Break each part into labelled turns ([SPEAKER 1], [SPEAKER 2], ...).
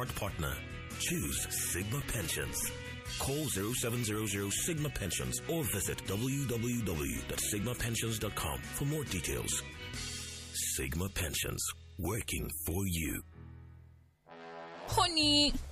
[SPEAKER 1] Counterpart Partner. Choose Sigma Pensions. Call 0700 Sigma Pensions or visit www.sigmapensions.com for more details. Sigma Pensions, working for you.
[SPEAKER 2] Honey.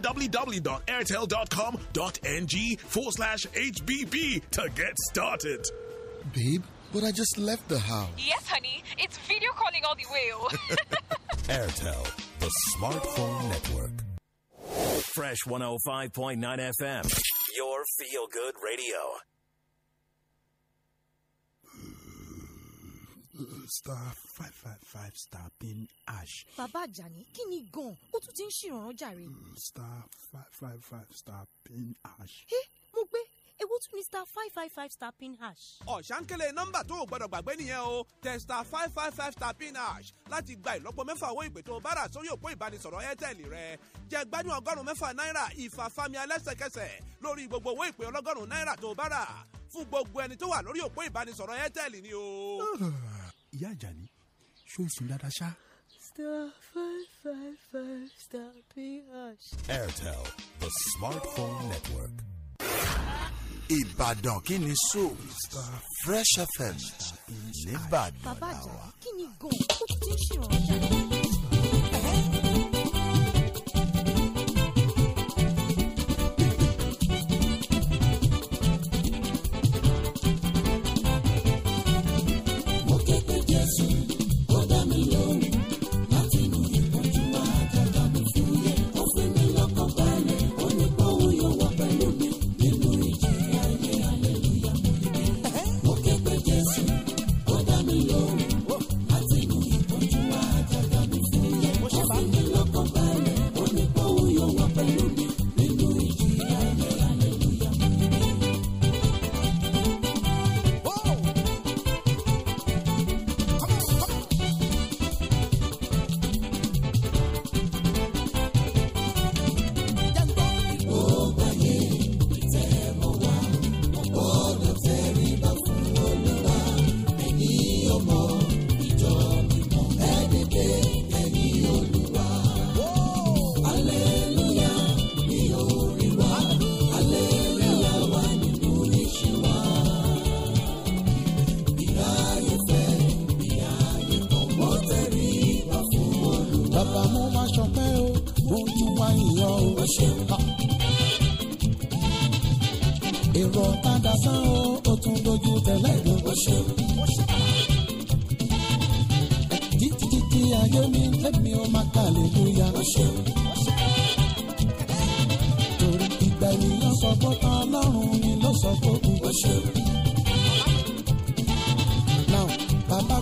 [SPEAKER 3] www.airtel.com.ng forward slash HBB to get started. Babe,
[SPEAKER 1] but
[SPEAKER 4] I just left
[SPEAKER 3] the
[SPEAKER 1] house.
[SPEAKER 5] Yes, honey. It's video calling all the way.
[SPEAKER 1] Airtel, the smartphone network. Fresh 105.9 FM, your feel good radio.
[SPEAKER 6] star five five five star pin hash.
[SPEAKER 7] bàbá àjàní kí ni gan-an ó tún ti ń ṣèrànràn jàre. Mm,
[SPEAKER 6] star five five five star
[SPEAKER 3] pin hash.
[SPEAKER 7] ẹ mo gbé ewu tún ni star five five five star pin hash.
[SPEAKER 3] ọ̀sánkélé nọ́mbà tó o gbọ́dọ̀ gbàgbé nìyẹn o tẹ star five five five star pin hash láti gba ìlọ́po mẹ́fà owó ìpè tó o bá rà sórí òpó ìbánisọ̀rọ̀ airtel rẹ jẹ gbádùn ọgọ́rùn-ún mẹ́fà náírà ìfàfàmì alẹ́sẹ̀kẹsẹ̀ lórí gbogbo owó ìpè ọlọ́gọ́rùn-ún náírà tó o bá rà fún gbogbo ẹni tó wà lórí òpó ìbánisọ̀rọ̀ airtel ni o. Ah ìyá àjàní ṣó sùn dáadáa ṣá. star
[SPEAKER 8] five five five star ph.
[SPEAKER 1] airtel the smartphone
[SPEAKER 3] network. ìbàdàn kí ni so fresh fm nìbàdàn
[SPEAKER 8] làwà. bàbá àjà kí ni gan-an ó ti ń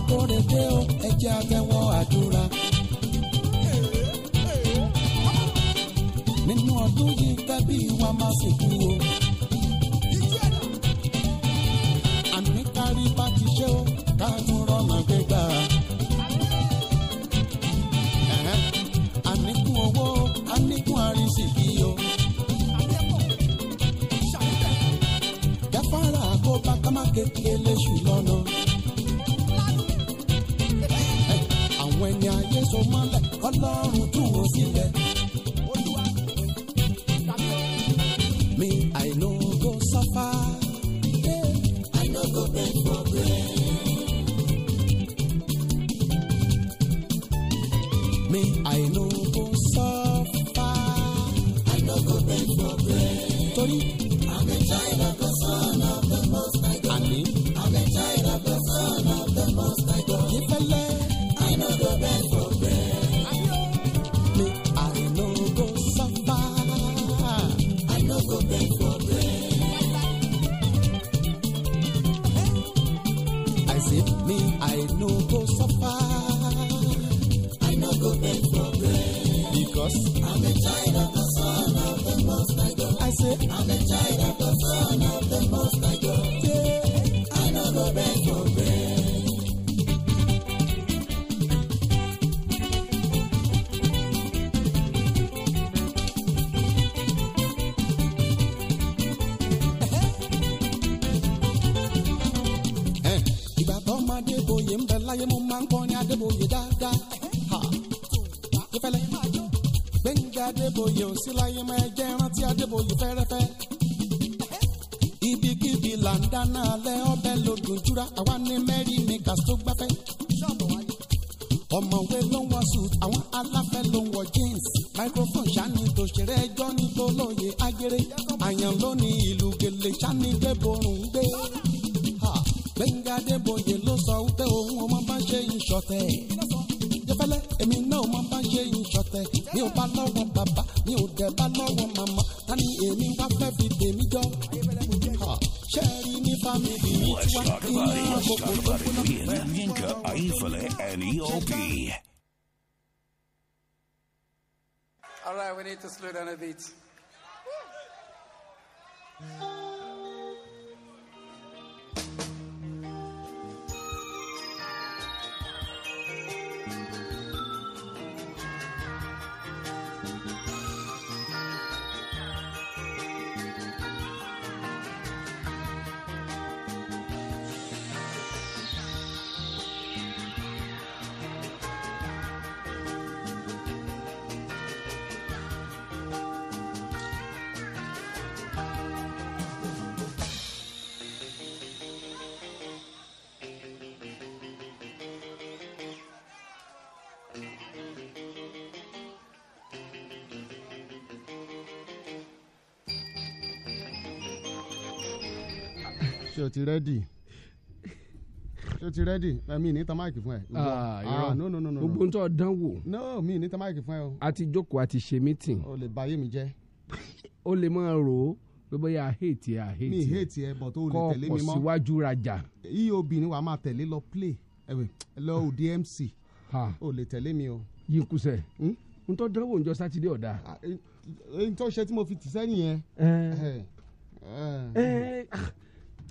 [SPEAKER 9] kórè dé o ẹ jẹ́ àtẹ́wọ́ àdúrà. nínú ọdún yìí tẹ́bí wa máa sì kú o. àmì kárí bá ti ṣe o ká tún rọ́nà gbégbá. àníkún owó àníkún àrísìkí o. gáfárà kó bá kámákékeré lóṣù lọ́nà. so mọ́lẹ̀ ọlọ́run tú wọn sílẹ̀. Me, I no go suffer. Yeah. I no go beg for bread. Me, I no go suffer. I no go beg for bread. Torí, I'm a child of the son of a Yamaya
[SPEAKER 10] ti rẹ́dì ṣé ti rẹ́dì mi ní tamáàkì fún ẹ. Ah, ah, no no no no. gbogbo ń tọ́ dánwò. no mi ní tamáàkì fún ẹ o. a ti jókòó a ti ṣe mítìn. o lè báyé mi jẹ́. o lè máa rò ó pé bóyá a hate ẹ a hate ẹ. mi hate ẹ bọ̀ tó o lè tẹ̀lé mi mọ́. kọ́ ọ̀pọ̀ síwájú rajà. eob ni wàá máa tẹ̀lé lọ play lọ òdi mc o lè tẹ̀lé mi o. yìí kùsẹ̀ hmm? n tó dánwò ń jọ sátidé ọ̀dà. Ah, n tó ṣe tí mo fi tì sẹ́yìn yẹn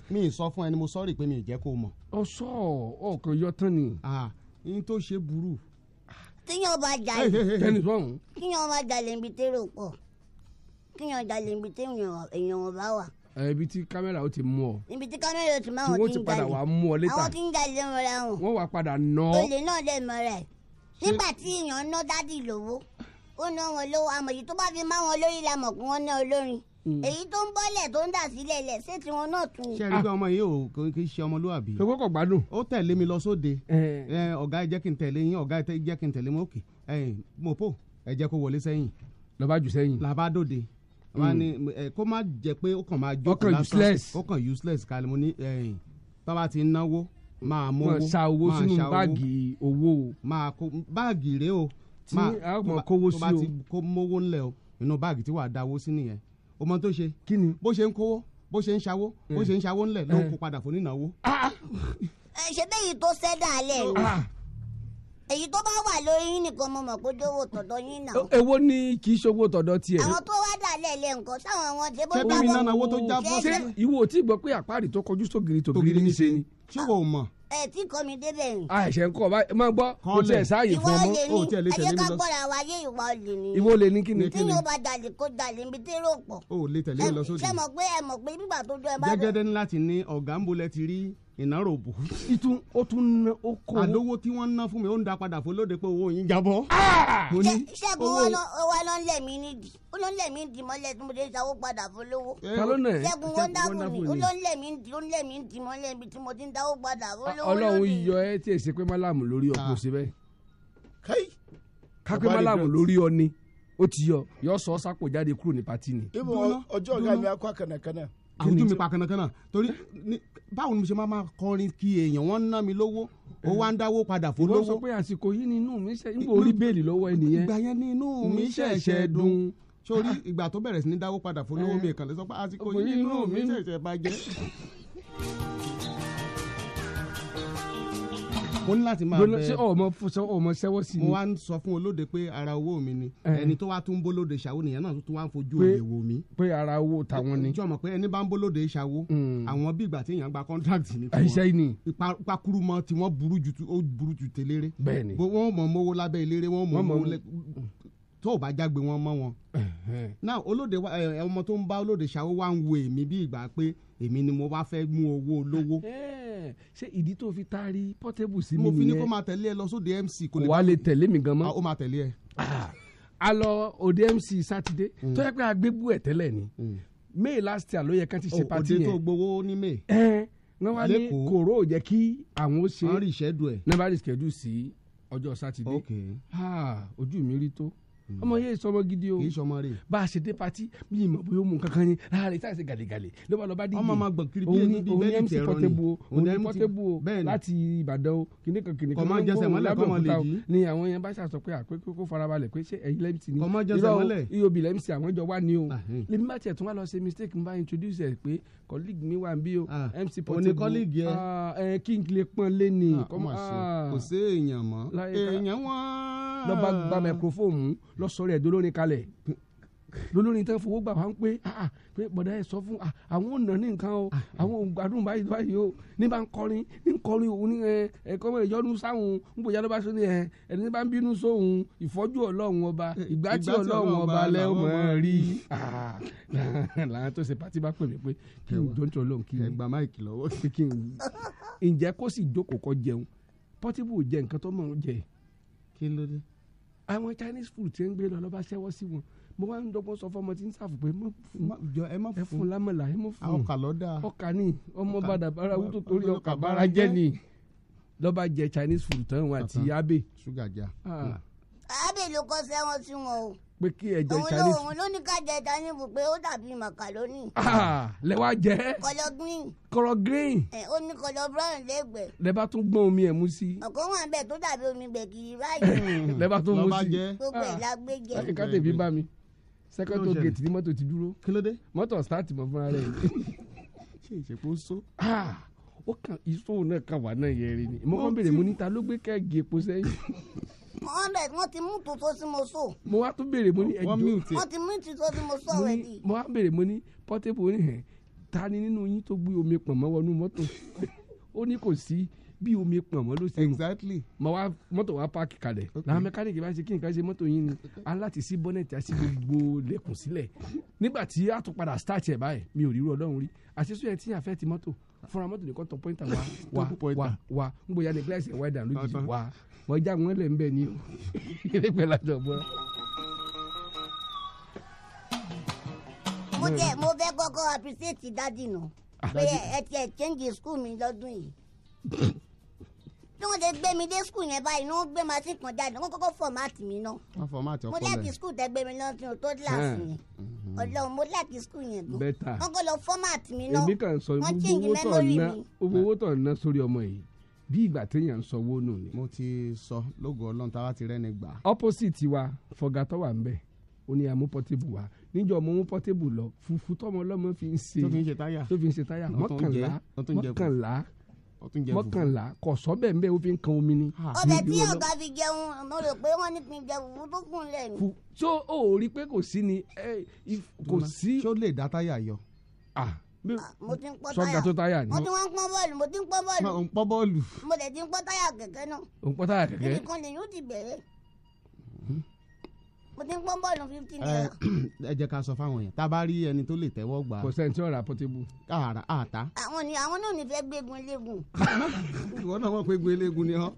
[SPEAKER 10] mi ì sọ fún ẹni mo sọ́ọ̀rì pé mi ì jẹ́ kó mọ̀. ọ sọ ọkàn yọ tán ni. n tó ṣe burú.
[SPEAKER 11] kíyàn bá jalè kíyàn bá jalè ibi tẹ́rọ pọ̀ kíyàn jalè ibi tẹ́rọ èèyàn ọba wà
[SPEAKER 10] ibi tí kámẹ́rà ó ti mú ọ.
[SPEAKER 11] ibi tí kámẹ́rà ó ti mú àwọn tí ń jalè. tí wọ́n ti padà wà á mú ọ létà. àwọn tí ń jalè ń rọra hàn. wọ́n wà padà nà ọ́. olè náà lè mọ rẹ̀. nígbà tí èèyàn ná dádì lówó ó ná wọn lówó amòye tó bá fi má wọn lórí la mọ̀ pé wọ́n ná olórin. Mm. èyí tó ń bọ́lẹ̀ tó ń dà sílẹ̀ lẹ̀ ṣé tiwọn náà tún. ṣé ẹni pé ah. ọmọ
[SPEAKER 10] yìí ò kì í ṣe ọmọlúwàbí. owó kò gbádùn. ó tẹ̀lé mi lọ sóde eh. ọ̀gá ẹ jẹ́ kí n tẹ̀lé yín ọ̀gá ẹ jẹ́ kí n tẹ̀lé mọ́kì mo pò ẹ jẹ́ kó wọlé sẹ́yìn. lọ́ba jù sẹ́yìn. làbá dòde wọn mm. ni kó má jẹ pé ó kàn máa jó kàn useless ó kàn useless kalẹ̀ mo ní tọ́ba ti ń náwó máa mú owó máa ṣa owó sínú báàgì owó o máa kówó sí o o inú báàgì tí wàá dáwó sí nìyẹn o mọ tó ṣe kí ni bó ṣe ń kówó bó ṣe ń ṣawó bó ṣe ń ṣawó ńlẹ̀ ló ń eh. kó padà fún nínáwó. Ah, ah.
[SPEAKER 11] Eh, ṣé bẹ́ẹ̀ yìí tó sẹ́dá alẹ́ o èyí tó bá wà lórí yín nìkan mo mọ̀ pé dówó tọ̀dọ̀ yín náà. Eh,
[SPEAKER 10] èwo ni kì í ṣòwò tọ̀dọ̀ tiẹ̀. àwọn
[SPEAKER 11] tó wá dà lẹ́lẹ̀ nǹkan sáwọn wọn ṣe bó jábọ̀. ṣé
[SPEAKER 10] ìwọ ò tí ì gbọ́ pé àpárí tó kọjú sógiri tògiri ní ṣe ni. ṣé wò mọ̀
[SPEAKER 11] ẹ tí kò mi débẹ̀ yìí. a ṣe
[SPEAKER 10] ń kọ báyìí máa gbọ́ kò tiẹ̀ sáàyè fún ọmọ o tiẹ̀ lè tẹ̀lé mi lọ. ìwọ lè ní ẹjẹ ká gbọ́dọ̀
[SPEAKER 11] wáyé ìwọ lè ní. ìwọ lè ní kíni. tí yóò bá dalè kó dalè níbi tí yóò pọ̀.
[SPEAKER 10] o lè tẹ̀lé mi lọ sóde. ṣé mọ̀
[SPEAKER 11] pé ẹ mọ̀ pé nígbà tó dún ẹ bá dún. jẹ́gẹ́dẹ́
[SPEAKER 10] ní láti ní ọ̀gá ń bolẹ̀ ti rí ìnáró ìtún ó tún ná ó àdówó tí wọ́n ná fún mi ó ń da padà fún lóde pé owó yín jábọ́. Ah!
[SPEAKER 11] mo ṣẹ́gun wọn lọ ń lẹ̀ mí nídìí ó lọ ń lẹ̀ mí nídìí mọ́lẹ̀ tí mo lè sanwó padà fún lówó. ṣẹ́gun wọn dákun mi ó lọ ń lẹ̀ mí nídìí ó ń lẹ̀ mí nídìí mọ́lẹ̀ tí mo ti ń dáwó padà fún lówó. ọlọ́run
[SPEAKER 10] yọ ẹ tí èsì pé málàmù lórí ọkọ ah. ṣe bẹ́ẹ̀. kápẹ́ málàmù lórí ọ ni ó ti yọ yọ sọ sápò jáde kúrò ní pati ni.
[SPEAKER 4] ibo ọjọ́ ọ̀gá
[SPEAKER 10] mi akọ kànàkànà. àwùjọ mi pa kànàkànà torí báwo ni mo ṣe máa máa kọrin kí èèyàn wọn ná mi lówó ó wá ń dáwó padà fún lówó. ló sọ pé àsìkò yìí ni inú mi ṣe ń bò orí lọ́wọ́ ẹnìyẹn. ìgbà yẹn
[SPEAKER 9] ni inú mi ṣẹ̀ṣẹ̀ dùn
[SPEAKER 10] sórí ìgbà tó bẹ̀rẹ̀ sí ní dáwó padà fún lówó eh, mi ìkànnì sọ pé àsìkò yìí inú mi ṣẹ̀ṣẹ̀ bàjẹ́. ó ní láti máa bẹ ṣé ọmọ fọṣọ ọmọ ṣẹwọ sí ni. mo wá ń sọ fún olóde pé ara owó mi ni ẹni tó wá tún bólóde ṣàwó nìyẹn náà tó wá ń fojú òye wò mí. pé ara owó tàwọn ni. jọmọ pé ẹni bá ń bólóde ṣàwó hmm. àwọn bí ìgbà tí èèyàn gba contract ni. àìṣe ni. ìpakuru mọ tí wọ́n burú ju ó burú ju tẹlẹrẹ. bẹ́ẹ̀ni. wọ́n mọ mowó lábẹ́ eléré wọ́n mọ mowó lẹ tó o bá jágbe wọn mọ wọn. náà olóde ọmọ tó ń bá olóde ṣàwó wá ń wo èmi bí ìgbà pé èmi ni mo wá fẹ́ mú owó olówó. Eh, ṣé ìdí tó fi taari Portable sí mi nìyẹn. mo fi ní kó máa tẹ̀lé ẹ lọ sóde MC kò lè. lè tẹ̀lé mi gan mọ́. Ah, ó máa tẹ̀lé ẹ. Ah, a lọ òde MC sátidé mm. tó yẹ pé a gbé bú ẹ tẹ́lẹ̀ ni mm. may last year ló yẹ kán ti ṣe oh, pati yẹn. òde tó gbowó ní may. ẹ eh, wọ́n wá ní kòró ò jẹ́ kí àwọn ó ṣe. wọ́n rí ìṣẹ́dù ẹ̀. náà sí ọjọ́ sátidé. Ah, ojú mi rí tó. Hmm. ọmọ yẹ ìsọmọ gidi o kì í sọmọ rẹ bá a ṣe dé pati bí ìmọ̀ bóyá ó kankan yẹn láàrin tá ṣe gàlégàlé ló bá lọ bá ọmọ máa gbọ̀n kiri bí ẹni bí bẹ́ẹ̀ ní tẹ̀rọ ni òun ní pọ́tébù o láti Ìbàdàn o kìnìún kan kìnìún kan ló ń bọ̀ òun lábẹ́ ni àwọn yẹn bá ṣàṣọ pé àpékò kó farabalẹ̀ pé ṣé ẹ̀yin lẹ́mc ni irọ́ iyob lẹ́mc àwọn jọ wá ni o ah, eh. lèmi bá tiẹ̀ tún wá lọ ṣe mistake n introduce ẹ̀ pé colleague mi wà bí o ah, mc Portable ẹ ah, eh, kí n lè pọ́n lé ni. kò sí èèyàn mọ́ èèyàn wọ́n ló bá gba ah. microphone lọ sọ̀rọ̀ ẹ̀ dolórin kalẹ̀ lolórin tẹ́ fowó gbà wá ń pé ah, ah, pé bọ̀dá ẹ sọ fún àwọn ò nà nǹkan o àwọn ògbàdùn báyìí báyìí o ní bá ń kọrin ní ń kọrin òun ní ẹ kọ́mọ ìyọnu sáwọn ń bòjá bá sọ ẹ ẹni ní bá ń bínú sóhun ìfọ́jú ọlọ́run ọba ìgbà tí ọlọ́run ọba lẹ́ ọ mọ̀ ẹ́ rí làwọn tó ṣe pàtí bá pè mí pé kí n jọ́ ń tọ́ lóhùn kí n gba máìkì lọ́wọ́ kí n ǹjẹ́ kó sì jókòó kọ́ jẹun pọ́tíbù jẹ nǹkan tó mọ̀ ń jẹ kí ló dé àwọn chinese food ti ń gbé lọ lọ́ba ṣẹ́wọ́ sí wọn mo wá ń dọ́gbọ́n sọ fọmọ tí ń sàfù pé ẹ má fún lámàlà ẹ má fún ọkà lọ́dà ọkà ni ọmọ bàdà bára wútó torí ọkà bára jẹ́ ni lọ́ba jẹ chinese food tán wọn àti abe. sugar ja
[SPEAKER 11] abe ló kọ sẹ́wọ̀n sí wọn o.
[SPEAKER 10] pé kí ẹjọ ìsàlẹ̀ sí. òun
[SPEAKER 11] ló ní ká jẹ ìdánimù pé ó dàbí màkàlónì. Ah, lẹ́wà jẹ́. kọlọ green.
[SPEAKER 10] kọlọ green.
[SPEAKER 11] ẹ ó ní kọlọ brown lẹ́gbẹ̀ẹ́.
[SPEAKER 10] lẹ́bà tún gbọ́n omi ẹ̀ mú sí.
[SPEAKER 11] ọ̀kọ́ wọn bẹ̀ tó dàbí omi gbẹ̀gìrì báyìí.
[SPEAKER 10] lẹ́bà tún mú sí. gbogbo ẹ̀ la gbé jẹ. Ah, ẹ tèmi bá mi sẹ́kẹ́tò gèètì ni mọ́tò ti dúró. kílódé. mọ́tò start mọ́ fúnra rẹ̀. ṣé ìṣèpò so ah, ó kàn iṣó náà kàn wá náà yẹrin ni mo kàn béèrè mo níta ló gbé kẹ́ẹ̀gì epo sẹ́yìn
[SPEAKER 11] mohammed wọn ti mú tuntun
[SPEAKER 10] tí mo sọ. mo wá tún béèrè mo ní ẹjọ wọn mú
[SPEAKER 11] tuntun tí mo sọ rẹ di.
[SPEAKER 10] mo wá béèrè mo ní pọ́tébù oníhẹ̀ ta ni nínú yín tó gbé omi pọ̀n mọ́ wọnú mọ́tò ó ní kò sí bí omi pọ̀n mọ́ ló ṣe wù wá mọ́tò wá páàkì kalẹ̀ làwọn mẹkáníìkì bá ṣe kí nǹkan ṣe mọ́tò yín ni aláti sí bọ́nẹ̀tì àti gbogbo lẹ́kùn sílẹ̀ nígbà tí a tún padà start ẹ̀ báyìí mi ò fúnra mọ́tò nìkan tó pọ́ìntà wa wa wa wa n ní gíláàsì ẹ̀wá ẹ̀dà lójijì wa mọ já wọn lẹ ń bẹ ní o eré pẹ̀lú àjọ̀gbọ́n.
[SPEAKER 11] mo jẹ mo fẹ́ kọ́kọ́ appreciate dadi nù ah, pé ẹ tiẹ̀ change school mi lọ́dún yìí bí wọ́n ti gbé mi dé school yẹn báyìí ni wọ́n gbé màsí kan jáde wọ́n kọ́kọ́ fọmáàtì mi náà mo láti school tẹ gbé mi lọ́dún tó láàsì yẹn mhm. ọlọ́run mo láti school yẹn bọ̀ wọ́n kọ́ lọ fọmáàtì mi náà wọ́n change memory mi.
[SPEAKER 10] owó tó ná sórí ọmọ yìí bí ìgbà téèyàn ń sanwó nù ni. mo ti sọ lógo ọlọ́run tá a ti rẹ́ni gbà. opposite wa fọgà tó wà ń bẹ̀ ó ní àmú pọ́tébù wa níjọ mo mú pọ́tébù lọ fufu tọmọ ọlọ́mọ fi ń ṣe tó fi ń ṣe táyà tó fi ń ṣe táyà mọ́kànlá mọ́kànlá mọ́kànlá kò sọ bẹ́ẹ̀ ń bẹ́ẹ̀ fi ń kan omi ni. ọbẹ̀ tí ọ̀gá fi
[SPEAKER 11] jẹun mo rò pé wọ́n ní fi jẹ fufu tó kùn lẹ̀ ni.
[SPEAKER 10] so o rí i pé kò sí ni kò sí. ṣó lè dá táyà yọ. ah
[SPEAKER 11] Ah, mo ti ń pọ́ táyà sọ́gà tó táyà ni. mo ti wá ń pọ́ bọ́ọ̀lù mo ti ń pọ́ bọ́ọ̀lù. mo ń pọ́ bọ́ọ̀lù. mo dẹ̀ ti ń pọ́ táyà kẹ̀kẹ́ náà.
[SPEAKER 10] o ń pọ́ táyà kẹ̀kẹ́. ibi kan
[SPEAKER 11] lèyìn ó ti bẹ̀rẹ̀. Hmm. mo ti ń pọ́ bọ́ọ̀lù fifteen eh, naira.
[SPEAKER 10] ẹ jẹ́ ká sọ fáwọn yẹn tá a bá rí ẹni tó lè tẹ́wọ́ gbà. kò sẹ́ni tí ó ra pọ́tébù. àrà àtà.
[SPEAKER 11] àwọn ni àwọn náà ní fẹ́ gbégun eléegun.
[SPEAKER 10] ìwọ náà wọ́n pé gbé eléegun ni ọ́.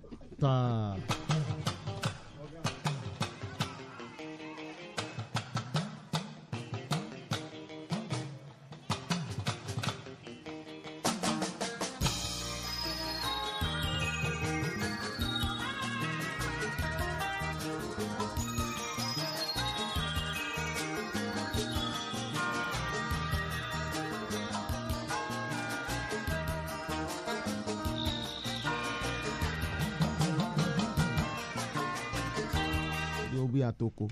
[SPEAKER 10] àtòkò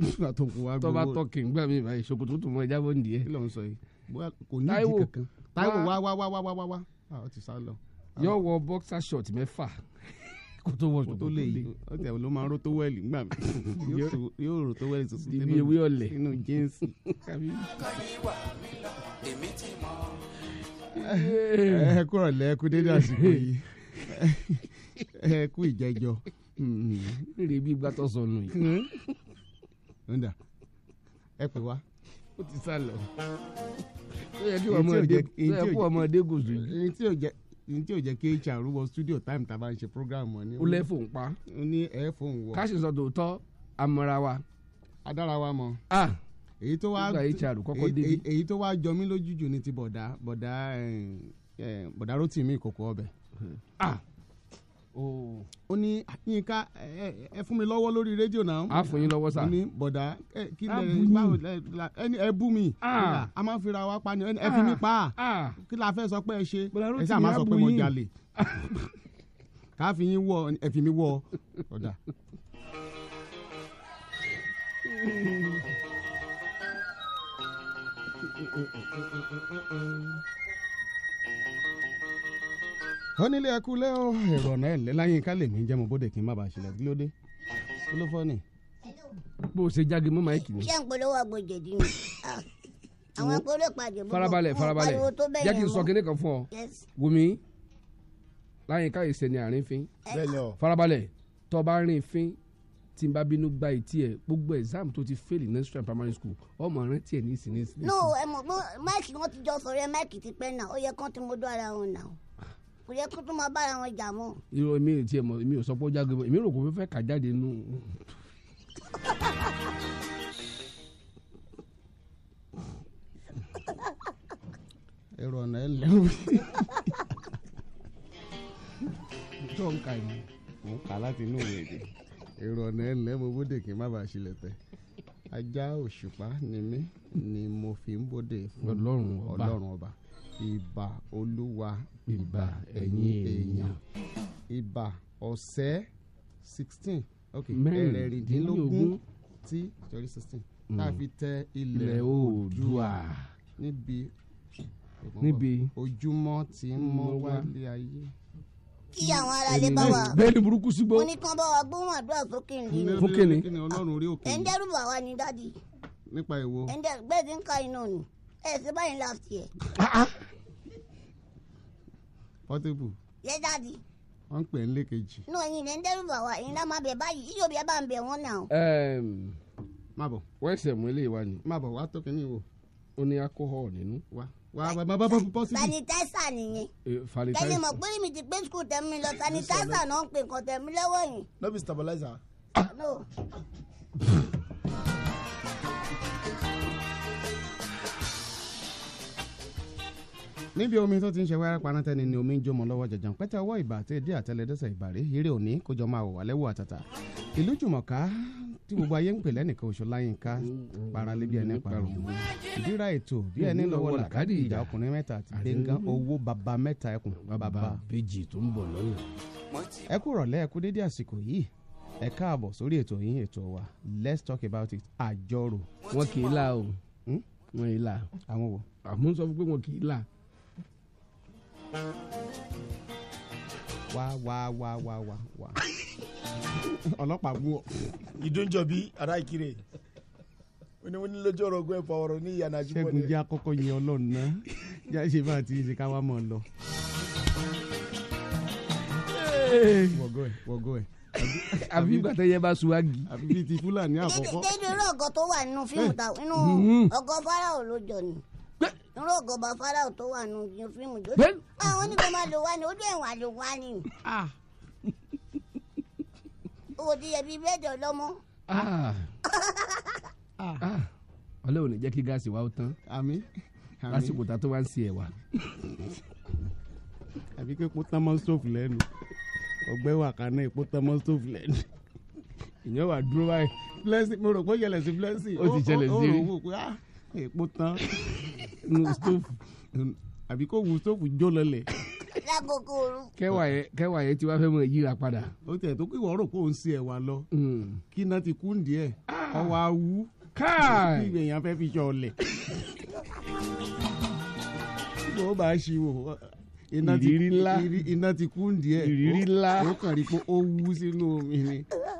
[SPEAKER 10] àtòkò wa gbowó. tọ́ba tọ́ kì í gbà mí báyìí ṣòkòtò tó mọ ìjábọ̀ nìyẹ lọ́n sọ yìí. kò ní ìdí kankan Táíwò wá wá wá wá wá wá wá ọ ti sá lọ. yóò wọ boxer short mẹ́fà kò tó wọ ṣòkòtò tó lè yìí ọtí àwọn ló máa ń ró tó wẹ̀lì gbà mí yóò ró tó wẹ̀lì tuntun ibi ewé ọ̀lẹ̀ nínú jíǹsì.
[SPEAKER 8] ẹ kúrọ̀lẹ́ ẹ kú dédé àsìkò yìí
[SPEAKER 10] ẹ kú ìjẹ́jọ́. rèébi ìgbà tó sọnù yìí. ọ̀dà hmm? ẹ pè wá ó ti sá lọ. ó yẹ kí ọmọdé gòsò yìí. èyí tí ò jẹ ní tí ò jẹ́ kí hr wọ studio time tá a bá ń ṣe program wọn ó lẹ́ pa. ó ní ẹ̀ fóun wọ. ká sì sọ tòótọ́ amọ̀ra wa. adára wa mọ. ah èyí tó wá èyí tó wá jọ mí lójú jù ni ti bọ̀dá bọ̀dá bọ̀dá ìkòkò ọbẹ̀. ó ní yínká ẹ fún mi lọ́wọ́ lórí rédíò náà. a fún yín lọ́wọ́ sá. ní bọ̀dá kí lẹ báwo ẹni ẹ bú mi. a máa ń fira wa pa ni ẹ fi mi pa kí la fẹ́ sọ pé ẹ ṣe ẹ sì máa sọ pé mo jalè ká fi yín wọ ẹ fi mi wọ ọ̀dà.
[SPEAKER 8] Mm-mm.
[SPEAKER 10] ó nílé ẹkú lẹ́ọ̀ èrò ọ̀nà ẹ̀lẹ́ láyín ká lèmi jẹ́ mo bóde kí n má bàa ṣẹlẹ̀ kí ló dé kí ló fọ́ ni. bó o ṣe jáde mú máìkì ni. ṣé n
[SPEAKER 11] polówó agbójè dín ní. Ah, àwọn akóró ìpàdé bó farabalẹ̀ farabalẹ̀ jẹ́ kí n sọ kíní kan fún ọ
[SPEAKER 10] wùmí láyín ká ìṣẹ̀ ni àárín fín eh. farabalẹ̀ tó bá rìn fín tí n bá bínú gba ìtì ẹ gbogbo exam tó ti fail ní nursery and primary school ọmọ rántí ẹ ní ìsìn no ẹ
[SPEAKER 11] mọ̀ pé máìkì wọn ti jọ sọ̀rọ̀ ẹ máìkì ti pẹ́ náà ó yẹ kán ti mójú ara wọn náà kò yẹ kó tó máa bára wọn jà mọ́.
[SPEAKER 10] irọ́ mi ò tiẹ̀ mọ̀ mi ò sọ pé ó jágbe mọ́ rò kó fẹ́ kà jáde nù. ẹrọ ọ̀nà ẹ lẹ́rù tó ń ka ìmọ̀ mo kà láti inú ìwé èdè èrò ọ̀nà ẹ lẹ́ mo bóde kí n má bàa ṣílẹ̀ tẹ̀ ajá òṣùpá ni mí ni mo fi ń bóde fún ọlọ́run ọba ìbà olúwa ìbà ẹ̀yin èèyàn ìbà ọ̀sẹ̀ sixteen okay ẹ̀rẹ̀rìndínlógún tí sorry sixteen mm. tá a fi tẹ ilẹ̀ oòdùà níbi níbi ojúmọ́ tí ń mọ́ wálé ayé kí àwọn aráalé bá wa. bẹ́ẹ̀ni burúkú sígbó. mo ní
[SPEAKER 11] kí bá wa gbóhùn àdúrà sókè ní. fókè ní. ọlọ́run
[SPEAKER 10] orí òkè. ẹ̀ ń dẹ́rù bà wá nípa èwo. ẹ̀
[SPEAKER 11] bẹ́ẹ̀ ti ń ka iná ni. ẹ̀ ṣe báyìí láti ẹ̀. Portable. yẹ dáàdi.
[SPEAKER 10] wọ́n pè é nílé kejì.
[SPEAKER 11] nù ẹ̀yin lẹ́ ń dẹ́rù bà wá ẹ̀yin lá máa bẹ̀ báyìí yíyọ bí ẹ bá ń bẹ̀ wọ́n náà.
[SPEAKER 10] má bọ̀ wọ́n ẹsẹ̀ mú ilé wa ni. má bọ̀ wá tó kínní wò. ó ní alcohol nínú. wá wá bá bá bá bọ́ sí.
[SPEAKER 11] sanitaisa nìyẹn.
[SPEAKER 10] Eh, kẹ́ni mọ̀
[SPEAKER 11] pé mi ti pé school tẹ̀ mí lọ sanitaisa náà ń pè nǹkan tẹ̀ mí lọ́wọ́ yìí. no be stabilizer. no.
[SPEAKER 10] níbi omi tó ti ń ṣe wáyà panátẹ́ ni ni omi ń jómọ lọ́wọ́ jẹjẹn pẹ́tẹ́ ọwọ́ ìbà àti èdè àtẹlẹdẹsẹ̀ ìbàrí eré òní kójọ máa wọ̀ wálẹ́wọ̀ àtàtà ìlú jùmọ̀ká tí gbogbo ayé ń pè lẹ́nìkan oṣù láyínká para lé bí ẹni parun ìdíra ètò bí ẹni lọ́wọ́ làkàdì ìjà ọkùnrin mẹ́ta àti gbẹ̀ngàn owó baba mẹ́ta ẹkùn baba péjì tó ń bọ̀ lọ́nà. ẹ kú rọ̀lẹ́ ẹ kú dédé àsìkò yìí ẹ káàbọ̀ sórí ètò yín ètò wa let's talk about it àjọrò. wọn kì í la o hmm? wọn yìí la. àwọn wo. àmọ́ fún pé wọn kì í la. wá wá wá wá wá wá ọlọ́pàá ọ. lójú ọ̀rọ̀
[SPEAKER 4] ọgbọ́n ẹ̀fọ́ ní ìyànà àjùmọ̀ rẹ̀. ṣẹ́gun jẹ́
[SPEAKER 10] àkọ́kọ́ yẹn ọlọ́run náà jẹ́ àṣẹ bá mọ̀ lọ. wọ́gọ́ ẹ̀ wọ́gọ́ ẹ̀ suwagi. àbí ti fúlàní àkọ́kọ́.
[SPEAKER 11] èdè ọgọ tó wà nínú irú ògòbà fáráò tó wà nù fíìmù jòjì àwọn ah, oníkó máa lò wá ni ojú ẹ̀wọ̀n àlò wá ni. owó ah. ti yẹ bí bẹ́ẹ̀dì ọlọ́mọ.
[SPEAKER 8] Ah.
[SPEAKER 10] ọlọ́run ní jẹ́ kí gáàsì wa ó tán lásìkò tá a tó wá ń se ẹ̀ wá. àbí pé kó tán mọ́ stóòfù lẹ́nu ọgbẹ́ wà ká náà kó tán mọ́ stóòfù lẹ́nu ìyẹn wà dúró báyìí blessing mo rò pé ó sí blessing ó ti ṣẹlẹ̀ sí
[SPEAKER 11] rí
[SPEAKER 10] ó tán nu stove àbí kò wù stove jó lọlẹ̀.
[SPEAKER 11] lákòókò ooru.
[SPEAKER 10] kẹwàá yẹ kẹwàá yẹ tí wàá fẹ́ mọ yíra padà. ó tẹ̀ tó kí wọ́n rò kó ń se ẹ̀wà lọ hmm. kí iná ti kú díẹ̀ ah. ọwọ́ awú kí èèyàn fẹ́ fi jọ ọlẹ̀. bó bá ṣe wò ìrírí ńlá iná ti kú díẹ̀ ìrírí ńlá ó kàn rí pé ó wú sínú omi ni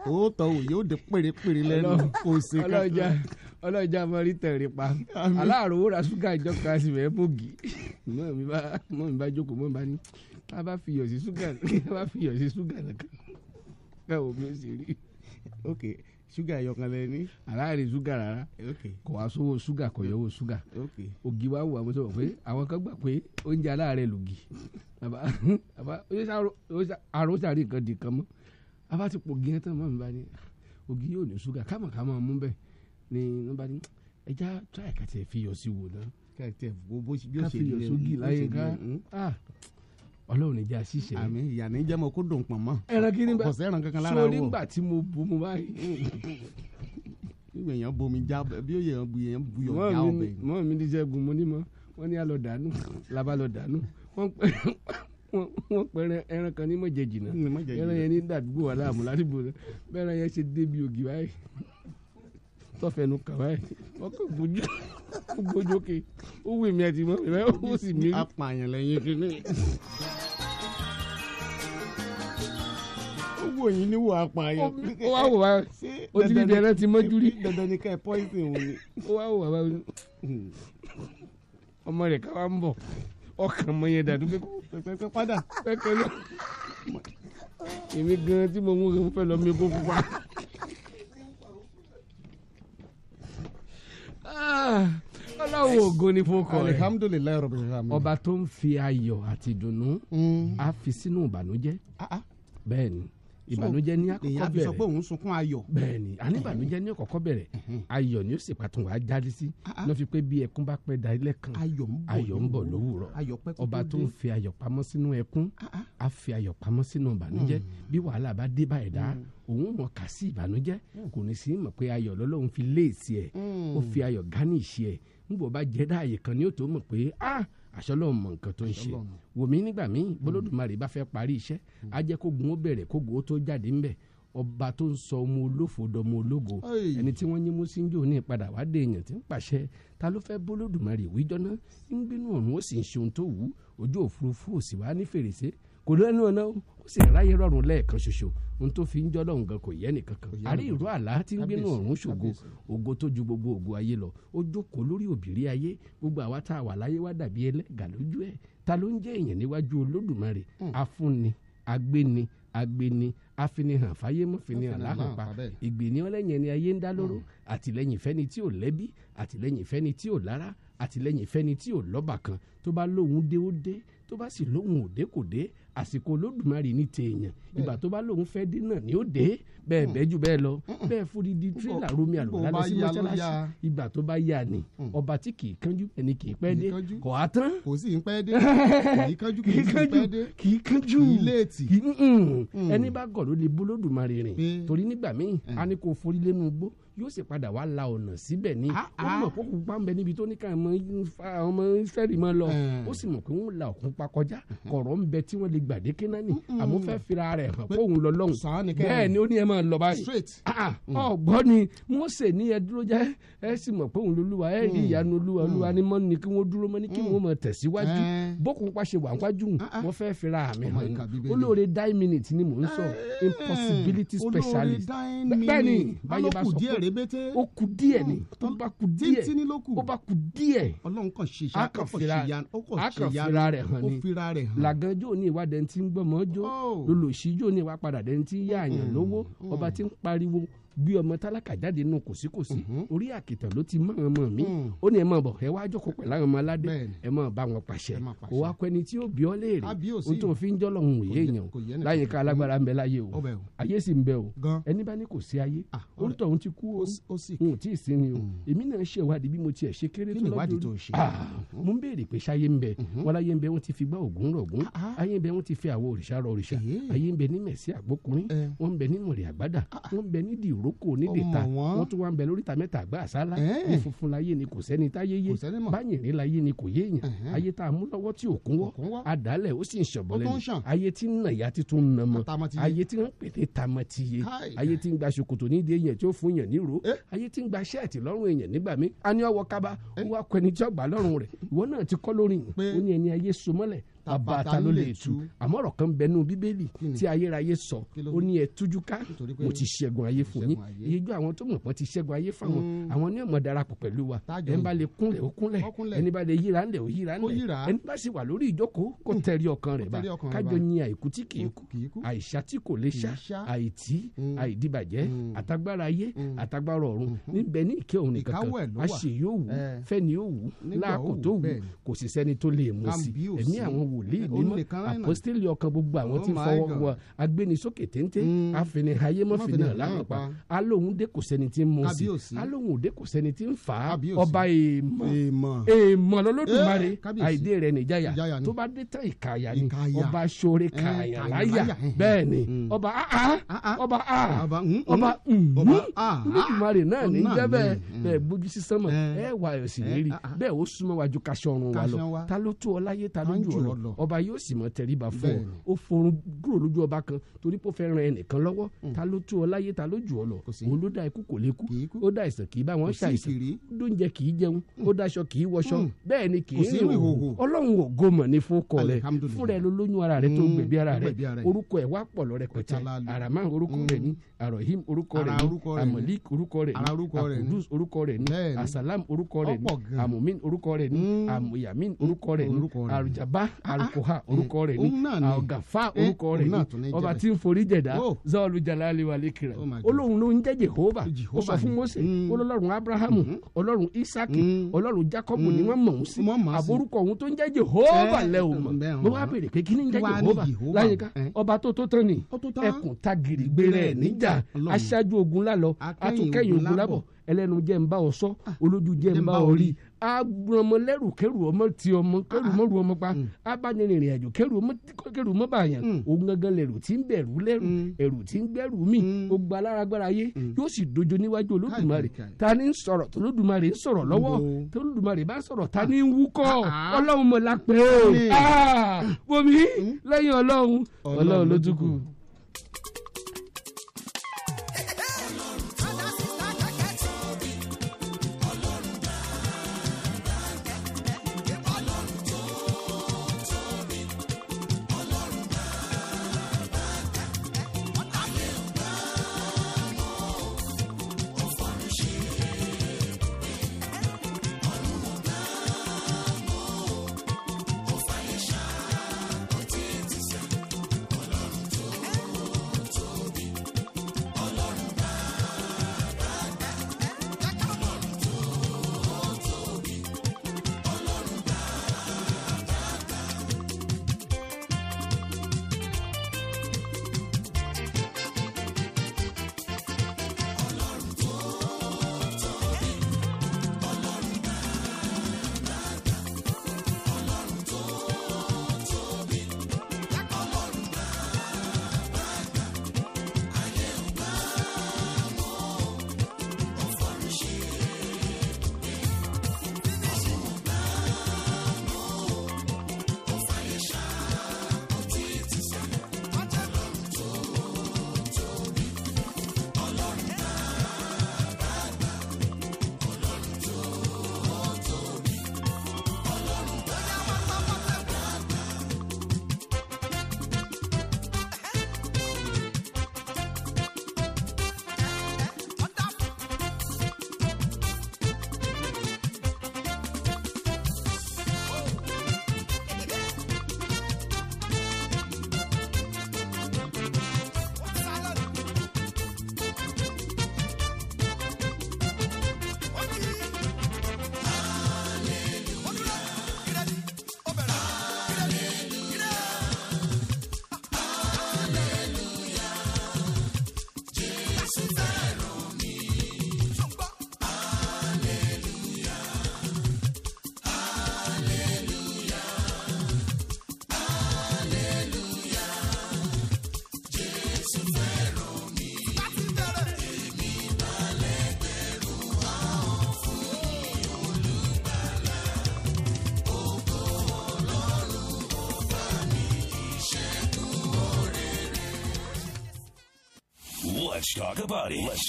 [SPEAKER 10] ó tọ̀ wò yóò dé pèrèpèrè lẹ́nu kò sí kankan ọlọ́jà mọ rí tẹ̀rẹ̀ pa aláàrò wúra ṣúgà ìjọka sì bẹ́ẹ̀ bògì mọ́ mi bá mọ́ mi bá jókòó mọ́ mi bá ní tá a bá fi iyọ̀ sí ṣúgà tá a bá fi iyọ̀ sí ṣúgà nìkan báwo mi ò sì rí ok ṣúgà ẹyọkan lẹ ní. aláàrẹ ṣúgà rárá kò wá sówó ṣúgà kò yọwó ṣúgà ògì wa wù àwọn sọ̀rọ̀ pé àwọn kan gbà pé oúnjẹ aláàrẹ lògì àrò sàrí nǹkan dì kan mọ́ abá ti pò gí tán mọ́ mi bá ní ògì yóò ní ṣúgà kámọ̀kámọ̀ mú bẹ́ẹ̀ ni wọ́n bá ní ẹja tíráì ká tiẹ̀ fi yọ sí wò náà ká fi yọ sógì láyé ká hmm? ah, ọlọ́run ìjà ṣiṣẹ́. àmì ìyá ní jẹ́ mọ́ kó dùn pọ̀ mọ́. ẹran kí ni bá ọ̀sẹ̀ ẹran kankan lára wọ̀. sọ nígbà tí mo bu mo báyìí. bí èèyàn bomi já bí èèyàn bu èèyàn bu yọ̀ já ọbẹ̀. mọ́ mi ní sẹ́gun mo ní mọ́ wọ́n ní alọ́ dànù labá lọ dànù wọ́n pẹ̀rẹ̀ ẹran kan ní mọ̀jẹ̀ jìnnà ẹran yẹn ní dàdúgbò wà láàmú ládùúgbò bẹ́ẹ̀ ẹran yẹn ṣe débi ògì báyìí tọ́fẹ̀nu kàwá ẹ̀ ọkọ̀ gbójú gbójókè ó wù mí àti mọ́ ìrẹ́ ó sì mí. apààyàn lẹ́yìn kínní. ó wò yín níwò apààyàn. ó wá wò wá ó ti di ẹran ti mọ́jú rí. dandan ni ká ẹ pọ́ìsì òun ni. ó wá wò wá ọmọ rẹ̀ káwá ń bọ̀ ọkàn mọ yẹn dàdú pẹ́pẹ́ padà pẹ́pẹ́ lọ. èmi gan-an tí mo mú fẹ́ lọ mi kó pupa. Ah, ọlọ́run ògo ni fún ọkọ rẹ alihamudulilayi rọ̀bì rami. ọba tó ń fi ayọ̀ àti ìdùnnú mm. á fi sínú ìbànújẹ́ ah, ah. bẹ́ẹ̀ ni ìbànújẹ́ ní àkọ́kọ́ bẹ̀rẹ̀ èyàn fi sọ pé òun sunkún ayọ̀. bẹ́ẹ̀ni àní ìbànújẹ́ ní ọkọkọ bẹ̀rẹ̀ ayọ̀ ni ó sì pàtó wàá jáde sí ah, ah. lọ fi pé bí ẹkún bá pẹ́ da ilé kan ayọ̀ ń bọ̀ lówùrọ̀ ọba tó ń fi ayọ̀ pamọ́ sínú ẹkún ah, á fi ayọ̀ pamọ́ sínú ìbànújẹ́ hmm. bí wàhálà bá dé bá ẹ̀dá hmm. òun mọ̀ kà sí ìbànújẹ́ hmm. kò ní sí mọ̀ pé ayọ̀ lọ́lọ́run fi léèsì ẹ̀ ó fi ayọ̀ gánìṣì ẹ̀ ń bọ̀ bá jẹ́ dáàyè kan ni ó tó pé ah àṣọlọ́hún mọ̀ nǹkan tó ń ṣe wòmí nígbà míì hmm. bọ́lódùmarè bá fẹ́ parí iṣẹ́ á jẹ́ kógun ó bẹ̀rẹ̀ kógun ó tó jáde ńbẹ̀ ọba tó ń sọ ọmọ olófo dọmọ ológo ẹni tí wọ́n yín mú síjó ní ìpadà wá dé èèyàn tí ń pàṣẹ ta ló fẹ́ bọ́lódùmarè wíjọ́ náà ń gbénú ọ̀run ó sì ń ṣe tó wù ú ojú òfurufú ò wá ní fèrèsé kò lẹ́nu ọ̀nà ó sì ráyè rọrùn lẹ́ẹ̀kan ṣoṣo n tó fi ń jọ́ lọ́hùn gan kò yẹ nìkankan àrí ìró àlá tí ń gbénu ọ̀run ṣògo ògo tó ju gbogbo ògo ayé lọ ó jókòó lórí òbírí ayé gbogbo àwa tá a wà láyé wá dàbí ẹlẹ́gà lójú ẹ̀ ta ló ń jẹ́ èèyàn níwájú olódùmarè hmm. afúnni agbéni agbeni afinihàn fáyémọ́ finihàn láhàpá ìgbìní ọlẹ́yìn ẹni ayé ń dá lóró hmm. àtìlẹ́yìn fẹ́ni tí ò lẹ́bí àtìlẹ́yìn fẹ́ni tí ò lára àtìlẹ́yìn fẹ́ni tí ò lọ́bà tó bá lóhun dé ó dé tó bá sì lóhun ò dé kò dé àsìkò olódùmarè ní tèèyàn ìgbà tó bá lòun fẹ́ dé náà ni ó dé bẹ́ẹ̀ mm. bẹ́ẹ̀ jù bẹ́ẹ̀ lọ bẹ́ẹ̀ forídìí tírélà romi àlùbọ́lá lọ sí mọ́ṣáláṣí ìgbà tó bá yà ni mm. ọba tí kì í kánjú ẹni kì í pẹ́ dé kò á tán kò sì í pẹ́
[SPEAKER 8] dé kì í kánjú
[SPEAKER 10] kì í pẹ́ dé kì í kánjú kì í léètì mm. ẹni bá gọ̀ ló lè bólódùmarè rìn torí nígbà míì a ní kò forí lẹ́nu gbó yóò sì padà wá la ọ̀nà síbẹ̀ ni ah, ó mọ̀ kó ah. pupa ń bẹ níbi tó ní ká ọmọ ìfẹ́rì mọ́ lọ eh. ó sì mọ̀ pé wọ́n la òkun pa kọjá mm-hmm. kọ̀rọ̀ ń bẹ tí wọ́n lè gbàdékè náà ni àmọ́ fẹ́ fira rẹ̀ hàn fóun lọ lọ́hùn bẹ́ẹ̀ ni ó ní ẹ máa lọ báyìí ah, mm. ọgbọ́n ni wọ́n sè ní ẹ dúró jẹ́ ẹ sì mọ̀ pé òun lolúwa ẹ rí mm. ìyanu olúwa mm. olúwa ni mọ́ ni kí wọ́n dúró mọ́ ni kí wọ́n mọ̀ tẹ̀síwájú eh. bókun pa ṣe wà wájú wọ́n fẹ́ fira mi oh hàn olóore die minute ni mò eh. impossibility specialist
[SPEAKER 4] bẹ́ẹ̀ ni báyé
[SPEAKER 10] rébété. ó ku díẹ̀ ni hmm. ó bá ku díẹ̀ tíntínní ló kù ó bá ku díẹ̀. ọlọ́run kan ṣe iṣẹ́ akọ̀ ṣìyanu akọ̀ fira rẹ̀ hàn ni làgànjọ́ ní ìwádẹ́ntì ń gbọ́mọ́jọ́ oh. lọ́lọ́síjọ́ ní ìwà padà dẹ́ntì yáàyàn hmm. lówó hmm. ọba ti ń pariwo gbé ọmọ tálákà jáde nù kòsíkòsí mhm. orí àkìtàn ló ti mọ ọmọ mi mm. ó ní ẹ máa bọ̀ ẹ wá jókòó pẹ̀lú àwọn ọmọ aládé ẹ máa bá wọn pàṣẹ kò wá pẹ́ni tí ó bí ọ léèrè o tó fi ń jọ́ lọ́hùn òye èèyàn láyé ká alágbára ń bẹ láyé o ayé sì ń bẹ o ẹni bá ní kò sí ayé ah, orúkọ òun ti kú o n ò tí ì sinmi o mm. èmi náà ṣèwádìí bí mo tiẹ̀ ṣe kéré tó lọ́dún ah, mo ń béèrè pé òrókò nídìí ta wọ́n tún wá ń bẹ lóríta mẹ́ta àgbà àsálà ní funfun láyé ni kò sẹ́ni táyé yé báyìí rí láyé ni kò yé ayé tá a mú lọ́wọ́ tí òkun wọ́ adàlẹ̀ ó sì ń ṣọ̀bọ̀lẹ̀ ayé tí ń nàyà ti tún nà mọ́ ayé tí ń pètè tamatiye ayé tí ń gba ṣòkòtò nídìí èèyàn tí ó fún èèyàn níro ayé tí ń gba ṣẹ́ẹ̀tì lọ́rùn èèyàn nígbà mi a ní ọwọ́ kaba ó wá kọ àbàtà ló lè tú àmọ́ ọ̀rọ̀ kan bẹnu bíbélì tí ayérayé sọ ó ní ẹ tújú ká mo ti ṣẹ́gun ayé fún yín ìyẹjọ́ àwọn tó mọ̀ pọ́n ti ṣẹ́gun ayé fáwọn mm. àwọn ní ọmọ darapọ̀ pẹ̀lú wa ẹni bá lè kúnlẹ̀ ó kúnlẹ̀ ẹni bá lè yíra ńlẹ̀ ó yíra ńlẹ̀ ẹni bá sì wà lórí ìjókòó kó hmm. tẹ̀rí ọkàn rẹ̀ bá kájọ ní àìkú tí kì kú àìsá tí kò lè ṣá àìtí hmm. àìdíbàjẹ́ hmm. àtagbára ayé àtagbára ọ̀run níbẹ̀ ní ìkẹ́ òun nìkan wòlíì nínú àpọ́sítélì ọkàn gbogbo àwọn oh tí fọwọ́ wọ agbénisókè téńté àfẹnẹ ayé mọ́fìnà lápapá alóhùn dé kò sẹ́ni tí ń mú sí alóhùn dé kò sẹ́ni tí ń fà á ọba èèmọ̀ èèmọ̀ lọ́lọ́dúnmáre àìdè rẹ̀ nìjáyà tó bá dé tán ìkàyà ni ọba sore eh, kàyà láyà bẹ́ẹ̀ ni mm. ọba aa ọba aa ọba lọ́dúnmáre náà ní jẹ́ bẹ́ẹ̀ mm. bẹ́ẹ̀ gbójú sí sánmọ̀ eh. ẹ wà ẹ̀sìn lérí eh, bẹ́ẹ̀ ó súnmọ́ wájú kaṣọ́run wa lọ ta ló tó ọ láyé ta ló jù ọ lọ ọba yóò sì mọ tẹríba fún ọ ó forun kúrò lójú ọba kan torí pé ó fẹ́ ran ẹnìkan lọ́wọ́ ta ló tú ọ láyé ta ló jù ọ lọ òun ló dá ikú kò lékú ó dá ìsàn kì í bá wọn ṣàìsàn dóúnjẹ kì í jẹun ó dáṣọ kì í wọṣọ bẹ́ẹ̀ ni kì í rìn òhò ọlọ́run ògo mọ̀ ní fókọ rẹ fúnra ẹ ló lóyún ara rẹ tó gbẹ̀bí ara rẹ orúkọ ẹ wá pọ̀ lọ rẹpẹtẹ àràmá orúkọ rẹ ní àròhìm orúkọ rẹ ní àmọ̀lík orúkọ rẹ ní àkùdùs orúkọ rẹ ní àsàlám orúkọ rẹ ní àmùmín orúkọ rẹ ní àmùyàmín orúkọ rẹ ní àrùjàbá alukoha eh, orúkọ rẹ̀ ni ọ̀gàfà eh, orúkọ rẹ̀ ni ọba tí ń forí jẹ̀dá oh. zọ́ọ̀lù jalali wa lẹ́kìrẹ́ oh olóhùn ló ń jẹ́ jehova oh, ó sọ fún mose olólọ́run abrahamu ọlọ́run isaki ọlọ́run jacob ni mm. mm-hmm. mm. mm. wọ́n mọ̀ ọ́n sí àbórúkọ ọ̀hún tó ń jẹ́ jehova eh, lẹ́ o mọ̀ mo wá béèrè pé kí ni ń jẹ́ jehova láyé ká ọba tó tó tán ni ẹkùn tagìrì gbèrè níjà aṣáájú ogun lálọ atúnkẹ́yìn ogun lábọ̀ ẹlẹ́nu jẹ́ ń bá ọ sọ ah. olójú jẹ́ ń bá ọ rí agbọmọlẹ́rù kẹrù ọmọ ti ọmọ kẹrù ọmọ ah, ru ọmọ pa mm. abánirìnrìn àjò kẹrù ọmọ kẹrù ọmọ bàyàn mm. òun gangan lẹ̀rù tí ń bẹ̀rù lẹ̀rù mm. ẹ̀rù tí ń gbẹ̀rù mi gbogbo aláragbára yé yóò sì dojo níwájú olódùmarè ta ni ń sọ̀rọ̀ tó olódùmarè ń sọ̀rọ̀ lọ́wọ́ tó olódùmarè bá sọ̀rọ̀ ta ah. ni ń wúkọ́ ah, ọlọ́run mọ̀ lápẹ́ o bomi lẹ́yìn ọlọ́run ọlọ́run lójúkù.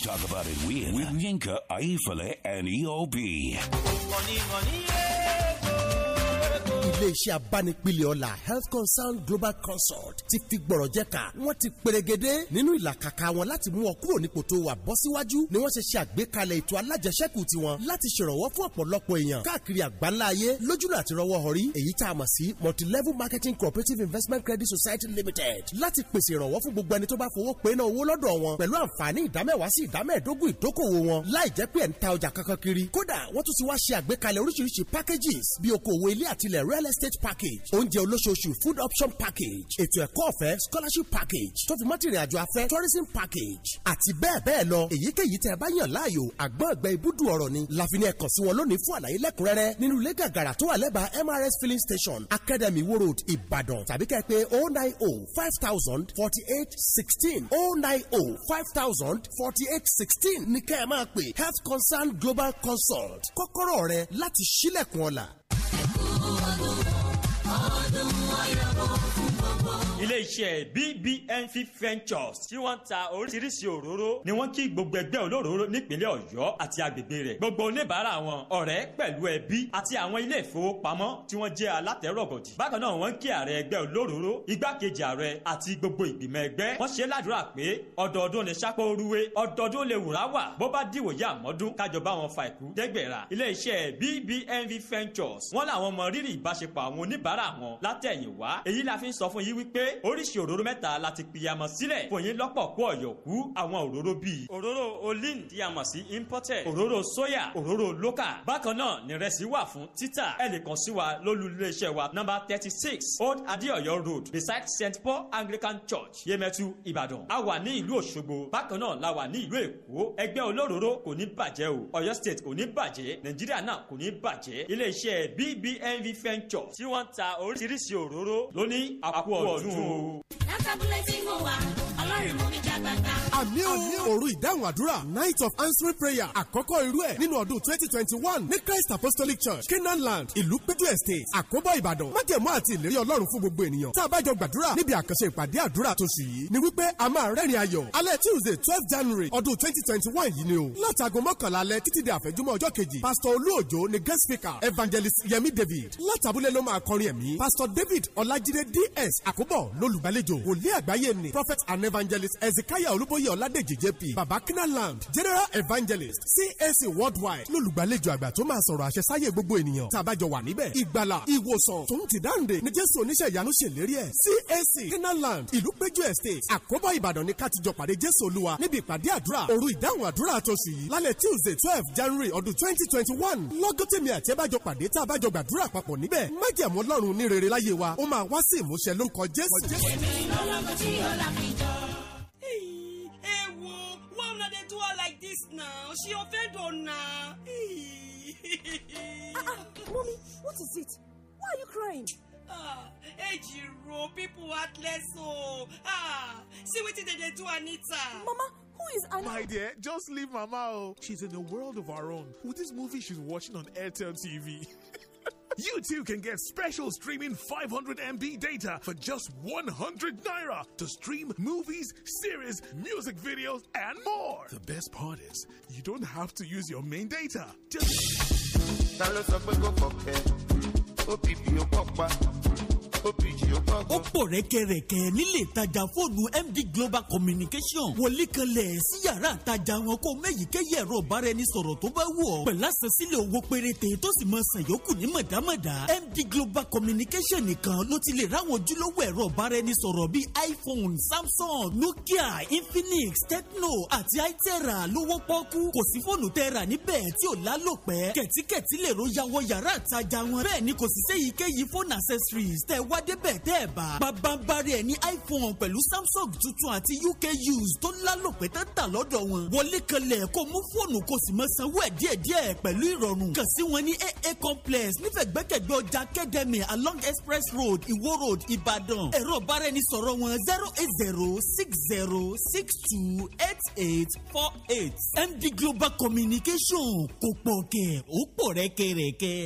[SPEAKER 1] talk about it with, with Yinka, Aifale, and EOB. Money, money, yeah.
[SPEAKER 3] ilé-iṣẹ́ abánipilẹ̀ ọ̀la health concern global consult ti fi gbọ̀rọ̀ jẹ́ kà wọ́n ti pèrègede nínú ìlàkàkà wọn láti mú ọ kúrò nípò tó wà bọ́ síwájú ni wọ́n ṣe ṣe àgbékalẹ̀ ètò alájẹsẹ́kù tiwọn láti ṣèrànwọ́ fún ọ̀pọ̀lọpọ̀ èèyàn káàkiri àgbáńlá ayé lójúlọ àti rọwọ́ ọ̀rí èyí tá a mọ̀ sí multilevel marketing cooperative investment credit society limited láti pèsè ìrànwọ́ fún gbogbo ẹni tó bá fowó pe náà owó lọ́dọ̀ wọn pẹ̀lú àǹfààní ìdámẹ́wàá sí ìdámẹ́ẹ̀dógún ìdókòwò wọn láì jẹ́ pé ẹ̀ ń ta packages bí okòwò ilé real estate package oúnjẹ olóṣooṣù food option package ètò ẹ̀kọ́ ọ̀fẹ́ scholarship package tó fi mọ́tìrìn àjò afẹ́ tourism package àti bẹ́ẹ̀ bẹ́ẹ̀ lọ èyíkéyìí tẹ́ ẹ bá yàn láàyò àgbọn ọ̀gbẹ́ ibùdó ọ̀rọ̀ ni láfiní ẹ̀kọ́ sí wọn lónìí fún àlàyé lẹ́kùnrẹ́rẹ́ nínú ilé gàgàrà tó wà lẹ́bàá MRS filling station Academy Iwo Road Ìbàdàn tàbí kẹ́ ẹ pé oh nine oh five thousand forty eight oh oh kẹ́ ẹ máa pè health concern global consult kọ́kọ́rọ́ rẹ láti ṣílẹ̀kùn ọ̀la.
[SPEAKER 12] ọdún ọdún ayọ̀bọ̀ iléeṣẹ́ BBNF Ventures tí wọ́n ń ta oríṣiríṣi òróró ni wọ́n kí gbogbo ẹgbẹ́ olóróró nípínlẹ̀ Ọ̀yọ́ àti agbègbè rẹ̀ gbogbo oníbàárà wọn ọ̀rẹ́ pẹ̀lú ẹbí àti àwọn ilé ìfowópamọ́ tí wọ́n jẹ́ alátẹ̀rọ̀gọ̀dì bákan náà wọ́n ń kí ààrẹ ẹgbẹ́ olóróró igbákejì ààrẹ àti gbogbo ìgbìmọ̀ ẹgbẹ́ wọ́n ṣe ládùúrà pé ọdọọdún ni sápó orúwe ọdọọdún lè wùrà wà bó bá dìwòye àmọ́dún kájọba wọn fa ìkú dẹ́gbẹ̀rà iléeṣẹ́ BBNV Ventures wọ́n làwọn mọ rírì ìbáṣepọ̀ àwọn oníbàárà wọn látẹ̀yìnwá èyí la fi ń sọ fún yín wípé pé oríṣi òróró mẹ́ta la ti pìyàmọ̀ sílẹ̀ fún yín lọ́pọ̀ kú ọ̀yọ̀kú àwọn òróró bíi òróró olin tí a mọ̀ sí imported òróró soya òróró local bákan náà nìrẹsì wà fún títà ẹ lè kàn sí wa lólú iléeṣẹ́ wa number thirty six old adéọ̀yọ́ road beside st paul anglican church yemẹtu Ibadan. a wà ní ìlú òṣogbo bákan náà la wà ní ìlú èkó ẹgbẹ́ olóróró kò ní bàjẹ́ o ọ̀yọ́ state kò ní bàjẹ́ nàìjíríà náà kò ní bàjẹ́ iléeṣẹ́ bbnv venture tí wọ́n ń ta oríṣiríṣi òróró lóní àpò ọ̀dùn dùn o.
[SPEAKER 8] látàbúlẹ̀ tí mo wà
[SPEAKER 9] ọlọ́run mú mi já gbàgbà.
[SPEAKER 3] àmì
[SPEAKER 12] ò òru ìdáhùn àdúrà night of answering prayer
[SPEAKER 3] àkọ́kọ́ irú ẹ̀ nínú ọdún twenty twenty one ní christ apostolic church canaan land ìlú péjú estate àkóbọ̀ ìbàdàn májẹ̀mú àti ìlérí ọlọ́run fún gbogbo ènìyàn tá a bá jọ gbàdúrà níbi àkànṣe ìpàdé àdúrà tó sì yìí ni wípé a máa rẹ́rìn ayọ̀ alẹ́ tuesday twelve january ọdún twenty twenty one yìí ni o látàgò mọ́kànlá alẹ́ títí di àfẹ́júmọ́ ọjọ́ kejì pastor olóòjó ni guest speaker evangelist yemi david látàbúlẹ̀ ló máa kọrin ẹ̀mí pastor david ọlájídé ds àkóbọ̀ Adébáyọ̀ lólùgbàlejò wòlíì àgbáyé ni prophet and evangelist Ezekiah Olúbóyè Ọládèjì JP babakina land, general evangelist CAC worldwide lólùgbàlejò àgbà tó máa sọ̀rọ̀ àṣẹ sáyé gbogbo ènìyàn tàbájọ wà níbẹ̀ ìgbàlà ìwòsàn tòun ti dáǹde ni Jésù oníṣẹ́ ìyanu ṣèlérí ẹ̀ CAC Kinaland ìlú péjú estate àkóbọ̀ Ìbàdàn ní kátijọ́ pàdé Jésù Olúwa níbi ìpàdé àdúrà òru ìdáhùn àdúrà àtọ̀sù lálẹ́ Tuesday twelve January ọdún twenty twenty one lọ́gọ́tẹ̀mí àti ẹ̀bájọ pàdé tá a bá jọ gbàdúrà papọ̀ níbẹ̀ májẹ̀mú Ọlọ́run ní rere láyé lórúkọ jésù.
[SPEAKER 9] èmi lọ́lọ́kọ̀ tí ọlá fi jọ. ẹ wo why una dey do like this now she offend
[SPEAKER 7] una. ah ah mummy what is it why are you crying. Ah, ejiro people heartless oo oh. ah, see wetin dem dey do anita. mama Who is Anna? My dear,
[SPEAKER 3] just leave Mama. Oh. She's in a world of her own with this movie she's watching on Airtel TV. You too can get special streaming 500 MB data for just 100 naira to stream movies, series, music videos, and more. The best part is, you don't have to use your main data. Just. ó pò rẹ́kẹrẹ́kẹ nílé ìtajà fóònù MD Global Communication wọlé kanlẹ̀ sí yàrá ìtajà wọn kó mẹ́yìíkéyìí ẹ̀rọ ìbáraẹnisọ̀rọ̀ tó bá wù ọ́ pẹ̀lú àṣẹsílẹ̀ owó péréte tó sì mọ sàn yòókù ní mọ̀dámọ̀dá MD Global Communication nìkan ló ti lè ráwọn ojúlówó ẹ̀rọ ìbáraẹnisọ̀rọ̀ bíi iPhone Samsung Nokia Infinix Tecno àti itera lówó pọ́kú kò sí fóònù tẹ́ra níbẹ̀ tí ò lálòpẹ́ kẹ̀tíkẹ̀tí lè ro yàwọ yàrá ìtajà wọn bẹ́ẹ̀ ni accessories tẹ́ wá débẹ̀ tẹ́ ẹ̀ bá bàbá bari ẹ̀ ní iphone pẹ̀lú samsung tuntun àti uk used tó lálòpẹ́ tẹ́ tà lọ́dọ̀ wọn wọlé kanlẹ̀ kó mú fóònù kó sì mọ sanwó ẹ̀ díẹ̀díẹ̀ pẹ̀lú ìrọ̀rùn kàn sí wọn ní aa complex nífẹ̀gbẹ́kẹ̀gbẹ́ ọjà academy along express road iwo road ìbàdàn ẹ̀rọ bára ẹni sọ̀rọ̀ wọn zero eight zero six zero six two eight eight four eight md global communication kò pọ̀ kẹ̀ ó pọ̀ rẹ́kẹ̀rẹ́kẹ̀.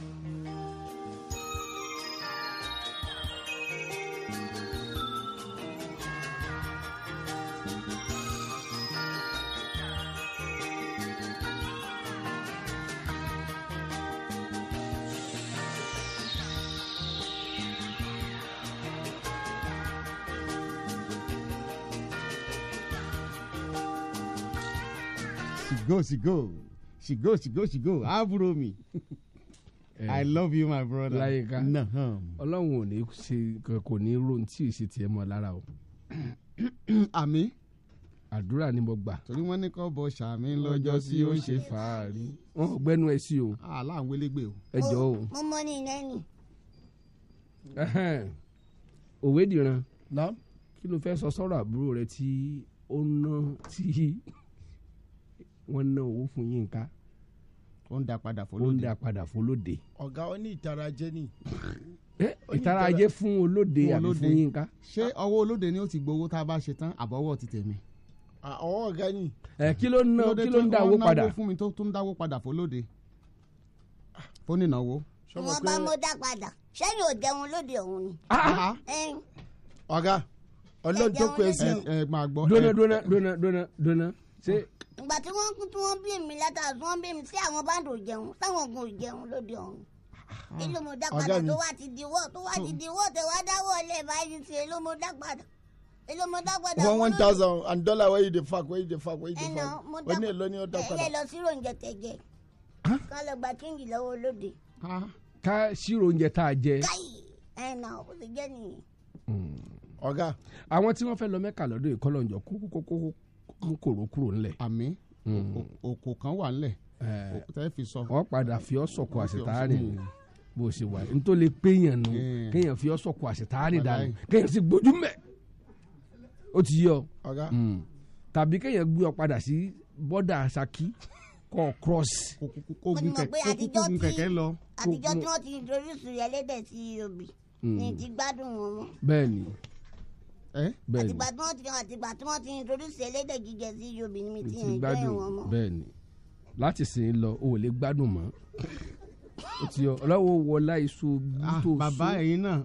[SPEAKER 10] go, she go. She go, she go, she go. Àbúrò mi. Eh. I love you my brother. Láyìíká. Ọlọ́run ò ní ṣe kò ní ron tí ìṣe tiẹ̀ mọ́ lára o. Àmín. Àdúrà ni mo gbà. Torí wọ́n ní kọ́ bọ ṣàmì lọ́jọ́ sí ó ṣe fàárí. Wọ́n ò gbẹ́nu ẹ sí o. Àlà ah, ń wélégbè o. Ẹ jọ o. Mo
[SPEAKER 11] mọ ní lẹ́nu.
[SPEAKER 10] Òwe dìran. Kí ló fẹ́ sọ sọ́rọ̀ àbúrò rẹ tí ó ná tí wọ́n ná owó fún Yínká ó ń da padà fọlóde ó ń da padà fọlóde. ọ̀gá ó ní ìtara jẹ́ ni. ìtara jẹ́ fún olóde àbí fún Yínká. ṣé ọwọ́ olóde ni ó ti gbowó tá a bá ṣe tán àbọ̀wọ̀ ti tèmi. ọwọ́ ọ̀gá ni. ẹ kí ló ń kí ló ń dáwó padà. fún mi tó tó ń dáwó padà fọlóde fóònù ìnáwó. wọn bá mú
[SPEAKER 11] dá padà sẹ́yìn ò jẹun lóde òun ni. Ah, ah.
[SPEAKER 10] ọ̀gá ọlọ́dún tó pèsè. ẹ máa gbọ́. dóná dóná ṣé.
[SPEAKER 11] ìgbà tí wọ́n kú tí wọ́n bí mi látàrí tí wọ́n bí mi sí àwọn báńdì jẹun sáwọn ogun ò lóde ọ̀run
[SPEAKER 10] ìlú ah, padà tó wá
[SPEAKER 11] ti di wọ́ tó wá ti di wọ́ tẹ wá dáwọ́ ilé báyìí ti ìlú padà èlò padà. one one thousand
[SPEAKER 4] and dollar
[SPEAKER 10] wey you dey fark wey you dey fark wey you dey fark wọ́n ní èlò ni ẹ lọ
[SPEAKER 11] sí oúnjẹ tẹ jẹ ká lọ gba change lọ́wọ́ olóde.
[SPEAKER 10] ká sírò oúnjẹ tá a jẹ. káyì
[SPEAKER 11] ẹ ó ti jẹ nìyẹn.
[SPEAKER 10] Hmm. ọ̀gá. àwọn tí wọ́n fẹ́ lọ mẹ́ka lọ́dún ìkọlọ́njọ kókókókó mú kòró kúrò ńlẹ̀. àmín òkò hmm. kan wà ńlẹ̀ òkúta ẹ fi sọ. wọ́n padà fi ọ́ sọ̀kò àṣetárì hmm. bó ṣe wà ní tó lè péyàn nù eh. kéèyàn fi ọ́ sọ̀kò àṣetárì dànù kéèyàn sì gbójú mẹ́ ó ti yọ hmm. tàbí kéèyàn gbé ọ padà sí bọ́dà Ṣakí kọ́ cross. kó gun kẹ̀kẹ́ lọ. àtijọ́ tí wọ́n
[SPEAKER 11] ti dorí sùn yẹlẹ́dẹ̀ sí obì ní ti gbádùn wọn.
[SPEAKER 10] bẹ́ẹ̀ ni. Eh? àtìgbà
[SPEAKER 11] tí wọ́n ti àtìgbà tí wọ́n ti introduce ẹlẹ́dẹ̀ jíjẹ sí yorùbá ni mi ti yàn jẹ́ wọn mọ́.
[SPEAKER 10] bẹ́ẹ̀ni láti sìn ín lọ o ò lè gbádùn mọ́ o ti yọ ọlọ́wọ́ wọlá iṣu ah, tó sùn. bàbá ẹ̀yin náà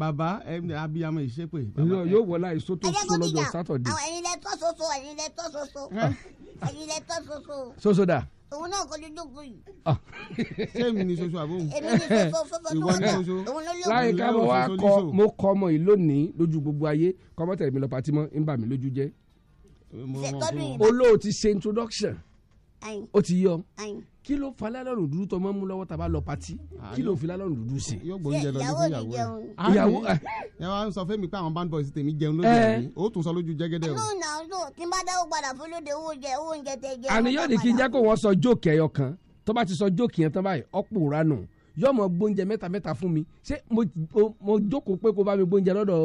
[SPEAKER 10] bàbá abiyamọ ìṣépè. yóò wọlá iṣu tó sùn lọ́jọ́ sátọ̀dẹ̀.
[SPEAKER 11] ẹ̀yin lẹ tọ́ soso ẹ̀yin lẹ tọ́ soso eh? ẹ̀yin lẹ tọ́ soso. soso da òun náà kọ́ ló yìí. Ah.
[SPEAKER 10] sẹ́mi ni soso àbóhùn. èmi ni soso fọ́fọ́ tó wọ́n náà òun ló mo wá kọ mo kọ ọmọ yìí lónìí lójú gbogbo ayé kọ́mọ́ tẹ̀lé mi lọ patí mọ́ ń bà mí lójú jẹ́. olóò ti ṣe introduction ó ti yọ kí ló fa lálọ́run dúdú tọ́ mọ́ mú lọ́wọ́ tàbá lọ pati kí ló fi lálọ́run dúdú sí. yóò gbóúnjẹ lọ sí ìyàwó rẹ ìyàwó ẹ. Eh. ẹ wá ń sọ fẹ́mi pé àwọn band boys tèmi jẹun lójú eh. ẹ̀mí ó tún sọ lójú jẹ́gẹ́dẹ́ o. lónà
[SPEAKER 11] ló tí n bá dáwọ́ padà fún lóde oúnjẹ oúnjẹ tẹ jẹ. àníyàn ni kí n jẹ́
[SPEAKER 10] kó wọ́n sọ jókè ẹyọ kan tó bá ti sọ jókè yẹn tán báyìí ọ̀pọ̀ òranù yóò mọ gbóúnjẹ mẹ́ta mẹ́ta fún mi ṣé mo jókòó pé kó bá mi gbóúnjẹ lọ́dọ̀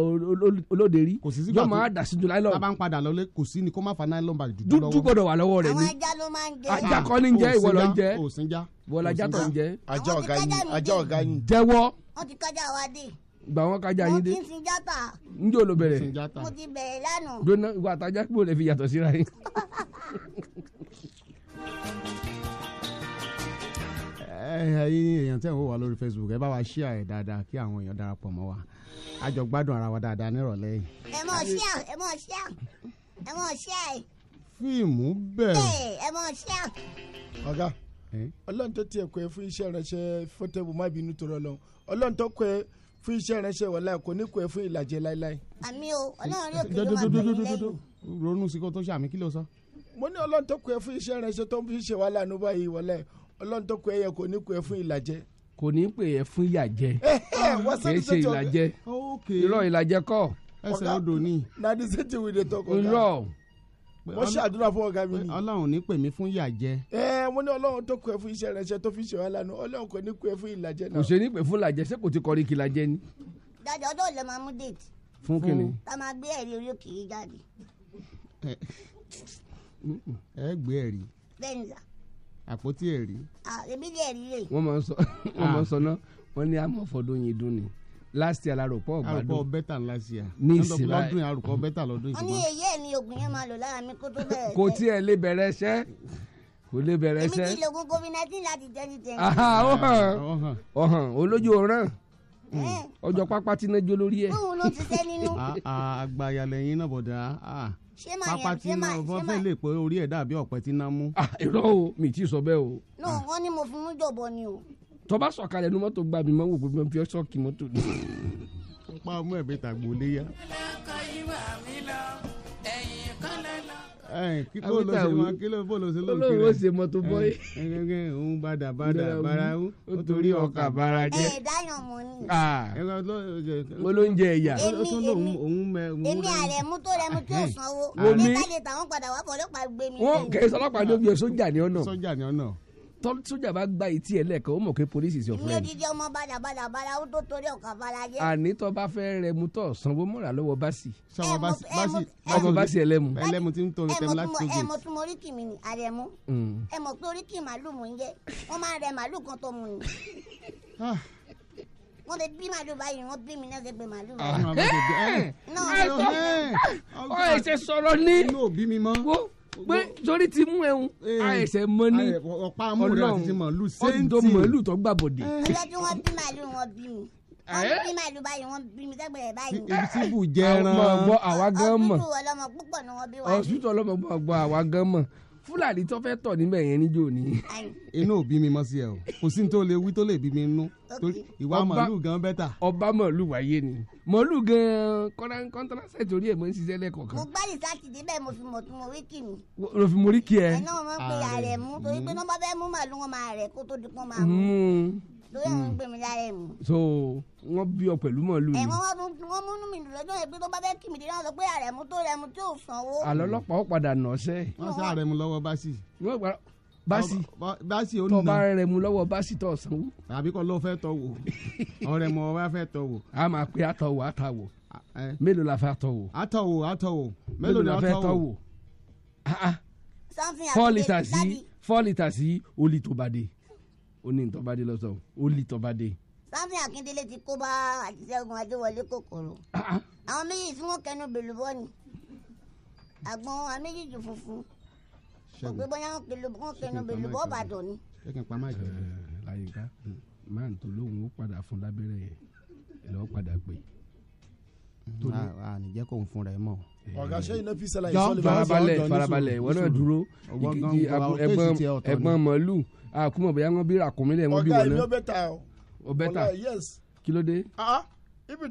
[SPEAKER 10] olóde rí yóò máa dà sí ju láìlọ́ọ̀. tá a bá ń padà lọlé kò sí ni kó má fa nylon bag dúdú lọ́wọ́. dúdú gbọdọ̀ wà lọ́wọ́ rẹ̀ ni àwọn ajá
[SPEAKER 11] ló máa ń jẹ. ajá kọ́ ni ń jẹ́ ìwọ ló ń jẹ́
[SPEAKER 10] ìwọlọ ajá tó ń jẹ́. ajá ọ̀gá yín ajá ọ̀gá yín. jẹ́wọ́.
[SPEAKER 11] wọ́n ti kájà wa dé.
[SPEAKER 10] gbà wọ́n kájà yín dé. mo ti sin jata. njó ló bẹ̀rẹ̀. mo ti
[SPEAKER 11] bẹ̀rẹ̀ lánàá.
[SPEAKER 10] dona ìwà àtàjà kúrò lè fi yàtọ̀ síra yín. ẹ̀yin èèyàn tẹ́ ń wò wá lórí Facebook ẹ bá wa ṣíà ẹ̀ dáadáa kí àwọn èèyàn darapọ̀ mọ́ wa a jọ gbádùn ara wa dáadáa nírọ̀lẹ́ yìí.
[SPEAKER 11] ẹ mọ̀ ṣíà ẹ mọ̀ ṣíà ẹ mọ̀ ṣíà ẹ.
[SPEAKER 4] fíìmù
[SPEAKER 10] bẹ́ẹ̀.
[SPEAKER 11] ẹ mọ̀ ṣíà. ọ̀gá ọlọ́run tó
[SPEAKER 4] tiẹ̀ kọ́ ẹ fún iṣẹ́ ránṣẹ́ Portable má bínú tó rọ lọ́hùn ọlọ́run tó kọ́ ẹ fún iṣẹ́ ránṣẹ́ wọ̀lá
[SPEAKER 10] kò ní kọ́ ẹ fún ìlàjẹ láéláé.
[SPEAKER 11] àmì o ọlọ́run yóò kí ló máa bẹ̀rẹ̀
[SPEAKER 4] lẹ́yìn ọlọ́run tó kọ
[SPEAKER 10] ẹyẹ kò ní kọ ẹ fún ìlàjẹ. kò ní pè é fún ìyàjẹ
[SPEAKER 8] kì í ṣe ìlàjẹ
[SPEAKER 10] irọ́ ìlàjẹ kọ́. ẹsẹ̀ odò ni. na the same thing we dey talk ọ̀gá. irọ́ mo ṣàdúrà fún ọ̀gá mi ni. ọlọ́run ní pè mí fún ìyàjẹ.
[SPEAKER 4] ẹ mo ní ọlọ́run tó kọ ẹ fún iṣẹ́ ránṣẹ́ tó fi ṣe wàhálà nù ọlọ́run kò ní kọ ẹ fún ìlàjẹ náà. kò
[SPEAKER 10] ṣe ní pè fún ìlàjẹ ṣé kò ti kọrin kí ìlàjẹ ni.
[SPEAKER 11] dájọ́ ọdún ọ̀lẹ́ máa mú déètì. fún kìnnì. ká máa gbé ẹ̀rí orí òkè yìí jáde. ẹ gbé ẹ̀rí. bẹ́ẹ̀ ni sà
[SPEAKER 10] àpótí ẹ̀rí.
[SPEAKER 11] èmi ní ẹ̀rí rè. wọ́n máa ń sọ
[SPEAKER 10] ah. wọ́n máa ń sọ náà wọ́n ní amọ̀fọ́dún yìí dún ni last year larùpọ̀ ọ̀gbádùn. àrùkọ bẹ́tà last year. ní ìsìlá lọ́dún yẹn àrùkọ bẹ́tà lọ́dún ìsìlá. wọ́n ní èyí
[SPEAKER 11] ẹ̀ ni oògùn yẹn máa lò lára mi kó tó bẹ̀rẹ̀
[SPEAKER 10] sẹ́. kò tí ẹ lè bẹ̀rẹ̀ sẹ́ kò lè bẹ̀rẹ̀ sẹ́. èmi ti lo
[SPEAKER 11] oògùn covid nineteen láti twenty twenty.
[SPEAKER 10] ọ̀hàn ọ̀hàn olójú ọ̀ràn ọjọ́ pápá tí náà jó
[SPEAKER 7] lórí
[SPEAKER 11] ẹ̀. bóun ló ti sẹ́ nínú.
[SPEAKER 10] àgbàyà lẹ́yìn náà bọ̀dá pápá tí náà bọ́ lè pé orí ẹ̀ dàbí ọ̀pẹ tí mú. irọ́ o mi ti sọ bẹ́ẹ̀ o. náà ah.
[SPEAKER 11] wọ́n ní mo fi mú jọ̀bọ ni o.
[SPEAKER 10] tọ́ba sọ̀kalẹ̀ ní mọ́tò gbàmí mọ́ wò pé mo fi ṣọ́ọ̀kì mọ́tò ni. pápá mú ẹ̀bí tàgbó léyà. ọlọ́kọ̀ ìwà mi lọ bóòlù ṣe wọn kílò bóòlù ṣe lóòkì rẹ olóòwò ṣe mọtò bọyì. ẹgbẹ́ òun bàdà bàdà bàrà ó torí ọkà bàrà jẹ. ẹ dáyọ̀ mọ́ ni. Ah. mo ló ń jẹ ẹ̀yà.
[SPEAKER 11] èmi àrẹ mú tó rẹ mú tó sanwó. mo ní. èmi ká lè tàwọn padà wá fọlọ́pàá gbé mi. wọ́n kẹ́ sọlọ́pàá ló fi ẹ̀ sójà ní
[SPEAKER 10] ọ̀nà. sójà ní ọ̀nà sójà bá gba etí ẹ lẹ́ẹ̀kan ó mọ̀ pé police is your friend. ilé dídí
[SPEAKER 11] ọmọ bàdà bàdà ó tó torí ọ̀kan bàdà
[SPEAKER 10] àní tó bá fẹ́ rẹ mu tọ̀ sanwó mọ̀ra lọ́wọ́ báàsì. sanwó báàsì ọmọ báàsì ẹlẹ́mu. ẹlẹ́mu ti ń tọrọ tẹ̀mú láti tó gate. ẹ mọ̀
[SPEAKER 11] tún mo oríkì mi ni àrẹ̀mú. Mm. ẹ mọ̀ pé oríkì màálù mò ń jẹ wọ́n máa rẹ màálù kan tó mu ni ah. wọ́n lè bí màlúù báyìí wọ́n bí
[SPEAKER 10] mi náà pé torí ti mú ẹun àìsẹ̀ eh. mọ ní ọlọ́run ọdún màálù tó gbàbọ̀dé. ọjọ́ tí
[SPEAKER 11] wọ́n bí màálù wọn bí mi wọ́n eh? bí màálù báyìí wọ́n bí mi sẹ́gbẹ̀rẹ̀ báyìí. ìbísíbù
[SPEAKER 10] jẹran ọ̀gbìn tó ọlọ́mọ
[SPEAKER 11] púpọ̀ ni wọ́n bí
[SPEAKER 10] wá. ọ̀sùn tó ọlọ́mọ púpọ̀ àwa gan mọ̀ fúlàní tó fẹ́ tọ̀ níbẹ̀ yẹn níjó ni. inú òbí mi mọ sí ẹ o kò sí ní tó lè wí tó lè bí mi nú ìwà màálù gan bẹ́tà. ọba màálù wáyé ni màálù gan kọ́ńtà kọ́ńtàṣẹ́ torí ẹ̀ mọ́ ń ṣiṣẹ́ lẹ́kọ̀ọ̀kan. mo
[SPEAKER 11] gbá ní sátidé bẹ́ẹ̀ mo fi mọ̀ tún mo rí kì mí.
[SPEAKER 10] mo fi mo rí kì ẹ. ẹ náà wọn pe ààrẹ mú torí pé wọn
[SPEAKER 11] bá fẹ́ mú màálù wọn máa rẹ̀ kó tó di pọ́n máa mú lórí àwọn hmm. gbé mi lára mu.
[SPEAKER 10] so wọn bí ọ pẹ̀lú màálù ni. ẹ̀wọ̀n
[SPEAKER 11] wọn tún wọn múnú mi lọ́jọ́ yẹn pé tó bá fẹ́ kí mi dé náà sọ pé àrẹ̀mú tó rẹ̀mú tí ò sanwó. àlọ́lọ́pàá
[SPEAKER 10] ó padà nà ọ́ sẹ́. wọ́n sá àrẹ̀mú lọ́wọ́ báṣì. wọ́n gbà báṣì báṣì ó nà. tọ́ba rẹ̀ mu lọ́wọ́ báṣì tọ̀ sanwó. àbí kọ́ ló fẹ́ tọ̀ wò ọ̀rẹ́ mọ̀ wá fẹ́ tọ̀ wò. a máa pe àtọ̀wò àtàwò mélòó la fẹ́ tọ̀ wò. àtọ̀wò àtọ̀wò mélòó la fẹ́ tọ̀ wò. Ah, ah.
[SPEAKER 11] four litres yìí
[SPEAKER 10] four litres yìí ó lè tó bàdé ó ní ìtọ́badé lọ́sọ̀ ó lì tọ́badé.
[SPEAKER 11] Samson Akíndélé ti kó bá Àjíṣẹ́gun Adéwọlé kòkòrò ah, ah. àwọn méjì tí wọ́n kẹnu bèlú bọ́ ni àgbọn àméjìjì funfun kò gbé bọ́yá wọ́n kẹnu bèlú bọ́ Ìbàdàn ni.
[SPEAKER 10] ṣé kí n pa máa eh, jẹ láyìnká máa ń tó lóhùn ó padà fún lábẹ́rẹ́ yẹn lọ́ọ́ padà pè. àníjẹ́ kò ń fún rẹ̀ mọ́ eh, ọ̀gá sẹ́yìn náà fi ṣàlàyé sọ́ọ́lì farabalẹ̀ farabalẹ̀ ìwọ náà dúró ẹ̀gbọ́n màálù àkúmọ̀ ah, bóyá wọ́n bí ràkúnmí lẹ̀ wọ́n bí wọ́n náà. ọ̀gá èmi ó bẹ́ta o. ó bẹ́ta kí ló dé.
[SPEAKER 4] Ah, ah. ibi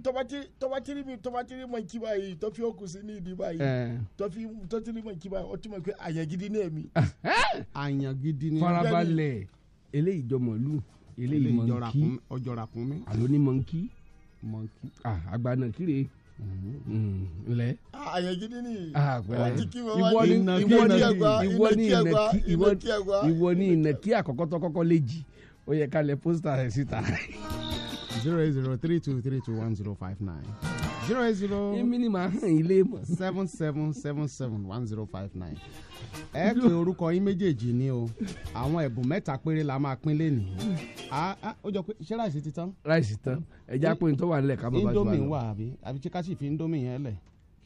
[SPEAKER 4] tọ́bátìrì mi tọ́bátìrì mọ̀ nkí báyìí tó fi okùn sí ní ìdí báyìí eh. tọ́tìrì mọ̀ nkí báyìí ó túmọ̀ pé àyàn gidi ní èmi.
[SPEAKER 10] Eh. àyàn gidi ní. farabalẹ̀ eléyìí jọ eléyìí mọ̀nkí ọjọ́ ràkúnmí àlóní mọ̀nkí mọ̀nkí àgbà náà lẹ.
[SPEAKER 1] àyànjú nínú yìí. àgbẹ̀rẹ̀
[SPEAKER 10] ìwọ ni ìnàkí àkọ́kọ́ tó kọ́kọ́ lè jì ó yẹ ká lẹ pósítà rẹ̀ síta. zero eight zero three two three two one zero five nine zero eight zero. èmi ni màá hàn ilé mọ̀. seven seven seven seven one zero five nine. ẹ pe orúkọ yín méjèèjì ni o àwọn ẹ̀bùn mẹ́ta péré la máa pín lé nìyí. ó jọ pé ṣé ráìsì ti tán. ráìsì tán ẹja pé nítorí wà nílẹ̀ ká bàbá jù wà lọ. indomie wà àbí àbí tí ká fi indomie yẹn lẹ̀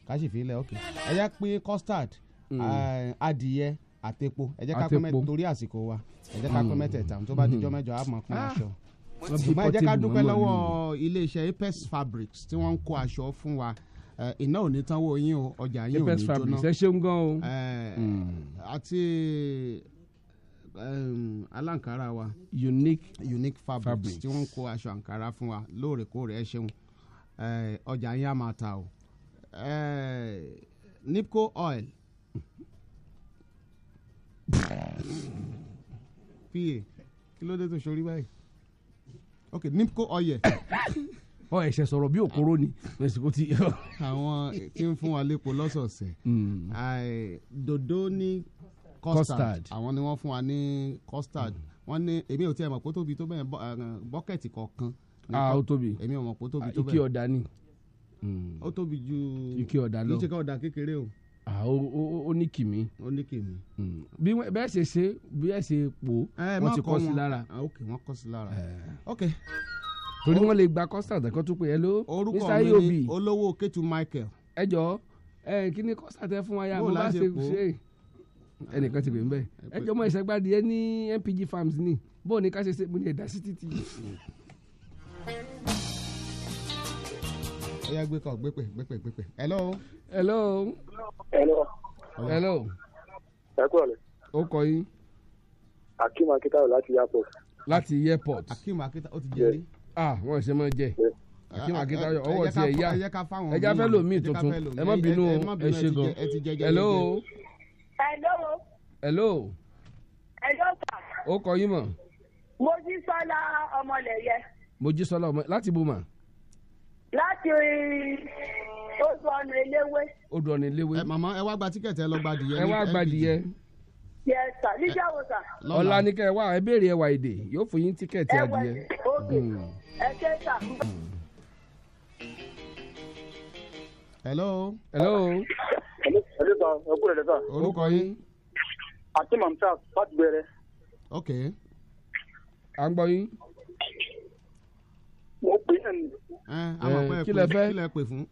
[SPEAKER 10] ká sì fi lẹ̀ ok. ẹja pé custard mm. Eh, adìyẹ. Mm àtepo ẹ jẹ́ ká pẹ́ mẹ́tẹ̀ẹ̀ta torí àsìkò wa ẹ jẹ́ ká pẹ́ mẹ́tẹ̀ẹ̀ta tó bá hmm. dijọ́ mẹ́jọ á mọ̀ pín ah. aṣọ. ṣùgbọ́n ẹ ká dúpẹ́ lọ́wọ́ iléeṣẹ́ Apex Fabrics tí wọ́n ń kó aṣọ fún wa iná ò ní tánwó yín o ọjà yín ò ní jóná Apex Fabrics ẹ ṣeun gan o. Hmm. àti aláǹkárá wa. unique unique fabrics tí wọ́n ń kó aṣọ àǹkárá fún wa lóòrèkóòrè ẹ ṣeun ọjà yín á máa ta o. nipco oil pa kí ló dé tó ṣorí báyìí ok nipco ọyẹ. ọ ẹsẹ sọ̀rọ̀ bí òkúrò ni lásìkò tí. àwọn tí ń fún wa lépo lọ́sọ̀ọ̀sẹ̀ hmm. dodo ní custard àwọn ni wọ́n fún wa ní custard wọ́n ní èmi ò tiẹ̀ mọ̀ pé tóbi tó bẹ́ẹ̀ bọ́kẹ̀tì kọ̀ọ̀kan. a ah, ó tóbi èmi ò mọ̀ pé tóbi ah, tó bẹ́ẹ̀. ike ọ̀dà ni. Hmm. ó tóbi ju Iki ọ̀dà lọ ike ọ̀dà kékeré o ó ní kìmí. ó ní kìmí. Hmm. bí bẹ́ẹ̀ ṣe ṣe bí ẹ ṣe pò wọ́n ti kọ́ ah, sí lára. ok wọ́n kọ́ sí lára. ok. torí wọ́n lè gba constant kan tó pé ẹ ló. orúkọ mi ni olówó ketu michael. ẹ jọ ẹ kí ni constant fún wa ya mo bá ṣe ṣe ẹnìkan ti pè mbẹ ẹ jọ mọ ìṣẹgbàdì ní mpg farms ni bó ni ní ká ṣe ṣe mo ní ẹ̀dá sí títì ó yá gbé kàn gbé pè gbé pè gbé pè. hello. hello. hello. hello. ẹ kúrò lẹ. ó kọ yín.
[SPEAKER 2] akim akitayo láti airport.
[SPEAKER 10] láti airport. akim akitayo ó ti jẹ rí. ah wọn ṣe máa jẹ akim ah, akitayo ah, ọwọ́ ti ẹ yá ẹ já fẹ lomi tuntun ẹ má bínú ẹ ṣe gan. hello. hello. hello.
[SPEAKER 9] hello
[SPEAKER 2] sà. ó kọ yín mọ. Mojísọ́lá ọmọlẹ̀yẹ.
[SPEAKER 10] Mojísọ́lá ọmọ láti bùmà.
[SPEAKER 2] láti odò ọ̀nà eléwé.
[SPEAKER 10] odò ọ̀nà eléwé. ẹ màmá ẹ wá gba tíkẹ̀tì ẹ lọ gba adìyẹ. ẹ wá gba adìyẹ.
[SPEAKER 2] yes níjà sà. ọ̀la ni
[SPEAKER 10] kẹ́ ẹ wá ẹ béèrè ẹwà èdè yóò fún yín tíkẹ̀tì adìyẹ. Hmm. ẹ ṣe sà. hello.
[SPEAKER 2] hello. orúkọ yín. àti mamsa láti gbẹrẹ.
[SPEAKER 10] ok. à ń gbọ́ yín. mo pè é Eh, eh, kí lẹ fẹ́ kí lẹ pè fún.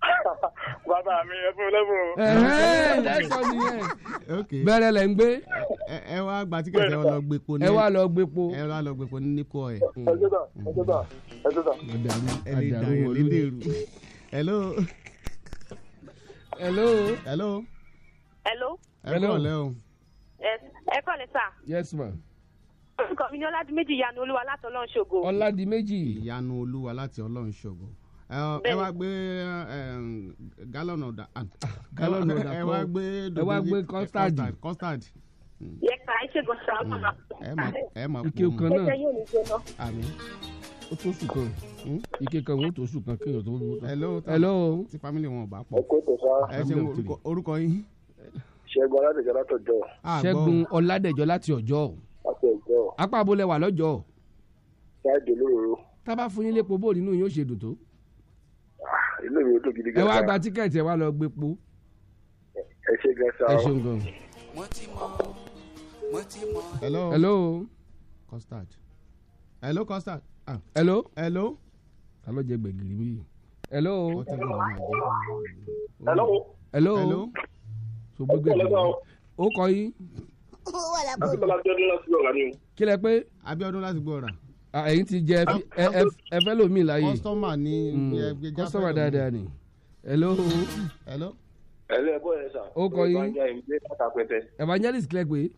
[SPEAKER 2] bàbá mi ẹ fún lẹ́bùn.
[SPEAKER 8] lẹ́sọ̀ eh,
[SPEAKER 4] nìyẹn
[SPEAKER 10] bẹ̀rẹ̀ lẹ̀ ń gbé. ẹ wá gba tíkẹ̀tì ẹ wá lọ gbépo ní ẹ wá lọ gbépo ẹ wá lọ gbépo ní níkọ ẹ. ẹ tó
[SPEAKER 4] tà ẹ tó tà ẹ tó tà. ẹ lè dàrú olódèrú.
[SPEAKER 10] hello. hello.
[SPEAKER 2] hello. hello. ẹ kọ́ lẹ́ o. ẹ kọ́ lẹ́ sà. yes ma. Am orúkọ mi ni ọládìméjì ìyanu olúwa láti ọlọ́run
[SPEAKER 10] ṣògo. ọládìméjì ìyanu olúwa láti ọlọ́run ṣògo ẹ wá gbé gallon ọ̀dà ah, ah, gallon ọ̀dà ẹ wá gbé ẹ wá gbé eh, custard yẹ
[SPEAKER 2] ká hmm. ẹ ṣe gbọ́dọ̀
[SPEAKER 10] ọmọ àkókò. ike kan náà àmì ó tó sùn kan hmm? ike kan ó tó sùn kan kéèyàn tó wọ́n. hello ti family wọn bá pọ̀. ẹ ṣe orúkọ yín.
[SPEAKER 4] ṣẹ́gun ọládẹ̀jọ́ láti ọjọ́.
[SPEAKER 10] ṣẹ́gun ọládẹ̀jọ́ láti ọjọ́ bẹ́ẹ̀ gan. apá abolẹ̀ wà tábà fún yín lépo bóòlù inú yín ó ṣe dùn tó.
[SPEAKER 2] Ah, inú mi ò tó
[SPEAKER 8] gidi gan. ẹ wá gba
[SPEAKER 10] tíkẹ́ẹ̀tì ẹ wá lọ gbé po.
[SPEAKER 2] ẹ ṣe gan sa ẹ ṣeun
[SPEAKER 10] gan. hello. hello. custard. hello custard. ah hello. hello. ta ló jẹ gbẹ̀gìrì mi yìí. hello. hello. hello. hello. so gbogbo ẹ̀ o kọ yín wà lápò abiodun láti gbọ́ra ni ẹ̀yin ti jẹ ẹfẹ lomi láàyè. kọ́sítọ́mà ni kọ́sítọ́mà mm, dáadáa ni. hello. hello.
[SPEAKER 1] hello ẹ̀kọ́ yẹn sà. ó kọ yín.
[SPEAKER 10] evangelist kílẹ̀ pé.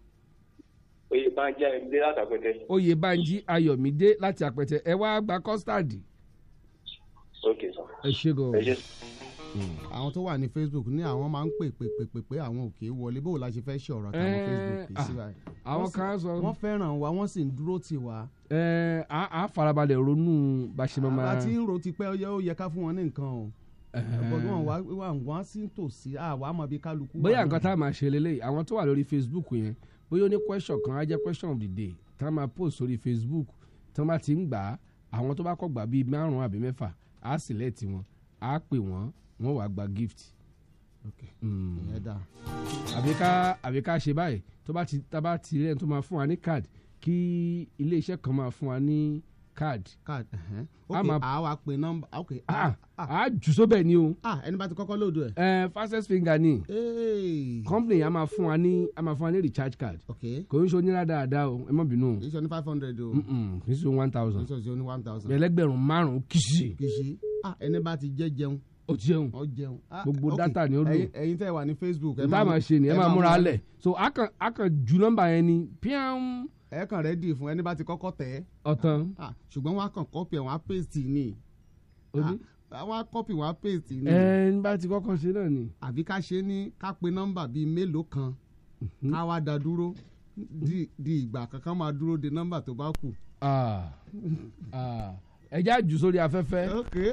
[SPEAKER 10] oyè banji ayọ̀mídé láti àpẹtẹ. oyè banji ayọ̀mídé láti àpẹtẹ ẹ wá gba kọ́sítàdì. ok sà. ẹ ṣe gan. ẹ ṣe
[SPEAKER 8] sà. Mm.
[SPEAKER 10] àwọn tó wà ní facebook ní àwọn máa ń pè pè pè pè pé àwọn òkè wọlé bó la ṣe fẹ́ ṣe ọ̀rọ̀ àtàwọn eh, facebook kì í sí báyìí. Ah, àwọn kan sọ wọ́n fẹ́ràn wa wọ́n sì ń dúró tì wá. ẹ á farabalẹ̀ ronú bá ṣe máa. àti ń ro ti pẹ́ ó yẹ ká fún wọn ní nǹkan o ọgbọgbọn wa wa wa sí tòsí àwa mọ bí kálukú. bóyá nǹkan tá a máa ṣe lélẹ́yìí àwọn tó wà lórí facebook yẹn bóyá ó ní question kan á jẹ́ question of the day tá a máa post sórí facebook tí wọ́n bá ti ń gbà á àwọn tó bá kọ́ gbà bíi márùn-ún àbí mẹ́fà á sì lẹ́ẹ̀tì wọn á pè wọ́n wọ́n wàá gba gift. okay hmm. ìyẹn dáa. àbí ká àbí ká ṣe báyìí tó bá ti tá bá ti rẹ́ni tó máa fún wa ní card kí iléeṣẹ́ kan máa fún wa ní card. card ok a wá pe nọ́mbà ok. Ah, ah, ah. a jù sóbẹ̀ ni o. ẹni bá ti kọ́kọ́ lòdù ẹ̀. ẹ eh, fastest finger ni. company a máa fún wa ní a máa fún wa ní recharge card. ok kò ń ṣe onírà dáadáa o ẹ má bínú kì í ṣe ní five hundred o. kì í ṣe one thousand. kì í ṣe ní one thousand. ẹlẹgbẹ̀rún márùn-ún kìsì. kìsì ẹni bá ti jẹ́ jẹun o jẹun o jẹun ah, gbogbo data ni o lò ẹyin tẹ wà ní facebook ẹ máa ṣe ni ẹ máa múra lẹ so a kan a kan ju nọ́mbà yẹn ni piam. ẹ kàn rẹ́dì fún ẹni bá ti kọ́kọ́ tẹ̀. ọ̀tàn. Ah, ṣùgbọ́n wọn á kàn kọ́pì ẹ̀ wọ́n á paste ni àwọn akọ́pì wọn á paste ni. ẹ ń bá ti kọ́kọ́ ṣe náà ni. àbí ká ṣe ní ká pe nọ́mbà bíi mélòó kan mhm. ká wá da dúró di ìgbà kankan máa dúró de nọ́mbà tó bá kù. Ah, ẹ já jù sórí afẹ́fẹ́. okay.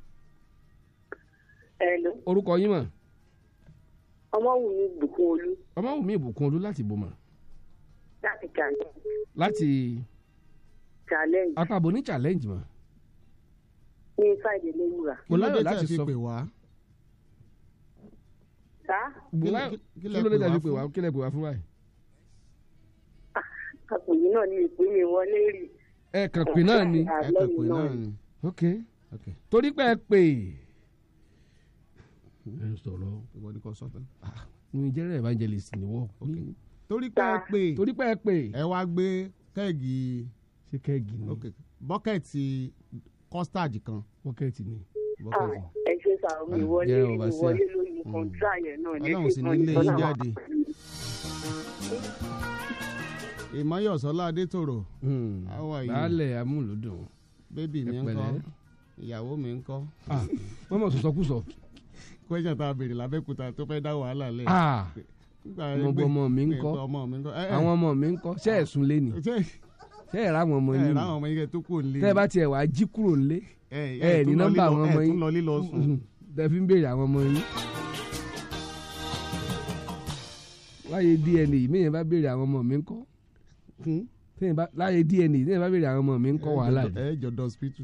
[SPEAKER 10] Hello. orúkọ yín mọ̀.
[SPEAKER 2] ọmọwùmí ìbùkún olú.
[SPEAKER 10] ọmọwùmí ìbùkún olú láti bò mọ̀.
[SPEAKER 2] láti challenge.
[SPEAKER 10] láti. challenge. àtàbò ní challenge mọ̀.
[SPEAKER 2] ní friday lẹ́wùrà. kò láyọ̀ láti sọ pé wá. sá. kí ló dé tàbí pé wá kí lè pè wá fún wa. Ah, àkùnrin náà ni ìpínlẹ̀ wọlé rí.
[SPEAKER 10] ẹ kàn pé náà ni. ẹ kàn pé náà ni. ok. torí pé ẹ pè é ẹ ń sọ̀rọ̀ ìwọ ni kò sọtàn. nu ah, ìjẹ́rẹ́ evangelist ni wọ́. torí pé ẹ pè torí pé ẹ pè ẹ wá gbé kẹ́ẹ̀gì ṣé kẹ́ẹ̀gì ni bọ́kẹ̀tì custard kan. bọ́kẹ̀tì ni bọ́kẹ̀tì.
[SPEAKER 2] Ah, ẹ ṣe sàrò mi ah, wọlé mi wọlé lórí kọ̀ǹtà yẹn náà
[SPEAKER 8] lẹ́yìn kan ìtọ́nà wà
[SPEAKER 10] ìmọ̀yọ̀sọ́lá adétòrò. àwa hmm. yìí baálẹ̀ amúlùdùn. bébì mi ń kọ́ ìyàwó mi ń kọ́. wọ́n mọ̀ sọ̀sọ́kùsọ kwẹ́sà tá a béèrè lábẹ́kúta tó fẹ́ dá wàhálà lẹ̀. gbogbo ọmọ mi ń kọ́ àwọn ọmọ mi ń kọ́ ṣe ẹ̀sùn lé ni ṣe ẹ̀rọ àwọn ọmọ yín ni tẹ́ ẹ bá tiẹ̀ wá jí kúrò lé ẹ̀ ní nọ́mbà àwọn ọmọ yín tẹ́ fi ń béèrè àwọn ọmọ yín. láyé DNA mẹ́yìn bá béèrè àwọn ọmọ mi ń kọ́ hmm? láyé DNA mẹ́yìn bá béèrè àwọn ọmọ mi ń kọ́ wàhálà. ẹ jọ dọ́sítù.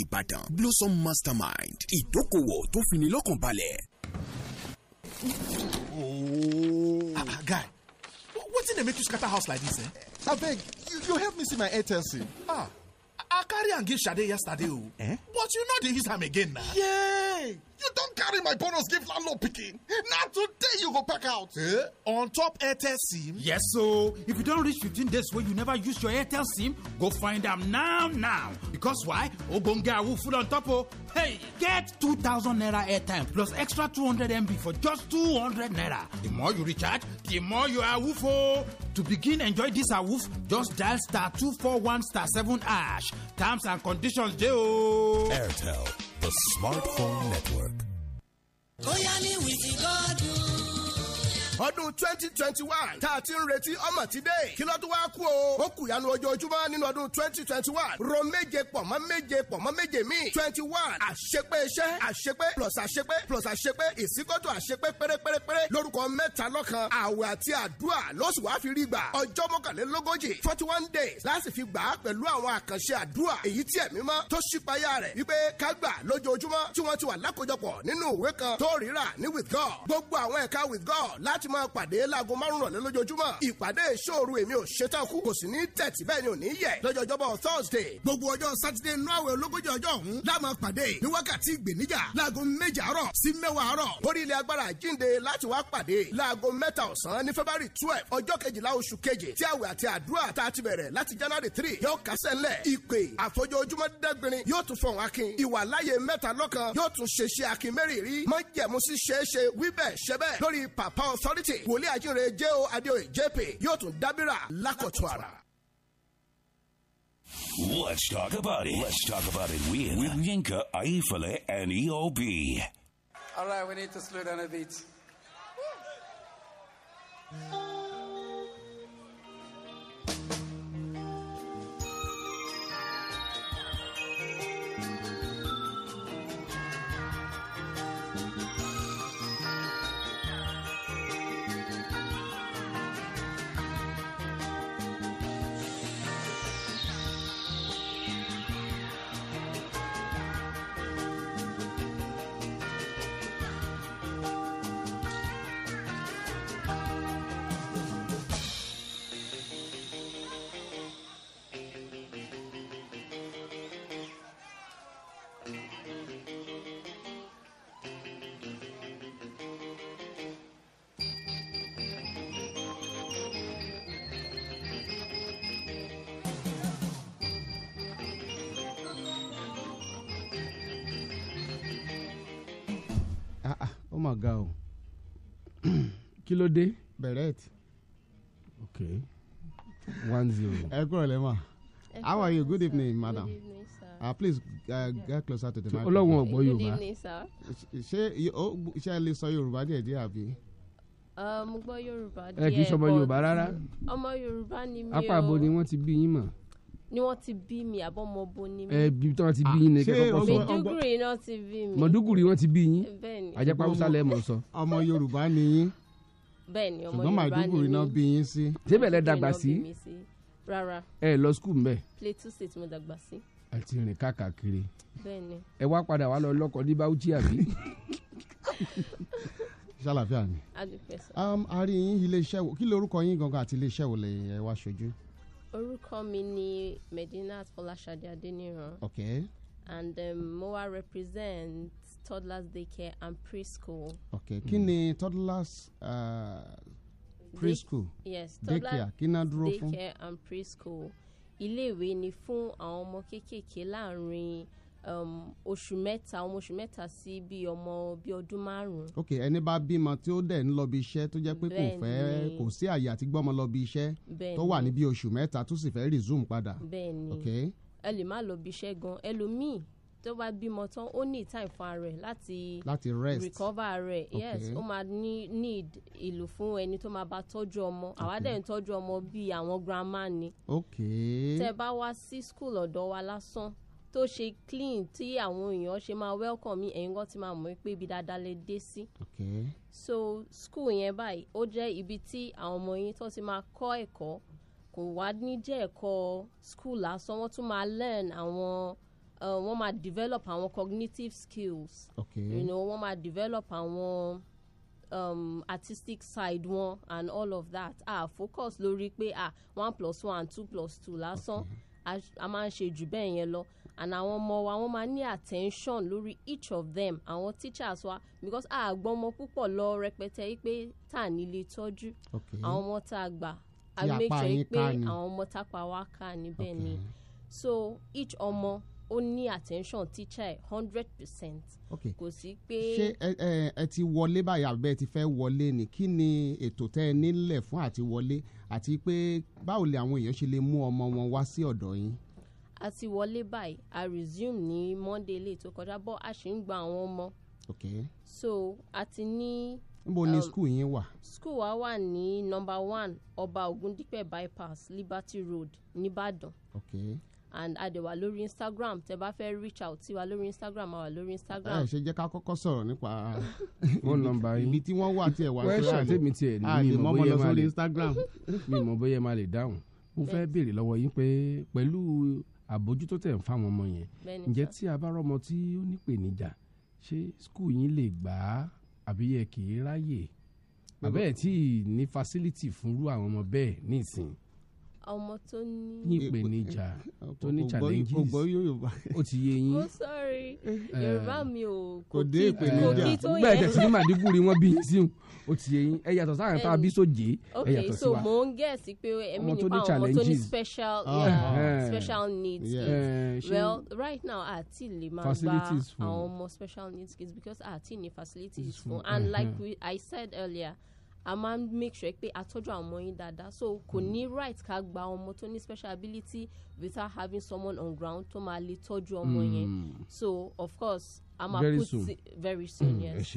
[SPEAKER 3] Ìbàdàn Blossom Mastermind ìdókòwò tó fini lọ́kàn balẹ̀. ooo oh. ah, ah guy wetin dey make you scatter house like dis eh. abeg eh, you you help me see my airtel sim. ah i carry am give Sade yesterday o. Oh. Eh? but you no dey use am again na. Yeah you don't carry my bonus give landlord pikin na today you go pack out. Eh? on top airtel sim. yes so, if you don't reach fifteen days wey you never use your airtel sim go find them now now because why ogbonge awu full on top o. Hey, get 2000 naira airtime plus extra 200 MB for just 200 naira. The more you recharge, the more you are woof -o. To begin enjoy this awoof, just dial star 241 star 7 ash. Terms and conditions, Joe. Airtel.
[SPEAKER 6] the Smartphone
[SPEAKER 3] Network.
[SPEAKER 4] ọdún twenty twenty one tá a ti ń
[SPEAKER 3] retí ọmọ ti
[SPEAKER 4] dé kí lọ́dún wá kú o ó kù yanu ojoojúmọ́ nínú ọdún twenty twenty one ro méje pọ̀ mọ́ méje pọ̀ mọ́ méje míì twenty one àṣepé iṣẹ́ àṣepé plus àṣepé plus àṣepé ìsíkọ́tò àṣepé pérépérépéré lórúkọ mẹ́ta lọ́kan àwẹ̀ àti àdúrà ló sì wá fi rí gbà ọjọ́ mọ́kànlélógójì forty one days láti fi gbà á pẹ̀lú àwọn àkànṣe àdúrà èyí tí ẹ̀mí mọ́ tó ṣípayá rẹ̀ wípé ká gbà lójoojúmọ́ tí wọ́n ti wà lákòjọpọ̀ nínú ìwé kan tó rírà with God gbogbo àwọn ẹ̀ka with God láti máa pàdé láago márùn rọ̀lẹ́ lójoojúmọ́ ìpàdé ìṣòro èmi ò ṣetán kú kò sì ní tẹ̀tì bẹ́ẹ̀ ni ò ní yẹ lọ́jọ́ Thursday gbogbo ọjọ́ Sátidé nú àwẹ̀ ológójì ọjọ́ ọ̀hún láàmú pàdé ní wákàtí ìgbèníjà láago méje àárọ̀ sí mẹ́wàá àárọ̀ orí ilẹ̀ agbára àjínde láti wá pàdé láago mẹ́ta ọ̀sán ní February twelve ọjọ́ kejìlá oṣù keje tí àwẹ̀ àti àdúrà tá ti bẹ̀rẹ̀ láti January three yóò kásẹ̀ ńlẹ̀ ìpè àfojoojúmọ́ dẹ́gbìnrin yóò tún fọ̀hún akin ìwà láyé mẹ́ta lọ́kan yóò tún ṣeṣe akin mẹ́rìírí mọ́jẹ̀mú sí ṣeéṣe wíbẹ̀ security j.o. adéoyè jp yóò tún lákọ̀tún àrà.
[SPEAKER 1] Let's talk about it. Let's talk about it with, with Yinka, Aifale, and EOB.
[SPEAKER 4] All right, we need to slow
[SPEAKER 7] down a bit.
[SPEAKER 10] ga o kí ló dé. beret. ok one zero. ẹ kúrò lẹ́mọ̀ how are you good evening madam. Good evening, uh, please uh, get closer to the microphone. ọlọ́run ọ̀gbọ́ yorùbá ṣé ṣé ẹ lè sọ yorùbá díẹ̀ díẹ̀ àbí.
[SPEAKER 5] Uh, mo gbọ́ yorùbá díẹ̀ ẹ kì í ṣọmọ yorùbá rárá. ọmọ yorùbá ni mi o. apá abo ni
[SPEAKER 10] wọ́n ti bí yín mọ̀
[SPEAKER 5] ni wọ́n ti bí mi àbọ̀ mọ bo ni mi. ẹ
[SPEAKER 10] bí tí wọ́n ti bí ah, yín ni kẹfọ kọ sọ.
[SPEAKER 5] mẹdúgùrì ni wọ́n ti bí mi.
[SPEAKER 10] mẹdúgùrì wọ́n ti bí yín. bẹ́ẹ̀ni àjẹpá haúsá lẹ mọ sọ. ọmọ yorùbá ni yín.
[SPEAKER 5] bẹ́ẹ̀ni ọmọ yorùbá ni mi. ṣùgbọ́n mẹdúgùrì náà bí
[SPEAKER 10] yín sí. síbẹ̀ lẹ dàgbà sí. rárá. ẹ lọ skul mbẹ.
[SPEAKER 5] Plateau State mo dàgbà sí.
[SPEAKER 10] àti rìn káàkiri. bẹ́ẹ̀ni. ẹ wá padà wá lọ lọkọ ní Bauchi àbí. ṣàlàfíà ni. Um, a rí yín iléeṣẹ́ wo kí lorúkọ yín gangan àti iléeṣẹ́ wo lè ẹ wá ṣojú
[SPEAKER 5] orúkọ mi ni Medinat Fọláṣadé Adéníran. okay. and um, mo wá represent toddlers daycare and preschool.
[SPEAKER 10] okay hmm. kí ni toddlers uh, preschool. Day, yes toddlers daycare
[SPEAKER 5] and preschool. iléèwé ni fún àwọn ọmọ kéékèèké láàrin. Um, oṣù mẹ́ta ọmọ oṣù mẹ́ta sí bí ọmọ bí ọdún márùn-ún.
[SPEAKER 8] ok
[SPEAKER 10] ẹni bá bímọ tí ó dẹ̀ ń lọ bí iṣẹ́ tó jẹ́ pé kò fẹ́ kò sí àyè àti gbọ́mọ lọ bí iṣẹ́ tó wà ní bí oṣù mẹ́ta tó sì fẹ́ resume padà.
[SPEAKER 5] bẹ́ẹ̀ni ok ẹ lè má lọ bí iṣẹ́ gan ẹlòmíì tó bá bímọ tán ó ní time fún ara rẹ̀ láti láti rest recover rẹ̀ okay. yes ó máa ní need ìlò fún ẹni tó máa bá tọ́jú ọmọ àwa dẹ̀ ń tọ́jú ọmọ bíi àwọn grandma ni.
[SPEAKER 8] ok tẹ bá
[SPEAKER 5] wá sí school ọ̀dọ̀ wa lásán tó ṣe clean tí àwọn èèyàn ṣe máa welcome mi ẹ̀yin gan ti máa mọ̀ pé ibi dáadáa lè dé sí. so school yẹn báyìí ó jẹ́ ibi tí àwọn ọmọ yín tó ti máa kọ́ ẹ̀kọ́ kò wá ní jẹ́ ẹ̀kọ́ school lásán wọ́n tún máa learn àwọn uh, wọ́n máa develop àwọn cognitive skills okay. you know wọ́n máa develop àwọn um, artistic side wọn and all of that ah focus lórí pé ah one plus one two plus two lásán a máa ń ṣe jù bẹ́ẹ̀ yẹn lọ and àwọn ọmọ wa wọ́n máa ní attention lórí each of them àwọn teachers wa because àgbọ̀n ọmọ púpọ̀ lọ rẹpẹtẹ pé tá à nílé tọ́jú àwọn ọmọ tá a gbà a make sure pé àwọn ọmọ tá a pa wá ká níbẹ̀ ni so each ọmọ ó ní attention teacher ẹ hundred percent. ok kò sí pé. ṣé
[SPEAKER 10] ẹ ẹ ẹ ti wọlé báyìí àbẹ ti fẹ́ wọlé ni kí ni ètò tẹ́ ẹ nílẹ̀ fún àti wọlé àti pé báwo lè àwọn èèyàn ṣe lè mú ọmọ wọn wá sí ọ̀dọ̀ yín
[SPEAKER 5] a ti wọlé báyìí a resume ní monday lè tó kọjá bọ́ a sì ń gba àwọn ọmọ. ok so a ti ní. níbo ni um, school yín wà. school wa wà ní number one ọba ògúndípẹ̀ bypass liberty road nìbàdàn. ok and a dẹ̀ wà lórí instagram tẹ bá fẹ́ reach out sí wa lórí instagram a wà lórí instagram. ẹ ṣe
[SPEAKER 10] jẹ́ ká kọ́kọ́ sọ̀rọ̀ nípa ibi tí wọ́n wà tí ẹ wà tó àlè àlè mọ́mọ́ lọ sórí instagram mi mọ̀ bóyá ẹ máa lè dáhùn mo fẹ́ béèrè lọ́wọ́ yín pé pẹ̀lú àbójútó tẹ̀ ń fáwọn ọmọ yẹn ǹjẹ́ tí a bá rọ́mọ tí ó nípèníjà ṣé skul yín lè gbà á àbí ẹ kì í ráyè àbẹ́ẹ̀ tí ní facility fúnrú àwọn ọmọ bẹ́ẹ̀ nísìn
[SPEAKER 5] ọmọ tó ní ìpèníjà
[SPEAKER 10] tó ní challenges ó ti yé yín. oh sorry eh, yorùbá mi ò kò kí tó yẹ. bẹ́ẹ̀ tẹ̀sí ní màdìgúri wọ́n bí yín sí ó ti yẹyin ẹ yàtọ̀ sáà tá a bí sóje ẹ yàtọ̀ sí wa. ok so mò
[SPEAKER 5] ń gẹ̀ẹ́sì pé ẹ̀mí nípa ọmọ tó ní special ah, eh. special needs kids eh, well right now àti lè máa gba àwọn ọmọ special needs kids because àti ní facilities fún and eh, like we, I said earlier a máa ń make sure pé àtọ́jú àwọn ọmọ yín dáadáa so kò hmm. ní right ká gba ọmọ tó ní special ability without having someone on ground tó máa lè tọ́jú ọmọ yẹn hmm. so of course a máa put very soon hmm, yes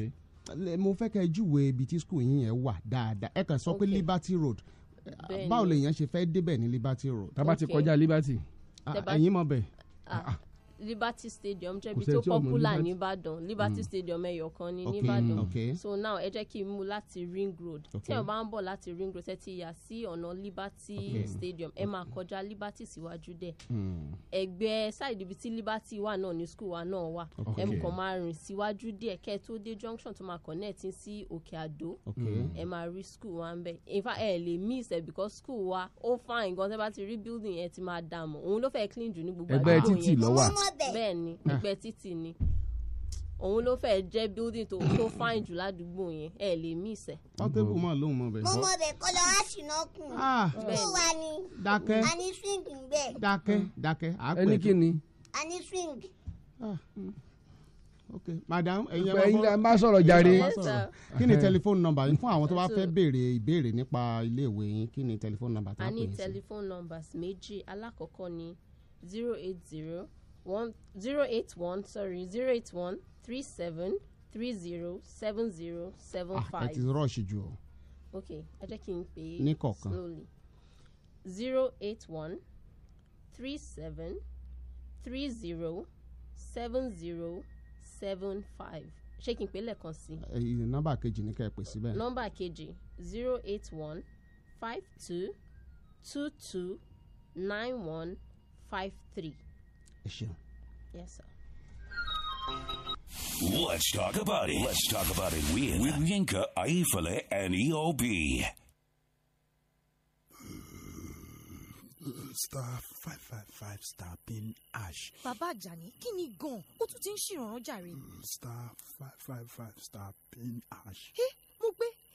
[SPEAKER 4] mo
[SPEAKER 10] fẹ́ kẹ́ júwe ibi tí skul yín yẹn wà dáadáa ẹ kàn sọ pé Liberty Road báwo lèèyàn ṣe fẹ́ débẹ̀ ní Liberty Road. tá a bá ti kọjá Liberty ah, ẹ̀yin mọ̀ bẹ́ẹ̀
[SPEAKER 5] ah. Ah, liberty stadium jẹ́ ibi tó popular nìbàdàn liberty mm. stadium ẹ̀yọ̀kan ní nìbàdàn so now ẹ jẹ́ kí n mú láti ring road tí ẹ bá ń bọ̀ láti ring road ẹ ti yà sí ọ̀nà liberty stadium ẹ máa kọjá liberty síwájú dẹ̀ hmm. ẹgbẹ́ side ibi tí liberty wà náà ní school wa náà wà ẹ kàn máa rìn síwájú díẹ̀ kẹ́ tó dé junction tó máa connect sí òkè àdó ẹ máa rí school wa ń bẹ̀ in fact ẹ lè miss ẹ because school wa ó fine gan tẹ́ bá ti rí building yẹn ti máa dààmú òun ló fẹ́ clean jù ní gbogbo àdúgbò yẹn ẹgbẹ́ títì lọ́wọ́ ọbẹ̀. bẹ́ẹ̀ni ah. ìgbẹ́ títì ni òun ló fẹ́ jẹ́ building tó tó fine jù ládùúgbò yẹn ẹ lè mí ìsẹ̀. pọ́tébù
[SPEAKER 10] mọ̀ lóun mọ̀ bẹ́ẹ̀. mo mọ
[SPEAKER 5] bẹ́ẹ̀ kọ́ lọ á sì náà kùn. Ah. ó wà ní. dákẹ́ a ní swing bẹ́ẹ̀.
[SPEAKER 11] dákẹ́
[SPEAKER 10] dákẹ́ a pẹ̀ tó. ẹni kí ni.
[SPEAKER 5] a ní swing.
[SPEAKER 11] Ah.
[SPEAKER 10] ok madam ẹ̀yin ẹ̀rọ ẹ̀yin ẹ̀ máa sọ̀rọ̀ jàre. kí ni telephone number yín fún àwọn tó bá fẹ́ béèrè ìbéèrè nípa iléèwé yín kí ni telephone number tó bá pè é sí. a ní
[SPEAKER 5] telephone numbers méjì alákọ̀ọ́kọ́ ni zero eight zero one zero eight one sorry zero eight one three seven three zero seven zero seven five. Ah, ẹ ti rush ju o. Okay, ẹ jẹ́ kí n pè é slowly zero eight one three seven three zero seven zero seven five ṣé kí n pè é lẹ́ẹ̀kan sí.
[SPEAKER 10] nọ́mbà kejì ni kẹ́ ẹ pè síbẹ̀. nọ́mbà
[SPEAKER 5] kejì zero eight one five two two two nine one five three ẹ yes sir.
[SPEAKER 1] Let's talk about it. Let's talk about it with, with Yinka, Aifale, and EOB.
[SPEAKER 6] star five five five star pin ash.
[SPEAKER 3] bàbá àjàní kí
[SPEAKER 12] ni gan-an ó tún ti ń ṣèrànràn jàre.
[SPEAKER 6] star five five five star pin ash.
[SPEAKER 12] ẹ mo gbé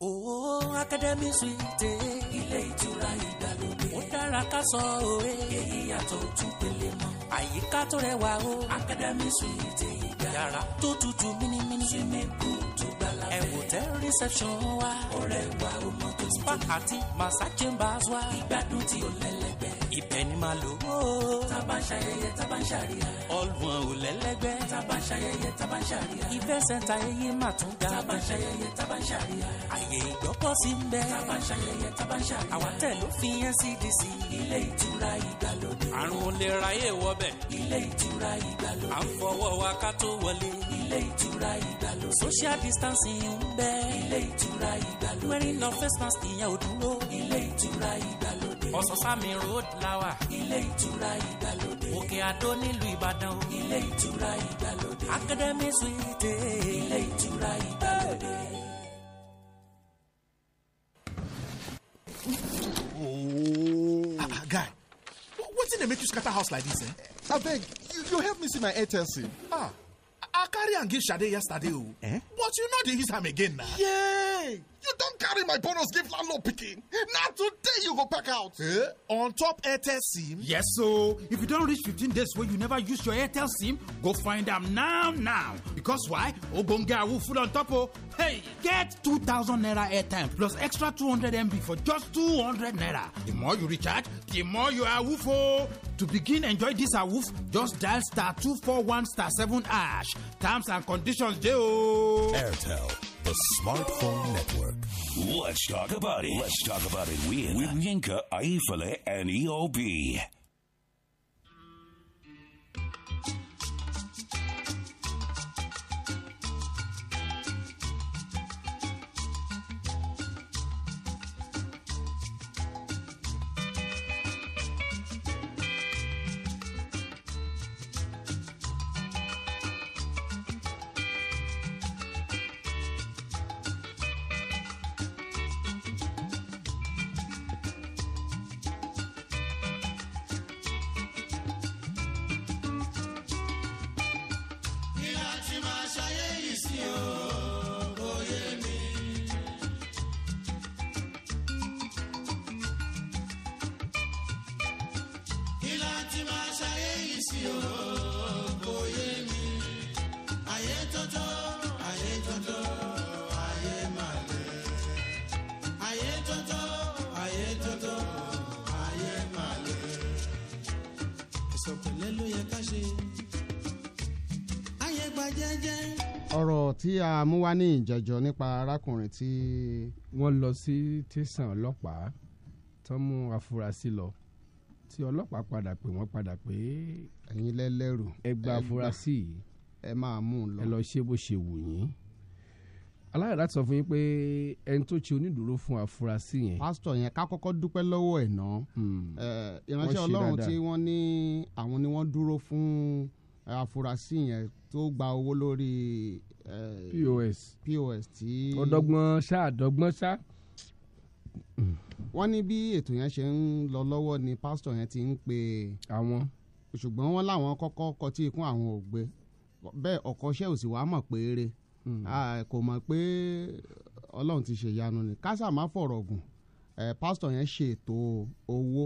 [SPEAKER 9] Oo Academy Suite. Ilé ìtura ìgbàlódé. Ó dára ká sọ òwe. Èyí yàtọ̀ ojú pele mọ́. Àyíká tó rẹwà o. Academy Suite ìgbà. Yàrá tó tutù mímímí. Swimming pool tó gbàlà fẹ́. Ẹ̀wò tẹ reception wa. Ọ̀rẹ́ wa ó mọ tó ti tó. Spa àti massage chambers wa. Ìgbádùn tí ó lẹ́lẹ́gbẹ́ ibẹ̀ ni màá lò ó. tábà ń ṣayẹyẹ tábà ń ṣàríyá. ọlùwọ̀n ò lẹ́lẹ́gbẹ́. tábà ń ṣayẹyẹ tábà ń ṣàríyá. ìfẹ́ sẹ́ńtà ẹyẹ máa tún ga. tábà ń ṣayẹyẹ tábà ń ṣàríyá. àyè ìgbọ́kọ̀ sí ń bẹ. tábà ń ṣayẹyẹ tábà ń ṣàríyá. àwọn tẹ̀ ló fi NCDC. ilé ìtura ìgbàlódé. àrùn olè ráyè wọbẹ̀. ilé ìtura ìgbàlódé. ilé ìtura ìgbàlódé. social distancing ń bẹ. ilé ìtura ìgbàlódé. wearing of face mask ìyẹn ò dúró. ilé ìtura ìgbàlódé ọ̀sánsámi road lawa. ilé ìtura ìgbàlódé. òkè àdó nílùú ìbàdàn. ilé ìtura ìgbàlódé. academy suite. ilé ìtura ìgbàlódé.
[SPEAKER 3] Ah, ah, guy wetin dey make you scatter house like dis eh? abeg you, you help me see my airtel sim. ah i carry am give sade yesterday o. Oh. Eh? but you no dey use am again na. Yeah. You don't carry my bonus give landlord picking. Na today you go back out. Eh? On top Airtel SIM? Yes so If you don't reach 15 days wey you never use your Airtel SIM, go find them now now. Because why? Ogbonge awoof full on top o. Oh. Hey! Get 2000 naira airtime plus extra 200 MB for just 200 naira. The more you recharge, the more you awoof o. Oh. To begin enjoy this awoof, just dial star 241 star 7 ash. Terms and conditions dey Airtel.
[SPEAKER 1] the Smartphone Network. Let's talk about it. Let's talk about it with, with Yinka, Aifale, and EOB.
[SPEAKER 10] a mú wá ní ìjẹjọ nípa arákùnrin tí. wọ́n lọ sí tẹ̀sán ọlọ́pàá tó mú afurasí lọ tí ọlọ́pàá padà pè wọ́n padà pé. ẹ̀yin lẹ́lẹ́rù. ẹ gba afurasí yìí. ẹ máa mú un lọ. ẹ lọ ṣe bó ṣe wù yín aláyọ̀dá sọ fún yín pé ẹni tó ṣe onídùúró fún afurasí yẹn. pásítọ̀ yẹn ká kọ́kọ́ dúpẹ́ lọ́wọ́ ẹ̀ ná. Hmm. ìránṣẹ́ ọlọ́run tí wọ́n ní àwọn ni wọ́n dúró fún afurasí yẹn tó gba owó lórí Eh, pos pos tí. ọ̀dọ́gbọ́n ṣá àdọ́gbọ́n ṣá. wọ́n ní bí ètò yẹn ṣe ń lọ lọ́wọ́ ni pásítọ̀ yẹn ti ń pe. àwọn. ṣùgbọ́n wọ́n láwọn kọ́kọ́ kọtí ikún àwọn ògbé bẹ́ẹ̀ ọ̀kọ́ṣẹ́ ò sì wá mọ̀ péré hmm. kò mọ̀ pé ọlọ́run ti ṣèyanu ni kásà má fọ̀rọ̀ gùn eh, pásítọ̀ yẹn ṣètò owó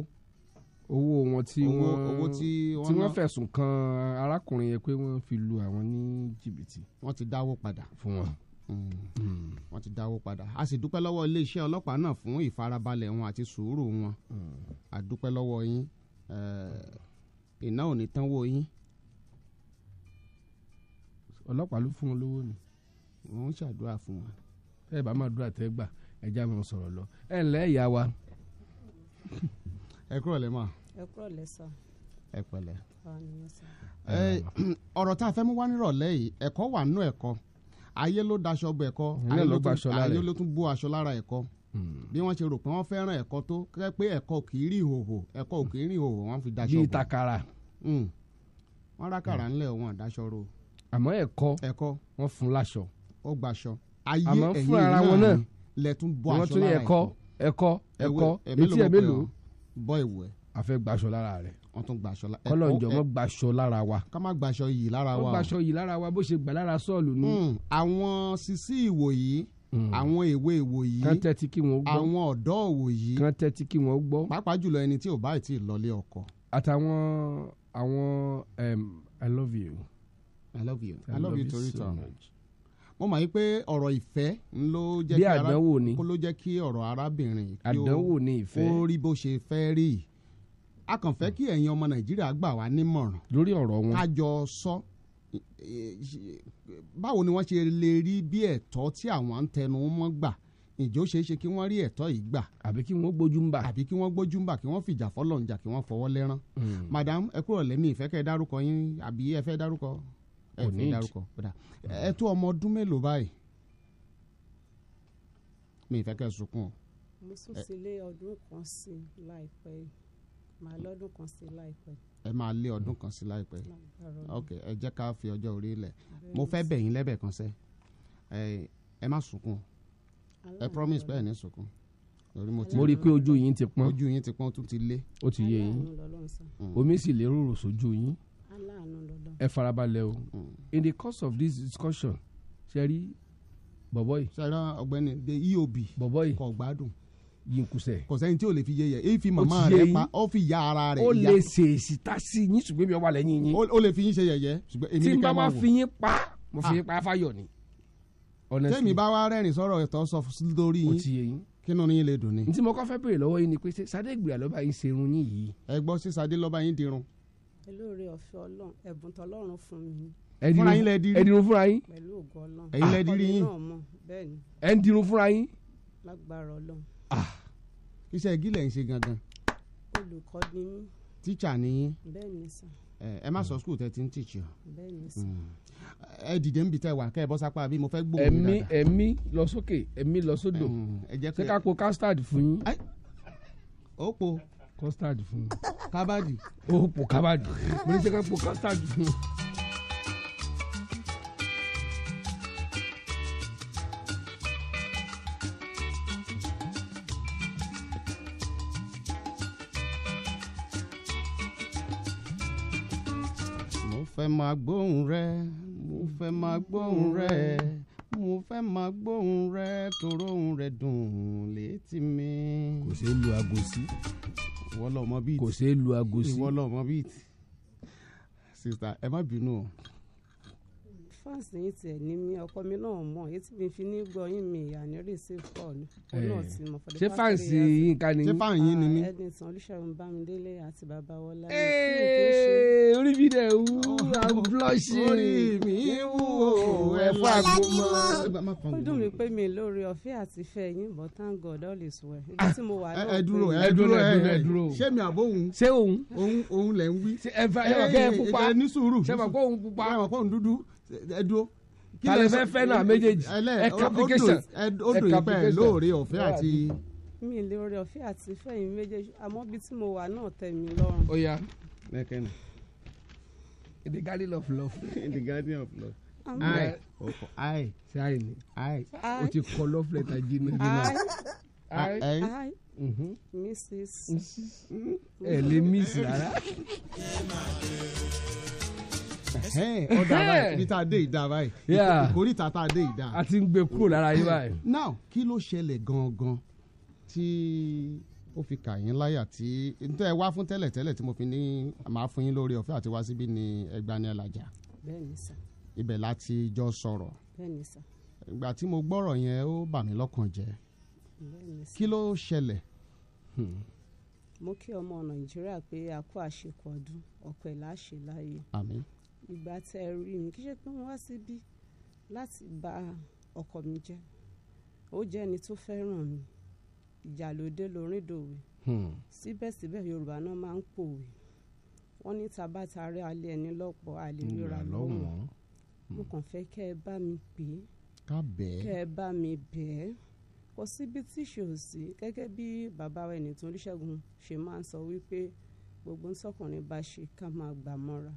[SPEAKER 10] owó wọn tí wọ́n owó tí wọ́n tí wọ́n fẹ̀sùn kan arákùnrin yẹn pé wọ́n fi lu àwọn ní jìbìtì. wọ́n ti dáwó padà. fún wọn. Hmm. Hmm. wọ́n ti dáwó padà a sì dúpẹ́ lọ́wọ́ iléeṣẹ́ ọlọ́pàá náà fún ìfarabalẹ̀ wọn àti sùúrù wọn hmm. a dúpẹ́ lọ́wọ́ yín eh, iná ò ní tán wò yín. ọlọ́pàá ló fún wọn lówó ni. wọ́n ń ṣàdúrà fún wọn. ẹ bá máa dúrà tẹ́ gbà ẹ já máa sọ̀rọ̀ lọ ẹ ǹlẹ́ ìyá wa ẹ kúrò lẹ́ mọ́.
[SPEAKER 7] ẹ kúrò lẹ́ sọ. ẹ pẹ̀lẹ́.
[SPEAKER 10] ọ̀rọ̀ tá a fẹ́ mú wá nírọ̀lẹ́ yìí ẹ̀kọ́ wà nínú ẹ̀kọ́ ayé ló daṣọ bọ ẹ̀kọ́ ayé ló tún bó aṣọ lára ẹ̀kọ́ hmm. bí wọ́n ṣe rò pé wọ́n fẹ́ràn ẹ̀kọ́ tó kẹ́ pé ẹ̀kọ́ kì í rí ìhòhò ẹ̀kọ́ kì í rí ìhòhò wọ́n fi daṣọ bọ. bíi takara. wọ́n rákàrà ńlẹ̀ wọn daṣọ ro. àmọ́ ẹ̀kọ́ ẹ̀kọ́ wọ́n fún láṣọ. ó gbaṣọ. ayé ẹ̀yìn náà lẹ̀ tún bọ aṣọ lára ẹ̀kọ́. ẹ̀kọ́ ẹ̀kọ́ etí ẹ̀ bọ́ ìwẹ̀. a fẹ́ gbaṣọ lára rẹ̀. wọ́n tún gbaṣọ lára. kọ́lọ́njọ́ mọ́ gbaṣọ lára wa. ká má gbaṣọ yìí lára wa o. wọ́n gbaṣọ yìí lára wa bó ṣe gbà lára sọ́ọ̀lù nù. Hmm, àwọn sisi ìwò yìí hmm. àwọn èwe ìwò yìí kan tẹ́tí kí wọ́n gbọ́ àwọn ọ̀dọ́ ìwò yìí kan tẹ́tí kí wọ́n gbọ́. pàápàá jùlọ ẹni tí ò bá ti lọlé ọkọ. àtàwọn àwọn i love you. i love you i love you torí tán ó mọ̀ yí pé ọ̀rọ̀ ìfẹ́ ló jẹ́ kí àdánwò ni ló jẹ́ kí ọ̀rọ̀ arábìnrin àdánwò ni ìfẹ́ ó rí bó ṣe fẹ́ rí a kàn fẹ́ kí ẹ̀yin ọmọ nàìjíríà gbà wá nímọ̀ràn lórí ọ̀rọ̀ wọn kájọ sọ báwo ni wọ́n ṣe lè rí bí ẹ̀tọ́ tí àwọn ń tẹnu mọ́ gbà ìjọ ṣeé ṣe kí wọ́n rí ẹ̀tọ́ yìí gbà. àbí kí wọ́n gbójú ń bà. àbí kí wọ́n gbójú ń bà kí wọ́n fìjà fọ́lọ́run kí wọ́n fọwọ́ lẹ́rán. Hmm. madam ẹ kúrò lẹ́mí ìfẹ́ kẹ́ ẹ dárúkọ yín àbí ẹ fẹ́ dárúkọ
[SPEAKER 1] kò ní ìdárúkọ
[SPEAKER 10] ẹ tó ọmọ ọdún mélòó báyìí mi ìfẹ́ kẹ́ sunkún o. mo sùn
[SPEAKER 7] sílé ọdún kan sí láìpẹ́ màá lọ́dún kan sí láìpẹ́.
[SPEAKER 10] ẹ máa lé ọdún kan sí láìpẹ́ ok ẹ jẹ́ ká fi ọjọ́ orí lẹ̀ mo fẹ́ bẹ̀ yín lẹ́bẹ̀ kan sẹ́ ẹ má sunkún ẹ promise bẹ́ẹ̀ ní sunkún mo rí i pé ojú yín ti pọ́n ojú yín ti pọ́n tún ti lé O ti yé yín mm. omi sì lè rúrò sójú yín ẹ farabalẹ̀ o in the course of this discussion ṣe rí bọ̀bọ̀ yìí. sẹ́rà ọ̀gbẹ́ni the eob bọ̀bọ̀ yìí kò gbádùn. yinkusẹ. kò sẹ́yìn tí o lè fi yẹ yẹ èyí fi màmá rẹ pa ọ́ fi ya ara rẹ ya. o lè ṣèṣì tá sí i yín ṣùgbọ́n mi ò wà lẹ́yìn yín. o lè fi yín ṣe yẹ̀yẹ́ ṣùgbọ́n èmi ní ká máa wò. tí n bá wá fi yín pa mo fi ah. yín pa fáyọ̀ ni. honestly tẹ́mi bá wá rẹ́rìn sọ̀rọ̀ ẹ̀tọ́ sọ lórí yín. o ti yẹ yín kínú ni yín lè dùn ni. ntí mo kọ́ fẹ́ bèrè lọ́wọ́ yín ni pé ṣé sadé gbìyà lọ́ba yín ṣerun yìí. ẹ gbọ́ ṣé sadé lọ́ba yín dirun
[SPEAKER 7] olóore ọ̀fẹ́ ọlọ́run ẹ̀bùn tọlọ́run fún mi.
[SPEAKER 10] ẹdirun fúnra yín. pẹ̀lú ògo ọlọ́run. ẹ̀yin lẹ dirí yín. ẹ̀ ń dirun fúnra yín.
[SPEAKER 7] lágbára ọlọ́run.
[SPEAKER 10] iṣẹ́ igi lẹ̀ ń ṣe gangan.
[SPEAKER 7] olùkọ́ ni mí.
[SPEAKER 10] tíṣà ni yín. bẹ́ẹ̀ni sà. ẹ má sọ skul tẹ ti ń tíṣì o. bẹ́ẹ̀ni sà. Hmm. ẹ dìde ń bi tẹ wà kẹ ẹ bọ́ sápá bí mo fẹ́ gbóhùn mi dáadáa. ẹ̀mí lọ sókè ẹ̀mí lọ sódò. Hmm, ẹ jẹ́ pé ṣé ká po custard fún yín. ó po custard fún mi kábàdì ó pò kábàdì mo ní ṣe ká custard fún mi. fẹ́ máa gbóhùn rẹ mo fẹ́ máa gbóhùn rẹ mo fẹ́ máa gbóhùn rẹ toróhùn rẹ dùn létí mi. kò ṣeé lu aago sí ìwọ lọ mọ bíìtì kò ṣeé lu aago sí ìwọ bíìtì sista ẹ má bínú o
[SPEAKER 7] fans yìí tiẹ̀ ní mi ọkọ mi náà mọ̀ èyí tí mi fi ní gbọ́ yín mi ìyàní receive call ó náà eh. ti mọ̀ fọdẹ́ ṣé fans yín ká ni ṣé fans yín ni mí. Ah, Edison Olúṣẹ́gun Bámidélé àti bàbá eh,
[SPEAKER 4] orí mi dẹ̀ wú i'm
[SPEAKER 10] orí mi wú ẹ̀fọ́ àgbọ̀mọ́. ó
[SPEAKER 7] dùn mí pé mi lórí ọ̀fẹ́ àti fẹ́ yín but thank God all is well. ibi tí mo wà ah, náà. ẹ dúró ẹ
[SPEAKER 10] dúró ṣé mi àbó òun. ṣé òun. òun òun lẹ̀ ń wí. ẹ
[SPEAKER 7] eh,
[SPEAKER 10] ẹ dúró
[SPEAKER 1] kálẹ̀ fẹ́ fẹ́ náà méjèèjì ẹ̀ka application ẹ̀ka application lóore ọ̀fẹ́ àti.
[SPEAKER 7] mi lóore ọ̀fẹ́ àti fẹ́yìn méjèèjì àmọ́ bí tí mo wà náà tẹ̀ mí lọ́rùn. ó
[SPEAKER 10] yá lẹ́kẹ̀ẹ́nì in the garden of love. in the garden of love. ayi ọkọ ayi ṣe ayi ni ayi o ti kọ love letter jìnnà jìnnà ayi ayi
[SPEAKER 7] mrs. ẹ lè miss rárá.
[SPEAKER 9] ọ
[SPEAKER 10] da báyìí ibi tá a dé ìdá báyìí ìkórìtà tá a dé ìdá. a ti ń gbé kúrò lára yín báyìí. now kí ló ṣẹlẹ̀ gangan tí ó fi kà yín láyà tí n tẹ́ ẹ wá fún tẹ́lẹ̀ tẹ́lẹ̀ tí mo fi ní màá fún yín lórí ọ̀fẹ́ àti wá síbí ni ẹgbani alájà. bẹ́ẹ̀ni sà. ibẹ̀ láti jọ sọ̀rọ̀. bẹ́ẹ̀ni sà. ìgbà tí mo gbọ́rọ̀ yẹn ó bà mí lọ́kàn jẹ́. bẹ́ẹ̀ni hmm.
[SPEAKER 7] mo kí ọmọ nàìjíríà pé a kú àṣekọ ọdún ọpẹ́ láṣẹ láàyè àmín ìgbà tẹ ẹ rí mi kí ṣe pé mo wá síbí láti bà ọkọ mi jẹ́ ó jẹ́ ẹni tó fẹ́ràn mi ìjà lóde lórin dòwe hmm. síbẹ̀síbẹ̀ yorùbá náà máa ń pòwe wọ́n ní ta bá ta rí alẹ́ ẹni lọ́pọ̀ a ríra lọ́wọ́n hmm. mo kàn fẹ́ kẹ́ ẹ bá mi pè é kẹ́ ẹ bá mi bẹ̀ ẹ́ kò síbi tí ìṣòro sí gẹ́gẹ́ bí bàbá wa Ẹnìtàn Olúṣẹ́gun ṣe máa ń sọ wípé gbogbo ń sọkùnrin bá ṣe ká máa gbà mọ́ra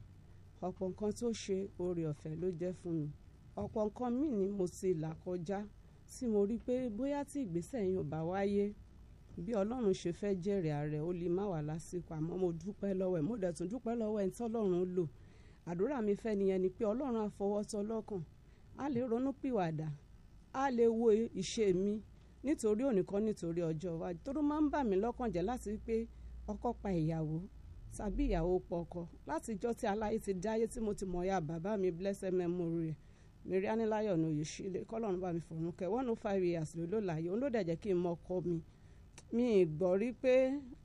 [SPEAKER 7] ọ̀pọ̀ nǹkan tó ṣe oore ọ̀fẹ́ ló jẹ́ fún mi ọ̀pọ̀ nǹkan míì ni mo ti là kọjá tí mo rí pé bóyá tí ìgbésẹ̀ yìí ò bá wáyé bí ọlọ́run ṣe fẹ́ jèrè ààrẹ ó lè má wà lásìkò àmọ́ mo dúpẹ́ lọ́wọ́ ẹ̀ mo dẹ̀ tún dúpẹ́ lọ́wọ́ ẹ̀ tí ọlọ́run lò àdúrà mi fẹ́ nìyẹn ni pé ọlọ́run àfọwọ́tọ́ a lè ronú pìwàdà a lè wo ìṣe mi nítorí òní kan nítorí ọjọ́ wa tó máa ń bà mí lọ́kàn jẹ́ láti pé ọkọ pa ìyàwó tàbí ìyàwó pọkọ látijọ́ tí aláyé ti dáyé tí mo ti mọ̀ ya bàbá mi blessed memory Mirianilayo ní Oyèṣílẹ̀ kọ́lọ́run bá mi fọ̀run kẹ́ one oh five years ló ló láàyè òun ló dẹ̀ jẹ́ kí n mọ ọkọ mi mi ì gbọ́ rí pé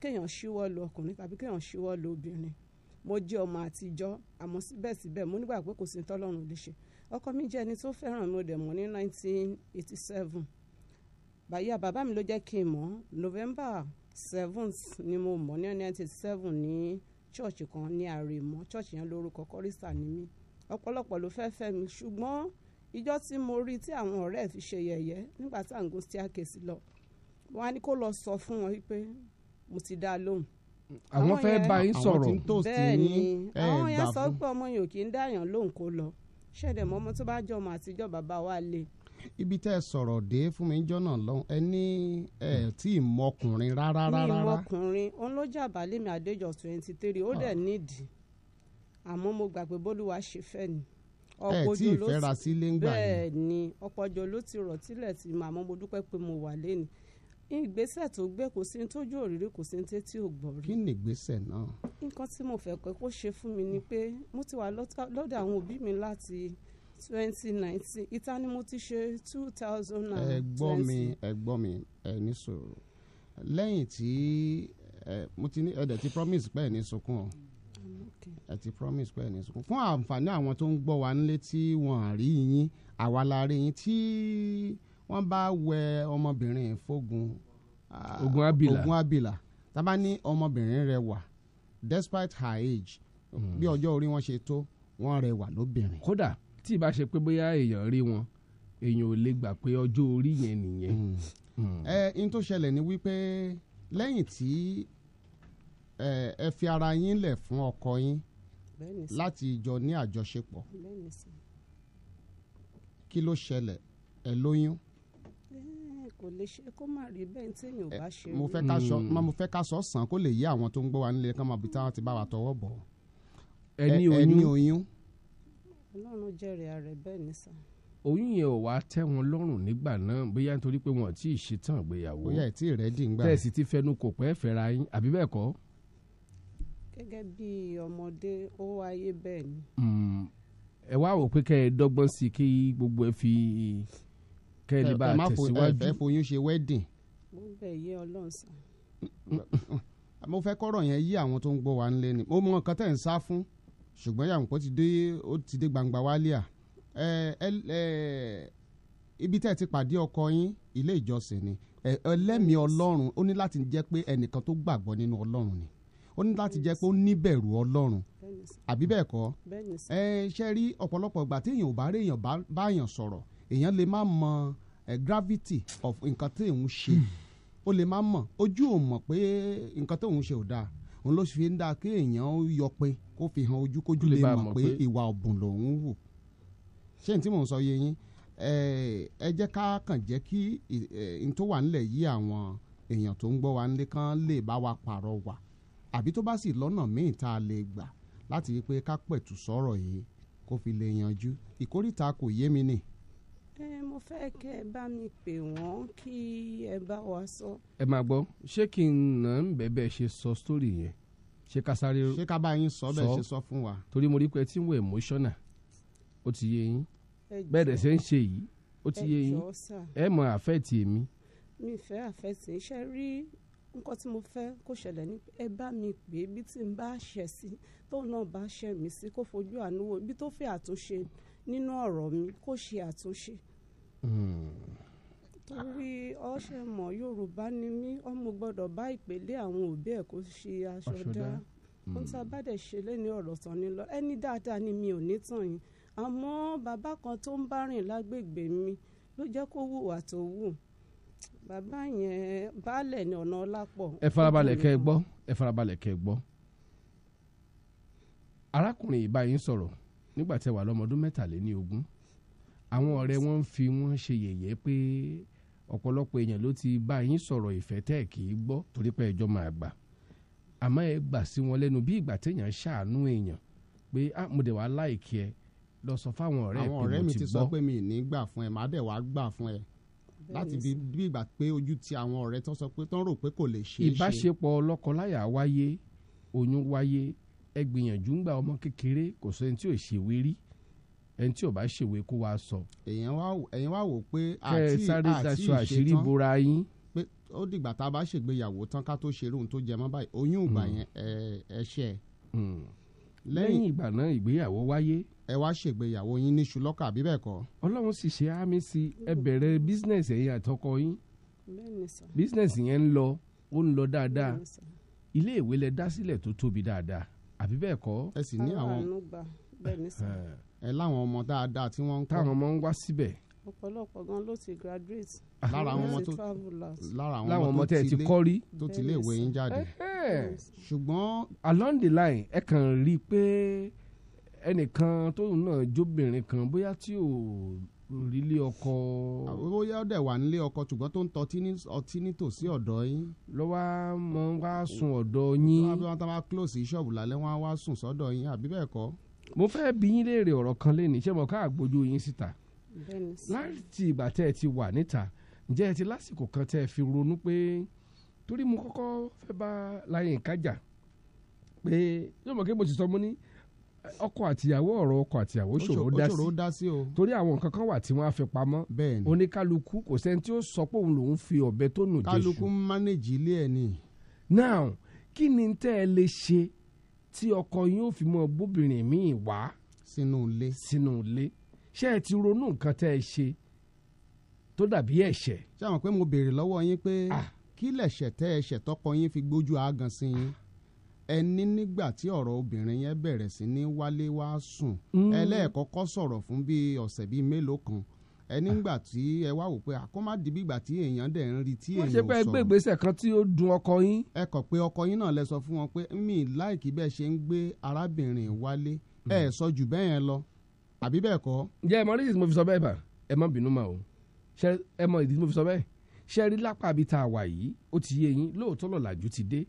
[SPEAKER 7] kéèyàn ṣíwọ́ lu ọkùnrin tàbí kéèyàn ṣíwọ́ lu obìnrin mo jẹ́ ọmọ àtijọ́ àmọ́ síbẹ̀síbẹ̀ mo nígbà pé kò sí tọ́lọ́run lè ṣe ọkọ mi jẹ́ ẹni tó fẹ́ràn mi ò dẹ̀ mọ̀ ní nineteen eighty seven bàyà bàbá mi ló jẹ́ kí n mọ̀ November seventh ni mo mọ̀ ní nineteen seven ní chọ́ọ̀chì kan ní àrèmọ chọ́ọ̀chì yẹn lórúkọ kọ́rísà ni mí ọ̀pọ̀lọpọ̀ ló fẹ́ fẹ́ mi ṣùgbọ́n ìjọ tí mo rí tí àwọn ọ̀rẹ́ fi ṣe yẹ̀yẹ́ nígbà tá à ń gun staircase lọ wọn á ní kó lọ sọ fún wọn wípé mo ti dá lóhùn àwọn
[SPEAKER 10] fẹ́ bá yín sọ̀rọ̀ bẹ́ẹ̀ ni àwọn yẹn sọ
[SPEAKER 7] pé ọmọ yòókì ń dáyàn lóhùn kó lọ ṣẹ̀dẹ̀ mọ́mọ́ tó bá jọ ọmọ àtijọ́ bàbá wa lè
[SPEAKER 10] ibi tẹ́ ẹ sọ̀rọ̀ dé fún mi jọ́nà lọ́hùn ẹ ní ẹ hmm. tí ì mọkùnrin rárá rárá. mi
[SPEAKER 7] mọkùnrin òun ló jà twenty three ó dẹ̀ ah. nídìí àmọ́ mo gbà pé bólúwa ṣe fẹ́ ni ọpọjọ ló ti bẹ́ẹ̀ ni ọpọjọ ló ti rọ̀ tílẹ̀ tí màmá mo dúpẹ́ pé mo wà lẹ́nu ìgbésẹ̀ tó gbé kò sí tójú òrírí kò sí tétí ò gbọ́
[SPEAKER 10] rí. kí ni ìgbésẹ̀ náà.
[SPEAKER 7] nǹkan tí mo fẹ́ pé kó ṣe fún mi ni pé mo ti wà lọ́dọ̀ àwọn òbí mi láti twenty nineteen ìta ni mo ti ṣe two thousand and twenty. mi
[SPEAKER 10] ẹ mi ẹ ní sọ̀rọ̀ lẹ́yìn tí mo ti ní ẹ ti promise pé ẹ ní sunkún o ẹ ti promise pé ẹ ní sunkún fún àǹfààní àwọn tó ń gbọ́ wa nílé tí wọ́n á rí yín àwa la rí yín tí wọ́n bá wẹ ọmọbìnrin fógun ogun abila ogun abila tábà ní ọmọbìnrin rẹwà despite her age hmm. bí ọjọ́ orí wọn ṣe tó wọ́n rẹwà lóbìnrin. kódà tí ìbá ṣe pé bóyá èèyàn rí wọn èèyàn ò lè gbà pé ọjọ́ orí yẹn nìyẹn. ẹ mm. in mm. eh, eh, tó ṣẹlẹ̀ ni wípé lẹ́yìn tí eh, ẹ fi ara yín lẹ̀ fún ọkọ yín láti jọ ní àjọṣepọ̀ kí ló ṣẹlẹ̀ ẹ lóyún.
[SPEAKER 7] kò lè ṣe kó má rí bẹ́ẹ̀ tí èèyàn bá ṣe.
[SPEAKER 10] Mm. mo fẹ́ ká sọ sàn kó lè yé àwọn tó ń gbọ́ wa nílé ká máa bí táwọn ti bá wa tọwọ́ bọ̀. ẹ ní oyún
[SPEAKER 7] ọlọ́run jẹ́rìí ààrẹ bẹ́ẹ̀ ní sàn.
[SPEAKER 10] oyún yẹn ò wá tẹ́ wọn lọ́rùn nígbà náà bóyá nítorí pé wọn ò tí ì ṣetán ìgbéyàwó bóyá ì tí ì rẹ́dì ńgbà. tẹ́ẹ̀sì ti fẹnu kò pẹ́ fẹ́ra yín àbí bẹ́ẹ̀ kọ́.
[SPEAKER 7] gẹ́gẹ́ bí ọmọdé ó wáyé bẹ́ẹ̀ ni.
[SPEAKER 10] Hmm. ẹ wá wò pé kẹ́ ẹ dọ́gbọ́n sí kí gbogbo ẹ fi kẹ́ ẹ lè bá tẹ̀síwájú. ẹ foyún ṣe wedding.
[SPEAKER 7] gbogbo ẹ̀ yé ọlọ́run sàn.
[SPEAKER 10] mo fẹ́ kọ́rọ̀ yẹn yí àwọn tó ń gbọ́ wa ńlé ni mo mọ nǹkan tẹ̀ ń sá fún ṣùgbọ́n Yamupo ti dé ó ti dé gbangba wálé à ẹ ẹ ẹ ibi tẹ́ ẹ ti pàdé ọkọ yín ilé ìjọsìn ni ẹlẹ́mìí ọlọ́run ó ní láti jẹ́ pé ẹnìkan tó gbàgbọ́ nínú ọlọ́run ni ó ní láti jẹ́ pé ó níbẹ̀rù ọlọ́run àbí bẹ́ẹ̀ kọ́ ẹ ṣe rí ọ̀pọ̀lọpọ̀ ìgbà tí èèyàn ò bá rí èèyàn bá sọ̀rọ̀ èèyàn lè má mọ gravity of nǹkan tí òun ṣe ó lè má mọ̀ ojú ò mọ̀ pé nǹkan tí òun ṣe ò dáa òun ló fi ń dáa kí èèyàn yọ pé kó fi hàn ojú kójú lè mọ̀ pé ìwà ọ̀bùn lòun wù ṣé n tí mò ń sọ yé yín ẹ jẹ́ ká kàn jẹ́ kí n tó wà nílẹ̀ yí àwọn èèyàn tó ń gbọ́ wa nílé kan lè bá wa pààrọ̀ wà àbí tó bá sì lọ́nà míì tá a lè gbà láti rí i pé ká pẹ̀tù sọ̀rọ̀ yìí kó fi lè yanjú ìkórìtà kò yé mi nìí
[SPEAKER 7] ẹ mo fẹ́ kẹ́ ẹ bá mi pè wọ́n kí ẹ bá wa sọ.
[SPEAKER 10] ẹ máa gbọ́ ṣé kí n nà ń bẹ̀bẹ̀ ṣe sọ sórí yẹn ṣé ká sáré sọ ṣé ká bá yín sọ bẹ́ẹ̀ ṣe sọ fún wa. torí mo rí pé tí ń wọ emotional ó ti yé yín bẹ́ẹ̀ dẹ̀ ṣe ń ṣe yìí ó ti yé yín ẹ mọ àfẹ́ẹ̀tì mi.
[SPEAKER 7] mi fẹ́ àfẹ́ẹ̀tì iṣẹ́ rí nǹkan tí mo fẹ́ kó ṣẹlẹ̀ ní ẹ bá mi pè é bí tí n bá ṣẹ̀ sí tóun náà bá ṣẹ̀ mí sí kó fojú àánú wo ibi tó fẹ́ àtúnṣe nínú ọ̀rọ̀ mi kó ṣe àtúnṣe torí ọṣẹ mọ yorùbá ni mí ọmọ gbọ́dọ̀ bá ìpele àwọn òbí ẹ̀ kó ṣe aṣọ dá ohun tí a bá dẹ̀ ṣe lé ní ọ̀rọ̀ tán ni lọ ẹni dáadáa ni mi ò ní tàn yín àmọ́ bàbá kan tó ń bá rìn lágbègbè mi ló jẹ́ kó hùwà tó wù bàbá yẹn baálẹ̀ ní ọ̀nà ọlápọ̀. ẹ farabalẹ̀ kẹ́ ẹ gbọ́
[SPEAKER 10] ẹ farabalẹ̀ kẹ́ ẹ gbọ́ arákùnrin ìbá yín sọ̀rọ̀ nígbà tẹ́ wà lọ́mọdún mẹ́tàléní ogún àwọn ọ̀rẹ́ wọn ń fi wọ́n ṣe yẹ̀yẹ́ pé ọ̀pọ̀lọpọ̀ èèyàn ló ti bá yín sọ̀rọ̀ ìfẹ́ tẹ́ kì í gbọ́ torí pé ẹjọ́ máa gbà àmọ́ ẹ gbà sí wọn lẹ́nu bí ìgbà téèyàn ṣàánú èèyàn pé ah mo dẹ̀ wá láìkí ẹ lọ sọ fáwọn ọ̀rẹ́ pé mo ti gbọ́ àwọn ọ̀rẹ́ mi ti sọ pé mi ní gbà fún ẹ màá dẹ̀ wá gbà fún ẹ láti bí ìgbà pé ojú ti àwọn ọ̀rẹ́ tó sọ pé tó rò pé kò lè ṣe é ṣe. ìbáṣepọ̀ lọ́kọláyà wáyé oyún wáyé ẹ ń gba ọmọ kékeré kò sẹ́ni tí ò ṣèwé rí ẹni tí ò bá ṣèwé kó wa sọ. ẹ̀yin wá wò pé àti àti ìṣe tán pé ó dìgbà tá a bá ṣègbéyàwó tán ká tó ṣerú ohun tó jẹ mọ́ báyìí oyún ìgbà hmm. yẹn ẹṣẹ. Hmm. lẹ́yìn ìgbà náà ìgbéyàwó wáyé. ẹ wá ṣègbéyàwó yín níṣu lọ́kà bí bẹ́ẹ̀ kọ́. ọlọ́run sì ṣe àmì sí ẹ bẹ̀rẹ̀ bísínẹ̀sì ẹ̀yin àtọkọ yín bísínẹ̀sì yẹn ń lọ ó ń lọ dáadáa ilé ìwé lẹ dá sílẹ̀ tó tóbi dáadáa àbí bẹ́ẹ̀ kọ́. ẹ sì ní àwọn. bẹ́ẹ̀ ni sọ ẹ láwọn ọmọ dáadáa tí wọ́n ń kọ́. táwọn ọmọ ń wá síbẹ̀.
[SPEAKER 7] ọ̀pọ̀lọpọ̀ gan ló ti graduate. lára àwọn ọmọ tó lára
[SPEAKER 10] àwọn ọmọ tó ti kọ́ tó ti lè wé yín jáde. ṣùgbọ́n. along the line ẹ kàn rí i pé ẹnìkan tóun náà jóbìnrin kan bóyá tí ò orílẹ̀ ọkọ. bóyá ọdẹ wà nílé ọkọ ṣùgbọ́n tó ń tọ́tí ní ọtí nítòsí ọ̀dọ̀ yín. ló wá mọ wá sùn ọ̀dọ̀ yín. wọ́n á bí wọ́n tá bá close ṣọ́ọ̀bù lálẹ́ wọ́n á wá sùn sọ́dọ̀ yín àbí bẹ́ẹ̀ kọ́ mo fẹ́ bí yín léèrè ọ̀rọ̀ kan lé ní ṣé mo ká àgbójú yín síta láti ìgbà tẹ́ ẹ ti wà níta ǹjẹ́ ẹ ti lásìkò kan tẹ́ ẹ fi ronú pé torí mo kọ́kọ́ fẹ́ bá Láyínká jà pé yóò mọ̀ kí mo ti sọ mo ní ọkọ àtìyàwó ọ̀rọ̀ ọkọ àtìyàwó ṣòro dá sí torí àwọn nǹkan kan wà tí wọ́n á fi pamọ́ oníkálukú kò sẹ́ni tí ó sọ pé òun lòún fi ọ̀bẹ tó nù jésù kálukú mánéjì ilé ẹ̀ ni. now kí ni tẹ́ ẹ lè ṣe tí ọkọ yín ó fi mọ bóbìnrin míì wá sínú ilé sínú ilé ṣé ẹ ti ronú nǹkan tẹ́ ẹ ṣe tó dàbí ẹ̀ṣẹ̀. ṣé àwọn pé mo béèrè lọ́wọ́ yín pé kí lẹ̀ṣẹ̀ tẹ́ ẹ̀ṣẹ̀ tọkọ yín fi gbójú àágan sí yín ẹni nígbà tí ọ̀rọ̀ obìnrin yẹn bẹ̀rẹ̀ sí ní wálé wá sùn mm. ẹlẹ́ẹ̀kọ́kọ́ sọ̀rọ̀ fún bíi ọ̀sẹ̀ bíi mélòó kan ẹ nígbà tí ẹ wá wò pé àkó má dìbí ìgbà tí èèyàn dẹ̀ ń rí tí èèyàn sọ̀rọ̀. wọ́n ṣe pé gbé ìgbésẹ̀ kan tí ó dùn ọkọ yín. ẹ kọ̀ pé ọkọ yín náà lẹ sọ fún wọn pé mi láìkí bẹ́ẹ̀ ṣe ń gbé arábìnrin wálé ẹ hmm. sọ jù bẹ́ẹ̀ yẹn lọ àbí bẹ́ẹ̀ kọ́. ǹjẹ́ ẹ mọ rídìí tí mo fi sọ bẹ́ẹ̀ bá ẹ má bínú mà o ẹ mọ ìdí tí mo fi sọ bẹ́ẹ̀ ṣe rí lápá àbí tá a wà yìí ó ti yé yín lóòótọ́ lọ́làjú ti dé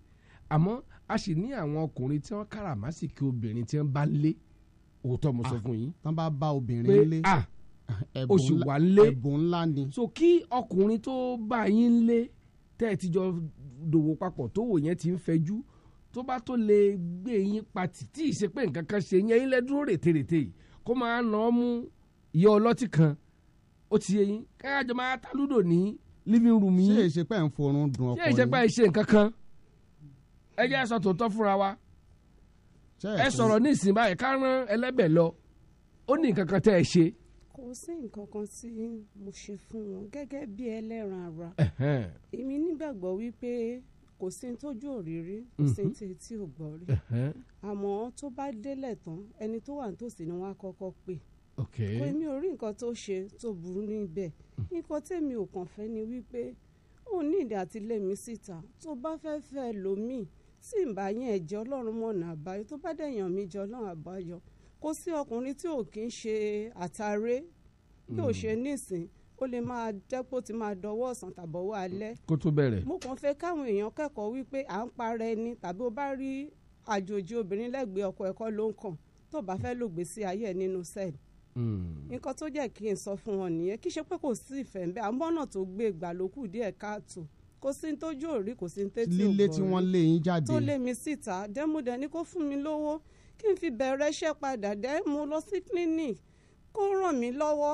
[SPEAKER 10] àmọ́ a sì ní àwọn ọkùnrin tí wọ́n káràmásìkì obìnrin tí wọ́n bá lé òótọ́ mo sọ ah, fún yín. tán bá bá obìnrin lé. pé ah o sì wà nílé ẹ̀bùn ńlá ni. so kí ọkùnrin tó bá yín lé tẹ́ ẹ ti jọ dòwò papọ̀ tó wò yẹn ti ń fẹjú tó bá tó lè gbé yín patì tí ì ṣe pé nǹkan kan ṣe yẹn ilé dúró rètèrètè kó máa nà ọ́ mú ìyá ọlọ́tí kan ó ti yẹ yín káyájọ máa ta ní living room yín. ṣé ìṣepẹ́ ń forun dùn ọkùnrin. ṣé ìṣepẹ́ ń ṣe nǹkan kan ẹ jẹ́ sọ tòótọ́ fúnra wa ẹ sọ̀rọ̀ ní ìsìn báyìí ká rán ẹlẹ́bẹ̀ lọ ó ní nǹkan kan tẹ́ ẹ ṣe
[SPEAKER 7] sí nǹkan kan tí mo ṣe fún wọn gẹ́gẹ́ bí ẹlẹ́ran ara èmi nígbàgbọ́ wípé kò sí ní tójú òrírí kò sí ní mhm. tí ò gbọ́ rí àmọ́ tó bá délẹ̀ tán ẹni tó wà nítòsí ni wọ́n á kọ́kọ́ pè pé mi ò rí nǹkan tó ṣe tó burú níbẹ̀ mhm. nǹkan tèmi ò kàn fẹ́ ni wípé ó ní ìdí àti lé mi síta tó bá fẹ́ fẹ́ lòmíì tí ń bá yẹn jẹ́ ọlọ́run mọ̀nà àbáyọ tó bá dẹ̀yàn mi jẹ́ ọlọ́run àbáyọ kò sí ọkùnrin tí ò kí ń ṣe àtàrẹ bí ò hmm. ṣe nísìn ó lè máa dẹ́pọ̀ tí máa dọwọ́ ọ̀sán tàbọ̀wọ́ alẹ́. kó tó bẹ̀rẹ̀. mo kàn fẹ́ káwọn èèyàn kẹ́kọ̀ọ́ wípé à ń para ẹni tàbí o bá rí àjòjì obìnrin lẹ́gbẹ̀ẹ́ ọkọ ẹ̀kọ́ ló ń kàn tó bá fẹ́ lò gbèsè ayé ẹ̀ nínú sẹ́ẹ̀lì. Hmm. nǹkan tó jẹ́ kí n sọ fún wọn nìyẹn kí ṣe pé kò sí ìfẹ́ ń bẹ́ àmọ́nà tó gbé ìgbà ló kù díẹ̀ káàtó kò sí ní tójú òrí kò sí ní tétí ògbọ́n lílé ni kó fún kó ràn mí lọ́wọ́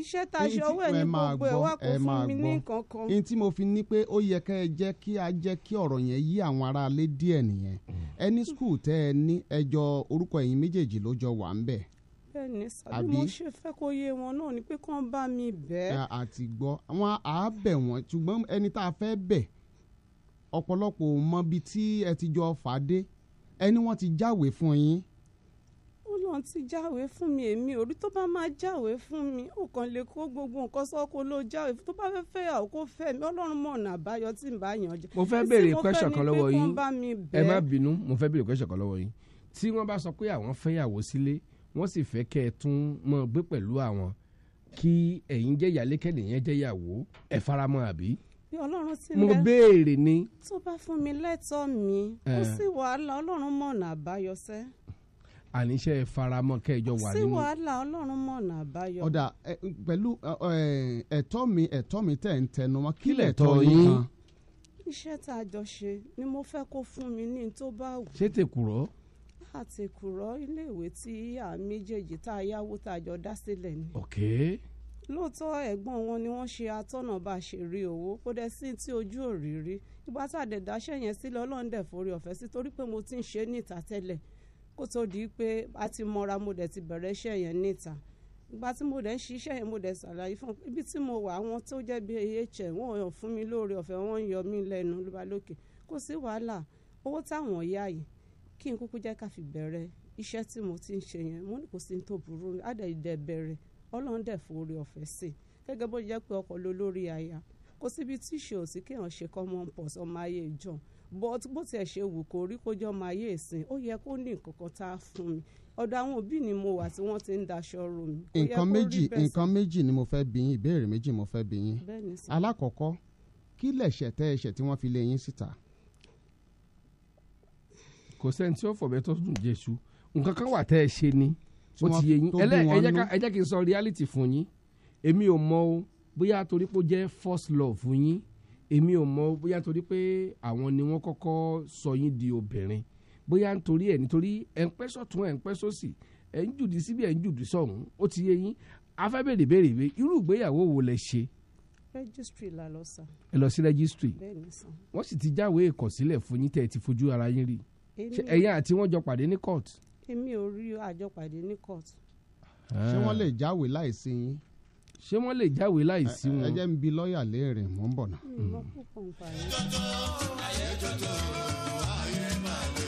[SPEAKER 7] iṣẹ́ tá a ṣe ọwọ́ ẹ̀ ní gbogbo ẹ̀ wá kó fún mi ní nǹkan kan. ẹni tí
[SPEAKER 10] mo fi ní pé ó yẹ kẹ́ ẹ jẹ́ kí a jẹ́ kí ọ̀rọ̀ yẹn yí àwọn aráalé díẹ̀ nìyẹn ẹni skul tẹ́ ẹ ní ẹjọ́ orúkọ ẹ̀yin méjèèjì ló jọ wà ń bẹ̀
[SPEAKER 7] bẹ́ẹ̀ni sàbí mo ṣe fẹ́ kó yé wọn náà ni pé kán bá mi
[SPEAKER 10] bẹ́ẹ̀. àti gbọ́ wọn á bẹ̀ wọ́n ṣùgbọ́n ẹni tá a fẹ́ bẹ̀ ọ̀pọ̀lọpọ̀ mọbi
[SPEAKER 7] náà ti jáwé fún mi èmi òrí tó bá máa jáwé fún mi ó kàn lè kó gbogbo nǹkan sọ́kó ló jáwé tó bá fẹ́ fẹ́ yà kó fẹ́ mi ọlọ́run mọ̀ ọ̀nà àbáyọ tí n bá yàn jẹ. mo fẹ́ béèrè question kan lọ́wọ́ yín ẹ má
[SPEAKER 10] bínú mo fẹ́ béèrè question kan lọ́wọ́ yín tí wọ́n bá sọ pé àwọn fẹ́yàwó sílé wọ́n sì fẹ́ kẹ́ ẹ tún mọ́ gbé pẹ̀lú àwọn kí ẹ̀yin jẹ́ ìyálé
[SPEAKER 7] bí ọlọ́run ti lẹ́ mo
[SPEAKER 10] béèrè ni.
[SPEAKER 7] tó bá fún mi lẹ́tọ̀ọ́ mi ó sì wàhálà ọlọ́run mọ̀nà àbáyọ sẹ́
[SPEAKER 10] àníṣe faramọ́ kẹjọ wà nínú. sí wàhálà
[SPEAKER 7] ọlọ́run mọ̀nà àbáyọ. ọ̀dà
[SPEAKER 10] pẹ̀lú ẹ̀tọ́ mi ẹ̀tọ́ mi tẹ̀ ń tẹnu mọ́ kílẹ̀ tọ́ yín kan.
[SPEAKER 7] iṣẹ́ tá a jọ ṣe ni mo fẹ́ kó fún mi ní tó bá wù. ṣé tèkùrọ́. àtèkùrọ́ iléèwé tí à méjèèjì tá a yáwó tá a jọ dá sílẹ̀ ni. ok. lóòótọ́ ẹ̀gbọ́n wọn ni wọ́n ṣe atọ́nà bá a ṣe rí owó kó dẹ̀ sí tí ojú òrìrí ìgbà tá a dẹ̀ dáṣẹ́ yẹn sílẹ̀ ọlọ́run dẹ̀ forí ọ̀fẹ́ sí torí pé mo ti ń ṣe é níta tẹ́lẹ̀ kó tó di pé a ti mọra mo dẹ̀ ti bẹ̀rẹ̀ iṣẹ́ yẹn níta ìgbà tí mo dẹ̀ ń ṣiṣẹ́ yẹn mo dẹ̀ ṣàlàyé fún ibi tí mo wà àwọn tó jẹ́ bí hr wọn ò fún mi lóore ọ̀fẹ́ wọn ń yọ mí lẹ́nu ló bá lókè kò sí wàhálà owó táwọn yá yìí kí n kúkú jẹ́ ká fi bẹ̀rẹ̀ iṣẹ́ tí mo ti ń ṣe yẹn mo ní kò sí tó burú àdẹ̀dẹ̀ bẹ̀rẹ̀ ọlọ́run dẹ̀ forí ọ̀fẹ́ sí gẹ́gẹ́ bó jẹ́ pé ọkọ ló lórí aya síbi tí ìṣe but bó tiẹ̀ ṣe wù kó rí kó jọ́ máa yé ìsìn ó yẹ kó ní nǹkan kan tá a fún mi ọ̀dọ̀ àwọn òbí ni mo wà tí wọ́n ti ń daṣọ ro mi. nǹkan méjì nǹkan
[SPEAKER 10] méjì ni mo fẹ́ bi yín ìbéèrè méjì mo fẹ́ bi yín alákọ̀ọ́kọ́ kí lẹ̀ṣẹ̀ tẹ́ ẹ̀ṣẹ̀ tí wọ́n fi lé yín síta. kò sẹ́ni tí ó fọ̀bẹ tó dùn jésù nǹkan kan wà tẹ́ ẹ ṣe ni ó ti yé yín ẹ jẹ́ kí n sọ reality fún yín èmi ò mọ o bóyá torí pé ó jẹ́ first love fún yín èmi ò mọ bóyá torí pé àwọn ni wọ́n kọ́kọ́ sọ yín di obìnrin bóyá nítorí ẹ̀ nítorí ẹ̀ ń pẹ́ sọ̀tún ẹ̀ ń pẹ́ sósì ẹ̀ ń jùdí síbi ẹ̀ ń jùdí sọ̀hún ó ti yé yín afẹ́ bèrè bèrè pé irú ìgbéyàwó wo lẹ ṣe.
[SPEAKER 7] registry la lọ sàn.
[SPEAKER 10] ẹ lọ sí registry wọ́n sì ti jáwé ìkọ̀sílẹ̀ fún yín tẹ́ ẹ ti fojú ara yín rí ẹ̀yin àti wọ́n jọ pàdé ní court.
[SPEAKER 7] èmi ò rí àjọpàdé ní court. ṣé wọ́n
[SPEAKER 10] lè jáwé láìsí yín ṣé wọ́n lè jáwé láì sí wọn. ẹ ń bi lọ́ọ̀yà léèrè mọ́ ń bọ̀ náà. ayé tuntun ayé tuntun ayé máa lè.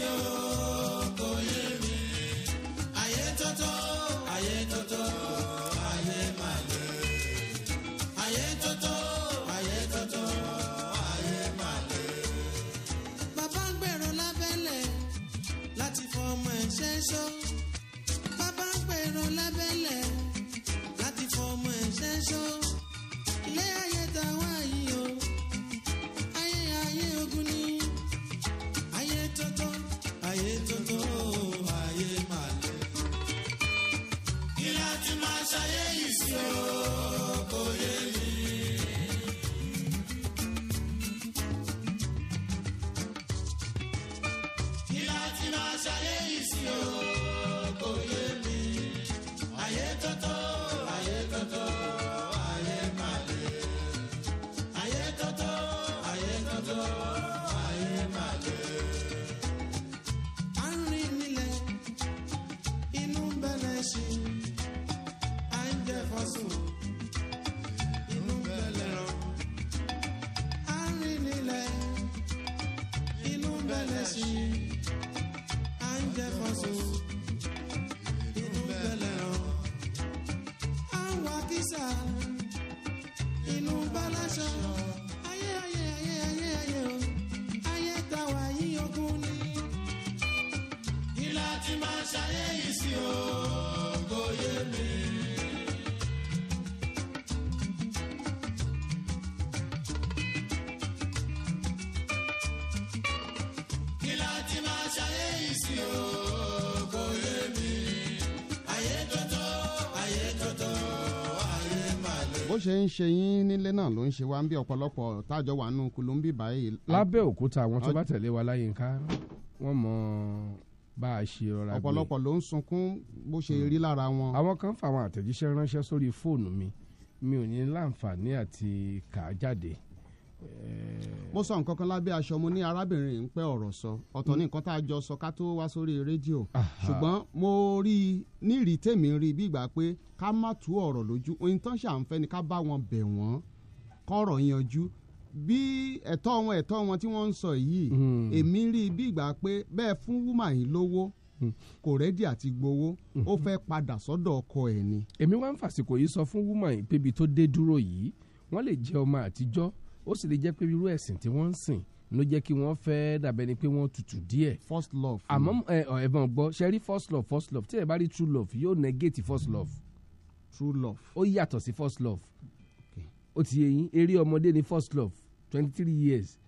[SPEAKER 10] yo. ṣe ń ṣe yín nílé náà ló ń ṣe wá ń bí ọ̀pọ̀lọpọ̀ tájọ wà nù kú ló ń bí báyìí. lábẹ́ òkúta àwọn tó bá tẹ̀lé wa láyé nká wọ́n mọ bá a ṣe rọra gbé. ọ̀pọ̀lọpọ̀ ló ń sunkún bó ṣe rí hmm. lára wọn. àwọn kan fàwọn àtẹ̀jíṣẹ́ ránṣẹ́ sórí fóònù mi mi ò ní láǹfààní àti kà á jáde mo sọ nǹkan kan lábẹ́ aṣọ mo ní arábìnrin ń pẹ́ ọ̀rọ̀ sọ ọ̀tọ̀ ní nǹkan tá a jọ sọ ká tó wá sórí rédíò ṣùgbọ́n mo rí i nírìí tèmi rí i bí ìgbà pé ká má tú ọ̀rọ̀ lójú ohun tán ṣà ń fẹ́ ni ká bá wọn bẹ̀ wọ́n kọ́rọ̀ yanjú bí ẹ̀tọ́ wọn ẹ̀tọ́ wọn tí wọ́n ń sọ yìí hmm. èmi rí i bí ìgbà pé bẹ́ẹ̀ fún wúmà yìí lówó hmm. kò rẹ́dí àti gbowó hmm. ó fẹ́ padà sọ́dọ̀ ọkọ ẹ̀ ni. èmi wá ń fàsìkò yìí sọ fún wúmà yìí pébi tó dé dúró yìí wọ́n lè jẹ́ ọmọ àtijọ́ ó sì lè jẹ́ pé irú ẹ̀sìn tí wọ́n ń sìn ló jẹ́ kí wọ́n fẹ́ dàbẹ́ ni pé wọ́n tutù díẹ̀. first love. àmọ́ ẹ̀bọ̀n gbọ́ ṣe rí first love first love tí ẹ bá rí true love yóò negate first love. true love. ó yàtọ̀ sí first love. ó ti yé eré ọmọdé ni first love twenty three years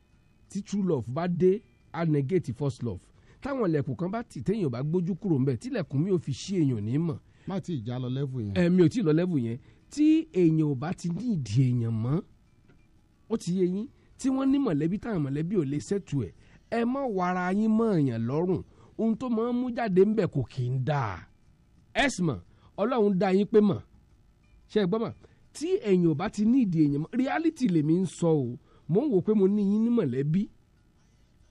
[SPEAKER 10] tí true love bá dé á negate first love táwọn ilẹ̀kùn kan bá tì téèyàn bá gbójú kúrò ńbẹ̀ tílẹ̀kùn mi ò fi ṣí èèyàn ní mọ̀. má ti ìjà lọ level yẹn. ẹ̀mi ò tí ì lọ level yẹn tí èèyàn ò bá ti ní ìdí èèyàn mọ́ ó ti yé yín tí wọ́n ní mọ̀lẹ́bí táwọn mọ̀lẹ́bí ò lè ṣètù ẹ̀ ẹ mọ̀ wàrà yín mọ̀ èèyàn lọ́rùn ohun tó máa ń mú jáde ńbẹ̀ kò kì í dáa ẹ̀sìn mọ̀ ọlọ́run dá yín pé mọ̀ ṣe é gbọ́ mọ̀ tí èèyàn ò bá ti ní ìdí èèyàn mọ̀ reality lèmi ń sọ o mò ń wò pé mo ní yín ní mọ̀lẹ́bí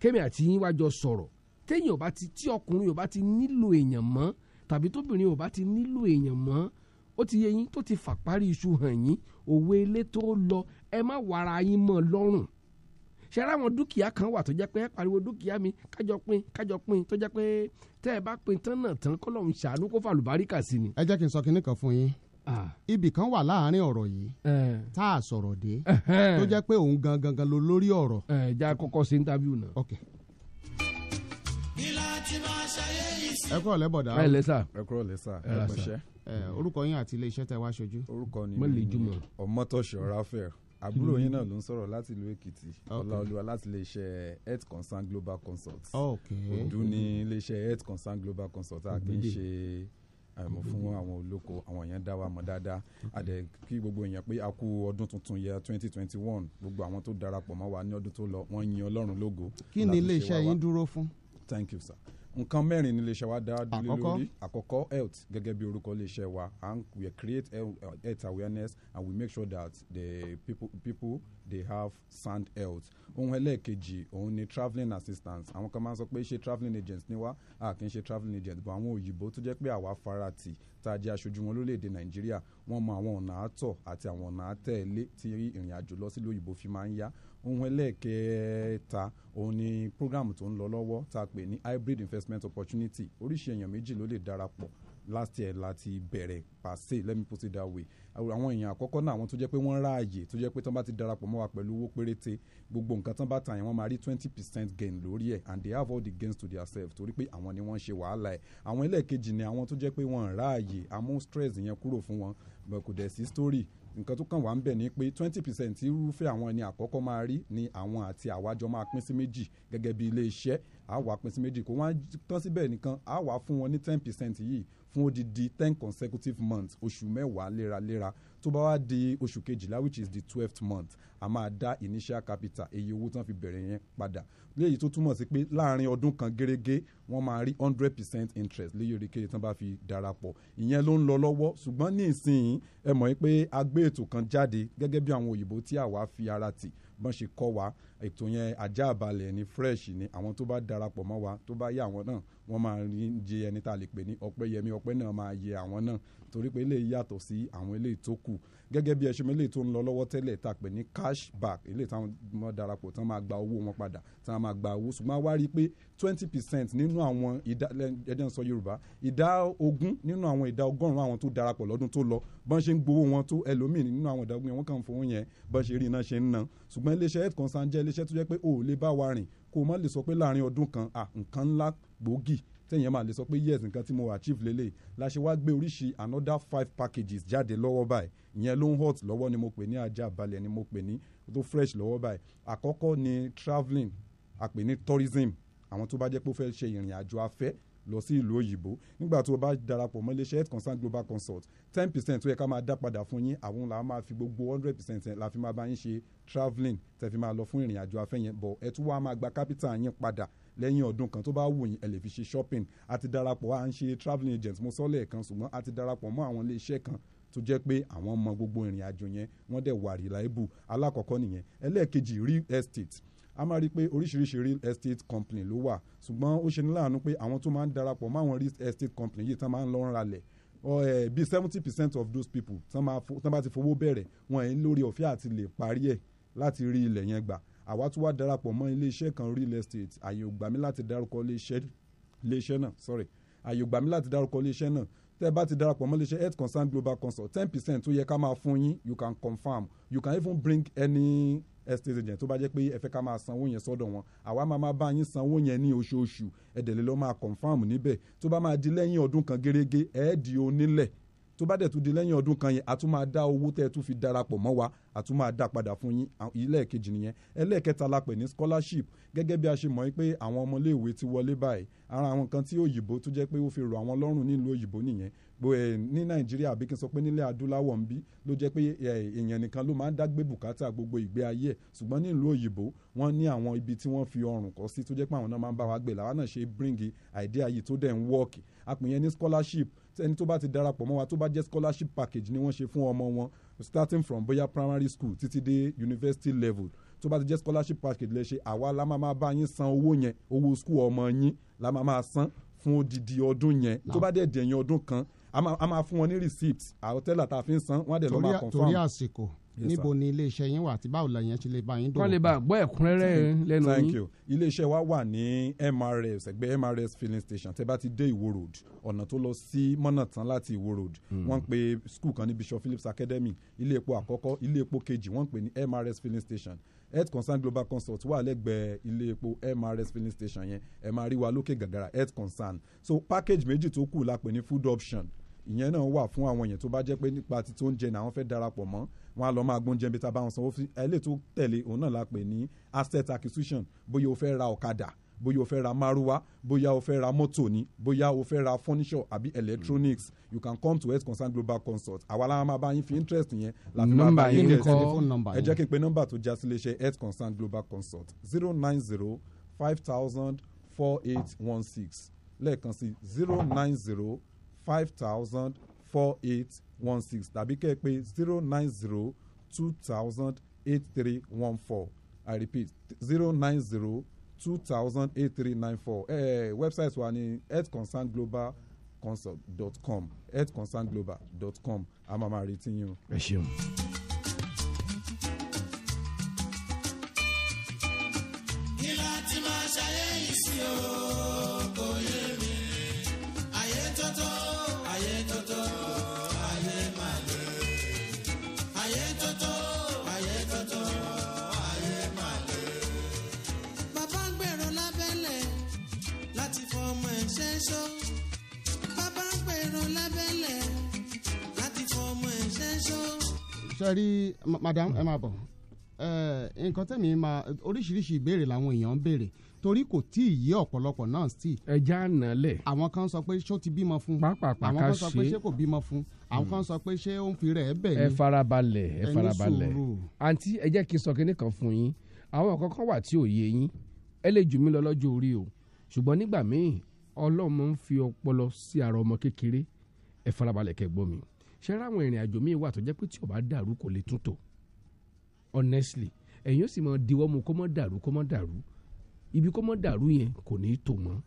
[SPEAKER 10] kémi àti yín wájọ sọ̀rọ̀ téèyàn ò bá ti tí ọkùnrin ò bá ti nílò èèyàn mọ́ tàbí tóbìnrin ò bá ti nílò èèyàn mọ́ ó ti yẹ yín tó ti fà parí iṣu hàn yín òwe ilé tó lọ ẹ má wàrà yín mọ́ lọ́rùn ṣẹ́ra àwọn dúkìá kan wà tó jẹ́ pé pariwo dúkìá mi kájọ pín kájọ pín tó jẹ́ pé tẹ́ ẹ bá pín tán náà tán kọ́ lọ́run ṣàánú kó fà lùbáríkà sí ni. ẹ jẹ́ kí n sọ kinní kan fún yín ibì kan wà láàárín ọ̀rọ̀ yìí tá a sọ̀rọ̀ dé tó jẹ́ pé òun gangan gan ló lórí ọ̀rọ̀. ẹ jẹ́ àkọ́kọ́ sí interview náà. ok.
[SPEAKER 13] kí láti máa ṣayé
[SPEAKER 10] ẹ kúrò lẹ́bọ̀dá. ẹ lẹ́sà ẹ kúrò lẹ́sà ẹ pẹ̀ṣẹ́. orúkọ yín àti iléeṣẹ́ tẹ wá ṣojú. orúkọ ni Mọ́lẹ́jùmọ̀ Ọmọtọ́ṣọ́ Raphael àbúrò yín náà
[SPEAKER 6] ló ń sọ̀rọ̀ láti ìlú Èkìtì Ọláolúwa láti iléeṣẹ́ health concern global consult òdu ní iléeṣẹ́ health concern global consult a kì í ṣe àmọ́ fún àwọn olóko àwọn èèyàn dá wa mọ̀ dáadáa àdẹ kí gbogbo èèyàn pé a kú ọdún tuntun yẹ twenty twenty one gbogbo àwọn tó darapọ̀ mọ́ wa ní ọdún tó lọ wọ́n yin Ọlọ́run lógo. kí ni iléeṣẹ́ yín dúró fún. thank you sir nǹkan mẹ́rin ni iléeṣẹ́ wa dá dúró lórí àkọ́kọ́ health gẹ́gẹ́ bí orúkọ iléeṣẹ́ wa and we create uh, health awareness and we make sure that the people, people they have sound health ohun ẹlẹ́ẹ̀kejì òun ni travelling assistance àwọn kan máa ń sọ pé ṣe travelling agents ni wá a kì í ṣe travelling agents but àwọn òyìnbó tó jẹ́ pé àwa farati tá a jẹ́ aṣojú wọn lórílẹ̀‐èdè nàìjíríà wọ́n mọ àwọn ọ̀nà àtọ̀ àti àwọn ọ̀nà àtẹ̀lé tí ìrìn àjò lọ sí lóyìnbó fi máa ń yá ohun ẹlẹ́ẹ̀kẹta òun ni program tó ń lọ lọ́wọ́ tá a pè ní hybrid investment opportunity oríṣi èèyàn méjì ló lè darapọ̀ last year láti bẹ̀rẹ̀ pàṣẹ let me put it that way àwọn èèyàn àkọ́kọ́ náà àwọn tó jẹ́ pé wọ́n ráàyè tó jẹ́ pé tán bá ti darapọ̀ mọ́ wa pẹ̀lú owó péréte gbogbo nǹkan tán bá tà yẹn wọ́n máa rí twenty percent gain lórí ẹ̀ and they have all the gains to themselves torí pé àwọn ni wọ́n ṣe wàhálà ẹ̀ àwọn ẹlẹ́ẹ̀kejì ni àwọn tó jẹ́ pé wọ́n ráàyè àmú stress yẹn kúrò fún wọn kò dẹ̀ sí story nǹkan tó kàn wá ń bẹ̀ ni pé twenty percent irúfẹ́ àwọn ẹni àkọ́kọ́ máa rí ni àwọn àti àwájọ máa pín sí méjì gẹ́gẹ́ bí ilé iṣẹ́ á wà pín sí méjì kó wá tán síbẹ̀ nìkan á wà fún wọn ní ten percent yìí fún odidi ten consecutive months oṣù mẹ́wàá léraléra tó bá wá di oṣù kejìlá which is the twelfth month a máa dá initial capital èyí owó tí wọ́n fi bẹ̀rẹ̀ yẹn padà léyìí tó túmọ̀ sí pé láàrin ọdún kan gẹ́gẹ́ wọ́n máa rí hundred percent interest léyìí oríkèé tí wọ́n bá fi darapọ̀ ìyẹn ló ń lọ lọ́wọ́ ṣùgbọ́n ní ìsinyìí ẹ mọ̀ pé a gbé ètò kan jáde gẹ́gẹ́ bí àwọn òyìnbó tí àwa fi ara tì bọ́n ṣe kọ́ wa ètò yẹn ajá àbálẹ̀ ni fresh ni àwọn tó bá darapọ̀ mọ́ wa tó bá yá àwọn náà wọ́n máa rí jẹ ẹni tá a lè pè ní ọpẹ́yẹmí ọpẹ́ náà máa yẹ àwọn náà torí pé eléyìí yàtọ̀ sí àwọn eléyìí tó kù gẹ́gẹ́ bí ẹṣin eléyìí tó ń lọ lọ́wọ́ tẹ́lẹ̀ tá a pè ní cash back eléyìí táwọn ọmọ darapọ̀ tán máa gba owó wọn padà tán máa gba owó ṣùgbọ́n wá rí i pé twenty percent nínú àwọn ìdá ẹdẹ ń sọ Yorùbá ìdá ogún nínú àwọn ìdá ọgọ́rùn-ún àwọn tó darapọ̀ lọ́dún tó lọ bọ́n ṣe ń gbowó wọn tó ẹlòmíì nínú àwọn ìdágún yẹn wọ́n kàn fowó yẹn bọ́n ṣe rí iná ṣe ń ná ṣùgbọ́n iléeṣẹ́ health concern jẹ́ iléeṣẹ́ tó jẹ́ pé o lè bá wa rìn kó o má lè sọ pé láàrin ọdún kan à nǹkan ńlá gbòógì tẹ̀yìn máa lè sọ pé yes nǹkan tí mo achieve lélẹ̀ la ṣe wá gbé oríṣi another five packages jáde lọ́wọ́ báyìí ìyẹn ló ń hot lọ́wọ́ ni mo pè ní ajá balẹ̀ ni mo pè ní tó fresh lọ́wọ́ báyìí àkọ́kọ́ ni travelling àpè ní tourism àwọn tó bá jẹ́ pé ó fẹ́ ṣe ìrìn àjò afẹ́ lọ sí ìlú òyìnbó nígbà tó o bá darapọ̀ mọ́ iléeṣẹ́ health concern global consult ten percent tó yẹ ká máa dá padà fún yín àwọn làwọn máa fi gbogbo hundred percent la fi máa bá yín ṣe travelling tẹ́ fi máa lọ fún ìrìn àjò afẹ́ yẹn bọ̀ ẹ tún wá máa gba capital yín padà lẹ́yìn ọdún kan tó bá wù yín ẹ lè fi ṣe shopping àti darapọ̀ à ń ṣe travelling agent mo sọ lẹ́ẹ̀kan ṣùgbọ́n àti darapọ̀ mọ́ àwọn iléeṣẹ́ kan tó jẹ́ pé àwọn mọ gbogbo ìrìn àjò yẹn wọ́n dẹ̀ wà reliable alákọ̀ọ́kọ́ nìyẹn ẹlẹ́ẹ̀kejì real estate a máa rí i pé oríṣiríṣi real estate company ló wà ṣùgbọ́n ó ṣe ní láàánú pé àwọn tó máa ń darapọ̀ mọ́ real estate company yìí tán máa ń lọ ń ralẹ̀ bíi seventy percent of those people tán bá ti fowó bẹ̀rẹ̀ wọn ẹ̀ ń lórí ọ̀fẹ́ àti lè parí ẹ̀ láti rí ilẹ̀ yẹn gbà àwa tún wá darapọ̀ mọ́ iléeṣẹ́ kan real estate àyè ògbà mi láti dárúkọ iléeṣẹ́ náà sorry àyè ògbà mi láti dárúkọ iléeṣẹ́ náà tẹ́ ẹ bá ti darapọ̀ mọ́ iléeṣẹ́ health concern global consult ten percent tó yẹ ká máa fún yín you can confirm you can even bring any estate agent tó bá jẹ́ pé ẹ fẹ́ ká máa sanwó yẹn sọ́dọ̀ wọn àwa máa máa bá yín sanwó yẹn ní oṣooṣù ẹ̀dẹ̀lẹ̀ lọ́ máa confam níbẹ̀ tó bá máa di lẹ́yìn ọdún kan gẹ́rẹ́gẹ́ ẹ̀ẹ́dì onílẹ̀ tó bá dẹ̀ tún di lẹ́yìn ọdún kan yẹn a tún máa dá owó tẹ́ ẹ tún fi darapọ̀ mọ́ wa a tún máa dá padà fún yín ilé-ẹ̀kejì nìyẹn ẹlẹ́ẹ̀kẹta la pè ní scholarship gẹ́gẹ́ bí a ṣe mọ̀ pé àwọn ọmọléèwé ti wọlé báyìí ara àwọn kan tí òyìnbó tó jẹ́ pé ó fi rọ̀ àwọn lọ́rùn nílùú òyìnbó nìyẹn ní nàìjíríà àbí kí n sọ pé nílẹ̀ adúláwọ̀ ń bí ló jẹ́ pé èèyàn nìkan ló máa ń dágbé bùkátà gbogbo ìgbé ayé ẹ̀ ṣùgbọ́n nílùú òyìnbó wọ́n ní àwọn ibi tí wọ́n fi ọrùn kọ́ sí tó jẹ́ pé àwọn náà máa ń bá wa gbé làwọn náà ṣe bring idea yìí tó dẹ̀ ń wọ́ọ̀kì àpèyẹn ní scholarship ẹni tó bá ti darapọ̀ mọ́ wa tó bá jẹ́ scholarship package ni wọ́n ṣe fún ọmọ wọn starting from bóyá primary school títí dé university level tó bá ti jẹ́ scholarship package lẹ́ ṣe àwa la máa máa bá yín san owó yẹn owó school ọmọ yín la máa máa san fún odidi ọdún yẹn tó bá dẹ̀ dẹ̀yìn ọdún kan a máa fún wọn ní receipt àwọtẹ́là tá a fi ń san wọ́n á dẹ̀ lọ́ máa confam. torí àsìkò
[SPEAKER 10] níbo ni iléeṣẹ́ yín wà àti báwo lẹ́yìn ṣe lè
[SPEAKER 6] bá yín dòwò. kọ́lé bá gbọ́ ẹ̀kúnrẹ́rẹ́ lẹ́nu yín. thank you iléeṣẹ́ wa wà ní MRS ẹgbẹ́ MRS filling station tẹ́ bá ti dé Ìwó road ọ̀nà tó lọ sí mọ́nàtán láti Ìwó road hmm. wọ́n pe school kan ní Bishop Phillips Academy ilé epo àkọ́kọ́ ilé epo kejì wọ́n pe ní MRS filling station health concern global consult wà lẹ́gbẹ̀ẹ́ ilé epo mrs filling station yẹn ẹ máa rí wa lókè gàgàrà health concern so package méjì tó kù la pè ní food option ìyẹn náà wà fún àwọn èèyàn tó bá jẹ́ pé nípa ti tó ń jẹ náà wọ́n fẹ́ darapọ̀ mọ́ wọn á lọ máa gbóúnjẹ bí ta bá wọn sanwó fún ẹlẹ́ tó tẹ̀lé òun náà la pè ní asset acquisition bóyá o fẹ́ ra ọ̀kadà bóyá o fẹ́ ra márúwá bóyá o fẹ́ ra mọ́tò ni bóyá o fẹ́ ra furniture àbí electronics mm. you can come to health concern global consult àwa la máa bá yín fi interest yẹn láti máa bá yín kẹ́ ẹ jẹ́ kí n pe nọ́mbà tó já sí iléeṣẹ́ health concern global consult zero nine zero five thousand four eight one six lẹ́ẹ̀kan sí zero nine zero five thousand four eight one six tàbí kẹ́ ẹ pé zero nine zero two thousand eight three one four i repeat zero nine zero two thousand eight three nine four ẹ website wa ni healthconcernglobal.com healthconcernglobal.com a máa máa retí yín o. ẹ ṣeun.
[SPEAKER 10] sẹ́rí madam ẹ máa bọ̀ nǹkan tẹ̀mí máa oríṣiríṣi ìbéèrè làwọn èèyàn ń béèrè torí kò tí ì yé ọ̀pọ̀lọpọ̀ náà sí. ẹja àná àwọn kan sọ pé ṣó ti bímọ fún. pàápàá àwọn kan sọ pé ṣé kò bímọ fún. àwọn kan sọ pé ṣé ó ń fi rẹ̀ bẹ̀ ni. ẹ farabalẹ̀ ẹ farabalẹ̀ àǹtí ẹ jẹ́ kí n sọ kinní kan fún yín àwọn kankan wà tí ò yé yín ẹ lè jù mí lọ lọ́jọ́ orí o ṣùgbọ́n nígbà míì ọlọ́mọ ń fi ọpọlọ sí ara ọmọ kékeré ẹ farabalẹ̀ kẹ́ gbọ́ mi ṣé ráwọn ìrìn àjò míì wà tó jẹ́ pé tí ò bá dàrú kò lè túntò honestly ẹ̀yin ó sì mọ diwọ́ mu kó mọ́ dàrú kó mọ́ dàrú ibi kó mọ́ dàrú yẹn kò ní í tò mọ́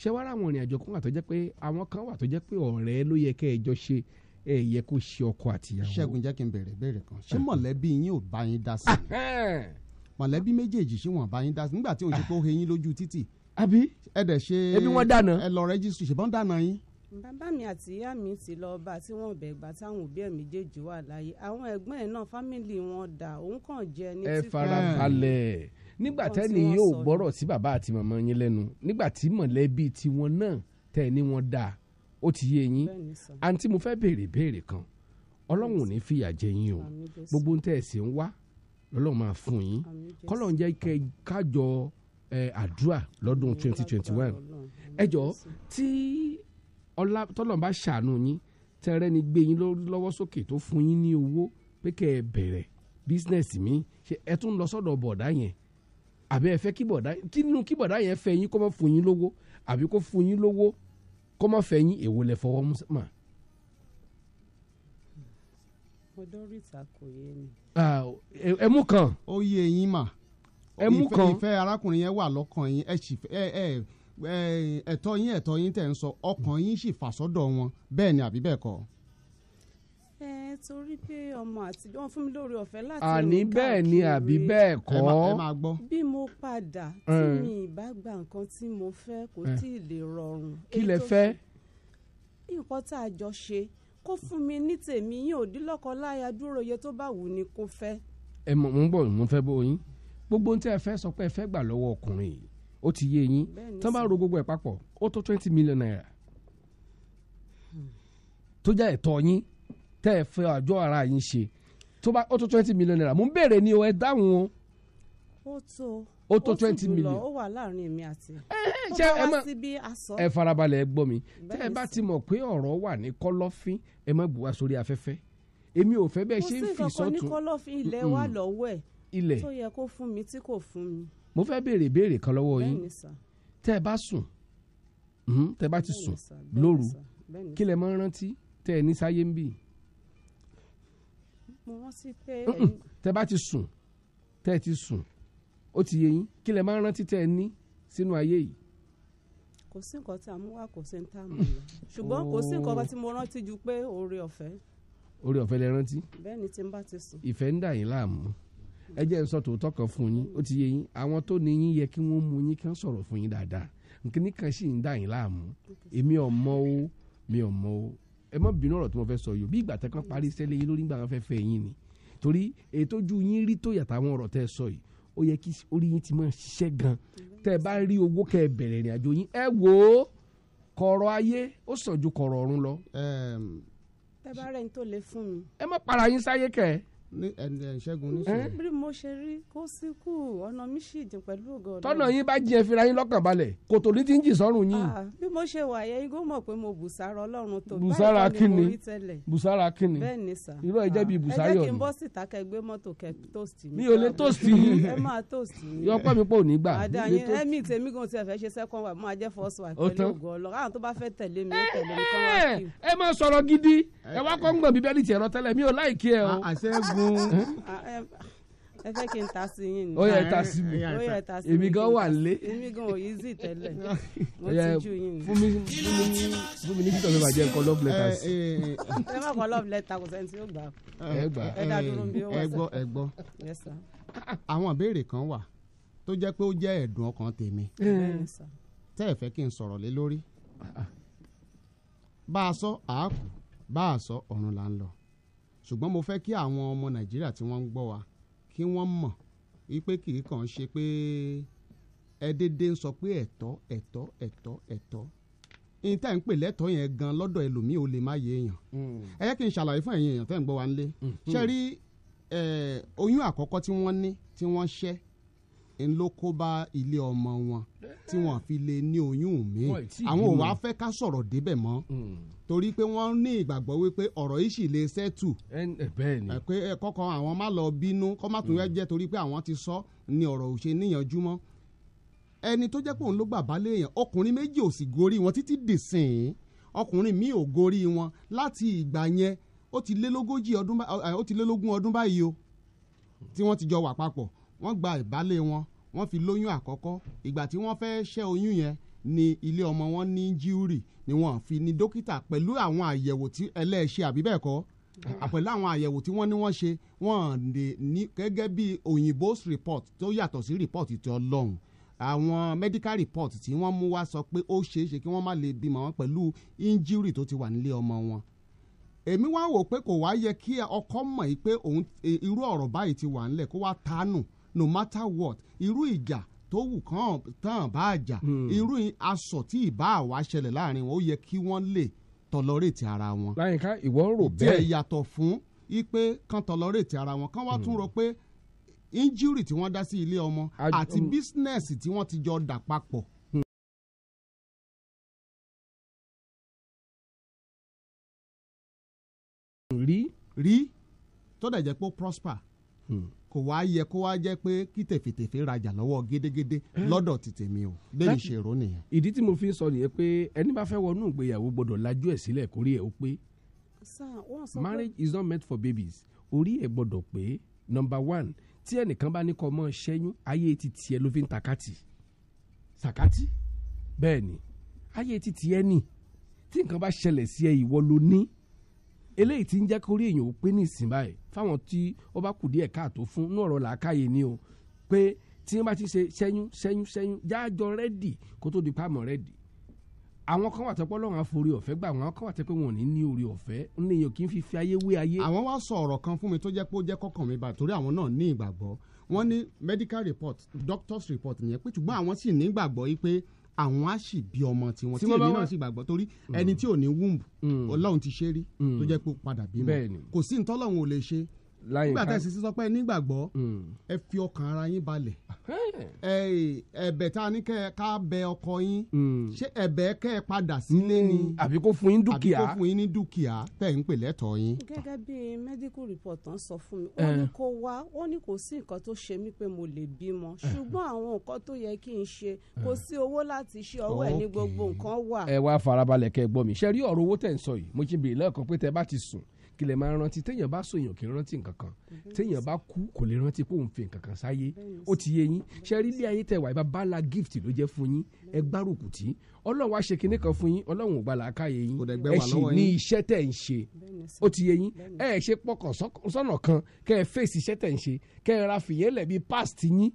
[SPEAKER 10] ṣé wá ráwọn ìrìn àjò kan wà tó jẹ́ pé àwọn kan wà tó jẹ́ pé ọ̀rẹ́ ló yẹ kẹ́ ẹ jọ ṣe ẹ yẹ kó ṣe ọkọ àtìyàwó. ṣẹ́gun jẹ́ kí n bẹ̀rẹ̀ bẹ̀rẹ̀ kan ṣé ah. mọ̀lẹ́bí yín ò bá yín dá sí i
[SPEAKER 8] ah, eh.
[SPEAKER 10] mọ̀lẹ́bí méjèèjì ṣé wọ́n bá yín dá sí i nígbà tí òun ṣe kó he yín lójú títì. àbí ẹ dẹ̀ ṣe ẹbí wọn dáná ẹ lọ rẹ́jísítì ṣùgbọ́n dáná yín
[SPEAKER 7] bàbá mi àti ìyá mi ti lọ bá tí wọ́n bẹ̀ gbà táwọn òbí ẹ̀ méjèèjì wà láyé àwọn ẹ̀gbọ́n ẹ̀ náà fámìlì wọn dà òun kàn jẹ́ ní tí. ẹ fara balẹ̀
[SPEAKER 10] nígbà tẹ́ni yóò gbọ́rọ̀ sí bàbá àti màmá yín lẹ́nu nígbà tí mọ̀lẹ́bí tiwọn náà tẹ̀ ní wọn dà ó ti yé yín àǹtí mo fẹ́ béèrè béèrè kan ọlọ́run ò ní fìyà jẹ yín o gbogbo tẹ́ ẹ̀ sì ń wá lọ́lọ́run máa fún yín kọ́lọ́run jẹ́ kájọ àdúrà lọ́dún twenty twenty one ẹ jọ tí ọlá tọ́lọ̀ bá ṣàánú yín tẹ́rẹ́ ni gbé yín lọ́wọ́ sókè tó fún yín ní owó pé kẹ́ ẹ bẹ̀rẹ̀ bísínẹ́sì mi ṣe ẹ tún lọ sọ́dọ̀ bọ̀dá yẹn àbí ẹ fẹ́ kí bọ̀dá tínú kí bọ̀dá yẹn fẹ́ yín kó má fún yín lówó àbí kó fún yín lówó kó má fẹ́ yín èwo lẹ fọwọ́ mú mà.
[SPEAKER 7] ọdọ rita kò yé mi.
[SPEAKER 10] ẹ mú kan. ó yé eyín mà. ẹ mú kan ìfẹ́ arákùnrin yẹn wà lọ́kàn yín ẹ ẹ ẹ̀tọ́ yín ẹ̀tọ́ yín tẹ̀ ń sọ ọkàn yín sì fà sọ́dọ̀ wọn bẹ́ẹ̀ ni àbí bẹ́ẹ̀ kọ́.
[SPEAKER 7] ẹ torí pé ọmọ àti wọn fún mi lórí ọ̀fẹ́ láti rìn káàkiri àní bẹ́ẹ̀ ni àbí bẹ́ẹ̀ kọ́ ẹ máa gbọ́. bí mo padà tí mi ìbá gba nǹkan tí mo fẹ́ kò tí ì lè rọrùn. kí lẹ fẹ́. nǹkan tá a jọ ṣe kó fún mi ní tèmi yín ò lọ́kọ láya dúró iye tó bá wù ni kó fẹ́.
[SPEAKER 10] ẹ mọ̀ mo ń bọ̀ mo fẹ́ bóyin gbogbo ohun tí ẹ fẹ́ sọ pé ẹ fẹ́ gbà lọ́wọ́ ọkùnrin yìí ó ti yé yín tán bá ro gbogbo ẹ̀ papọ̀ ó tó twenty million naira tó jẹ́ ẹ̀tọ́ yín tẹ́ ẹ fẹ́ àjọ ara yín ṣe tó bá ó tó twenty million naira mo ń béèrè ni o ẹ dáhùn o.
[SPEAKER 7] ó tó ó tó twenty million. ó wà láàrin èmi àti. ṣé ẹ má ẹ
[SPEAKER 10] farabalẹ̀ ẹ gbọ́ mi tẹ́ ẹ bá ti mọ̀ pé ọ̀rọ̀ wà ní kọ́lọ́fín ẹ má gbùwà sórí afẹ́fẹ́ èmi ò fẹ́ bẹ́ẹ̀ ṣe ń fi sọ́tún. ilẹ̀ tó
[SPEAKER 7] yẹ kó fún mi tí kò fún mi
[SPEAKER 10] mo fẹ́ béèrè béèrè kan lọ́wọ́ yín tẹ́ ẹ bá sùn mhm, tẹ́ ẹ bá ti sùn lóru kí lẹ máa ń rántí tẹ́ ẹ ní sáyé ń bì.
[SPEAKER 7] mo rántí pé.
[SPEAKER 10] tẹ́ ẹ bá ti sùn tẹ́ ẹ ti sùn ó ti yé yín kí lẹ máa ń rántí tẹ́ ẹ ní sínú ayé yìí
[SPEAKER 7] kò sí nǹkan tí a mú wá kò sí ní tá a mú ṣùgbọ́n kò sí nǹkan tí mo rántí ju pé oore ọ̀fẹ́.
[SPEAKER 10] oore ọ̀fẹ́ lẹ rántí. bẹ́ẹ̀ ni tí n bá ti sùn. ìfẹ́ ń dà yín láàmú ẹ jẹ́ n sọ tòótọ́ kan fún yín ó ti yé yín àwọn tó ní yín yẹ kí wọ́n mú yín kí wọ́n sọ̀rọ̀ fún yín dáadáa nkíní kan sì ń dà yín láàmú èmi ò mọ̀ o mi ò mọ̀ o ẹ má bínú ọ̀rọ̀ tí mo fẹ́ sọ yìí bí ìgbà tẹ́ kan parí sẹ́lẹ̀ yín lórí ìgbà kan fẹ́ fẹ́ yín ni torí ètò ojú yín rí tó yàtọ̀ àwọn ọ̀rọ̀ tẹ́ sọ yìí ó yẹ kí orí yín ti máa ṣiṣẹ́ gan tẹ́ ẹ bá rí owó kẹ́ ẹ bẹ̀rẹ̀ ìrìn àjò yín ẹ wò ó kọ̀rọ̀ ayé ó sàn ju kọ̀rọ̀ ọ̀run lọ.
[SPEAKER 7] tẹ́ bá rẹ̀ ń tó lè fún mi. ẹ má para
[SPEAKER 10] yín sáyé kẹ́ ẹ ṣẹ́gun oníṣòwò.
[SPEAKER 7] bí mo ṣe rí kó síkù ọ̀nà mi sì jìn pẹ̀lú ògo ọ̀dọ́. tọ́nà yín bá
[SPEAKER 10] jẹ fira yín lọ́kàn balẹ̀ kòtò ní ti ń jì sọ́run yín. Ah,
[SPEAKER 7] bí mo ṣe wà yẹ igó mọ̀ pé mo bùsára ọlọ́run tó báyìí kọ́ ni mo rí tẹ́lẹ̀.
[SPEAKER 10] bùsára kíni bẹ́ẹ̀ni sà. irú ẹ jẹ́ bíi bùsáyọ̀ ah, ni. ẹ jẹ́ kí n bọ́
[SPEAKER 7] síta kẹ́ gbé mọ́tò kẹ́ tóòsì mi. mi ò lè tóòsì yín. ẹ máa tóòsì yín. yọ pẹ́ mi
[SPEAKER 10] pò ní gbà. àdáyín ẹ̀mí
[SPEAKER 7] tèmi gan ti ẹ̀fẹ̀ ṣe second wife máa jẹ́ first wife pẹ̀lú ògo ọlọ́run àwọn tó bá fẹ́ tẹ̀lé mi ó tẹ̀lé mi kọ́ wá eh, kí. ẹ máa sọ̀rọ̀ gidi ẹ wá kọ́ ń
[SPEAKER 10] gbọ̀n bíbélì tiẹ̀ rọ tẹ́lẹ̀ mi ò láì kí ẹ o. àṣẹ g fún. Hm?
[SPEAKER 7] Ah, ẹ fẹ́ kí n ta sí yín ni. ó yẹ ta sí mi ó yẹ ta sí mi èmi gan wà lé. èmi gan ò easy tẹ́lẹ̀ mo ti ju yín ni. fún mi fún mi ní títọ́ mi máa jẹ́ nǹkan love letters. ẹ má kọ love letter kò sẹ́ni tí ó gbà. ẹ gbà ẹ dá dúró bí ó wà sẹ́ni. ẹ gbọ́ ẹ gbọ́
[SPEAKER 10] àwọn ìbéèrè kan wà tó jẹ́ pé ó jẹ́ ẹ̀dùn ọkàn tèmi tẹ́ ẹ fẹ́ kí n sọ̀rọ̀ lé lórí bá a sọ àákù bá a sọ ọ̀run là ń lọ ṣùgbọ́n mo fẹ́ kí àwọn ọmọ nàìjíríà tí wọ́n ń gbọ́ wa kí wọ́n mọ̀ wípé kì í kàn ṣe pé ẹ dédé ń sọ pé ẹ̀tọ́ ẹ̀tọ́ ẹ̀tọ́ ẹ̀tọ́ ní tá à ń pè lẹ́tọ́ yẹn gan lọ́dọ̀ ẹlòmíì ò lè má yé èèyàn hmm. ẹ jẹ́ kí n ṣàlàyé fún ẹ̀yin èèyàn tẹ́ ń gbọ́ wa nílé hmm. ṣe rí oyún àkọ́kọ́ tí wọ́n ní tí wọ́n ṣẹ́ ń ló kó bá ilé ọmọ wọn tí wọ́n fi lè ní oyún míì àwọn ò wá fẹ́ ká sọ̀rọ̀ débẹ̀ mọ́ hmm torí pé wọ́n ní ìgbàgbọ́ wípé ọ̀rọ̀ yìí sì lè ṣẹ́tù. bẹ́ẹ̀ ni. pé kọ́kọ́ àwọn má lọ bínú kọ́ má tún mm. jẹ́ torí pé àwọn ti sọ ni ọ̀rọ̀ ò ṣe níyànjú mọ́. ẹni tó jẹ́ pé òun ló gbà bá léèyàn ọkùnrin méjì ò sì gorí wọn títí dìsìn ọkùnrin míì ò gorí wọn láti ìgbà yẹn ó ti lé lógójì ọdún ó ti lé lógún ọdún báyìí o tí wọ́n ti jọ wà papọ̀ wọ́n gba ìbálé wọn wọ́n fi lóyún àkọ́kọ́ ìgbà Ni ilé ọmọ wọn ní jíúrì ni wọn fi ní dókítà pẹ̀lú àwọn àyẹ̀wò tí ẹlẹ́ẹ̀ṣẹ̀ àbí bẹ́ẹ̀ kọ́ àpẹ̀lú àwọn àyẹ̀wò tí wọ́n ní wọ́n ṣe wọ́n lè ní gẹ́gẹ́ bí òyìnbó's report tó yàtọ̀ sí report ti ọlọ́run àwọn medical report tí wọ́n mú wá sọ pé ó ṣeé ṣe kí wọ́n má lè bímọ wọn pẹ̀lú injury tó ti wà nílé ọmọ wọn èmi wá wò pé kò wá yẹ kí ọkọ mọ̀ pé irú ọ̀rọ̀ báyìí ti wà ńlẹ̀ kó wá tánù no matter what irú ìjà tó wù kán tán bá àjà hmm. irú aṣọ tí ìbá àwa ṣẹlẹ̀ láàrin wọn ó yẹ kí wọ́n lè tọlọ́rètì ara wọn. láyìnká ìwọ rò bẹ́ẹ̀. tiẹ̀ yàtọ̀ fún ipe kan tọlọ́rètì ara wọn kán wá tún hmm. rò pé injury tí
[SPEAKER 8] wọ́n dá sí ilé ọmọ àti hmm. bísínẹ́sì tí wọ́n ti jọ dà papọ̀.
[SPEAKER 10] rí rí tó dẹ̀ jẹ́ pé ó prosper. Hmm kò wá yẹ kó wá jẹ́ pé kí tèfètèfè rajà lọ́wọ́ gédégédé eh? lọ́dọ̀ ti tèmi o bẹ́ẹ̀ ṣe rò nìyẹn. ìdí tí mo fi sọ nìyẹn pé ẹni bá fẹ́ wọnú ìgbéyàwó gbọ́dọ̀ lajú ẹ̀ sílẹ̀ kórí ẹ̀ ó pé marriage is not meant for babies orí ẹ̀ gbọ́dọ̀ pé number one tí ẹnìkan bá ní kọ́ mọ́ ṣẹ́yún ayé ti tiẹ̀ ló fi ń takátì takátì bẹ́ẹ̀ ni ayé ti tiẹ̀ ni tí nǹkan bá ṣẹlẹ̀ sí ẹ ìwọ ló ní eléyìí ti ń jẹ́ kórí èèyàn ó pé ní ìsìn báyìí fáwọn tí ó bá kù díẹ̀ káàtó fún ní ọ̀rọ̀ làákàyè ni o pé tí wọ́n bá ti ṣe sẹ́yún sẹ́yún sẹ́yún jájọ rẹ́dì kó tó di pàmò rẹ́dì àwọn kan wà tẹ́pọ́ lọ́wọ́n àforí ọ̀fẹ́ gbà àwọn kan wà tẹ́pẹ́ wọn ò ní ní orí ọ̀fẹ́ ní èèyàn kì í fi fi ayé wé ayé. àwọn wá sọ ọ̀rọ̀ kan fún mi tó jẹ́ pé ó jẹ́ kọ́kàn mi bàtà torí àwọn náà ní ìgbàgbọ́ wọ́n ní medical report doctor's report nìyẹn pé ṣùgbọ́n àwọn sì ní ìgbàgbọ́ yìí pé àwọn á sì bí ọmọ tiwọn tí èmi náà sì gbàgbọ́ torí ẹni mm. tí ò ní wúmbù mm. ọlọ́run ti ṣe rí tó mm. jẹ́ pé padà bímọ kò sí ntọ́lọ́run ò lè ṣe láyìn ká nígbà tẹ̀sí sísọ pé nígbàgbọ́ hmm. ẹ fi ọkàn ara yín balẹ̀ ẹ̀bẹ̀ tá a ní kẹ́ ẹ ká bẹ ọkọ yín hmm. ṣé ẹ̀bẹ̀ kẹ́ ẹ padà sílé ni hmm. àbí kó fún yín dúkìá àbí kó fún yín ní dúkìá tẹ̀ ń pè lẹ́tọ̀ọ́ yín.
[SPEAKER 7] gẹ́gẹ́ bí medical report tán sọ fún mi ó eh. ní kó wá ó ní kò sí nǹkan tó ṣe mí pé mo lè bímọ eh. ṣùgbọ́n àwọn nǹkan tó yẹ kí n ṣe kò eh. sí owó láti ṣe ọwọ́ ẹ̀ ní gbogbo nǹkan wà. ẹ
[SPEAKER 10] wá farabalẹ̀ kẹ́ gbọ́ mi ṣe rí ọ̀rọ̀ owó tẹ̀ ń sọ yìí mo ti bèèrè lẹ́ẹ̀kan pé tẹ bá ti sùn kí lè máa rántí téèyàn bá so èèyàn kì í rántí nǹkan kan mm-hmm. téèyàn bá kú kò lè rántí pé òun fi nǹkan kan sáyé ó ti yé yín ṣe rí ilé ayé tẹwà ìbá bala gift ló jẹ́ fún yín ẹ gbárùkù tí ọlọ́run wá ṣe kinní kan fún yín ọlọ́run ò gba làákàyè yín ẹ sì ní iṣẹ́ tẹ̀ ń ṣe ó ti yé yín ẹ ṣe pọkàn sọ́nà kan kẹ́ ẹ fèsì iṣẹ́ tẹ̀ ń ṣe kẹ́ ẹ ra fìyẹ́lẹ̀ bíi past yín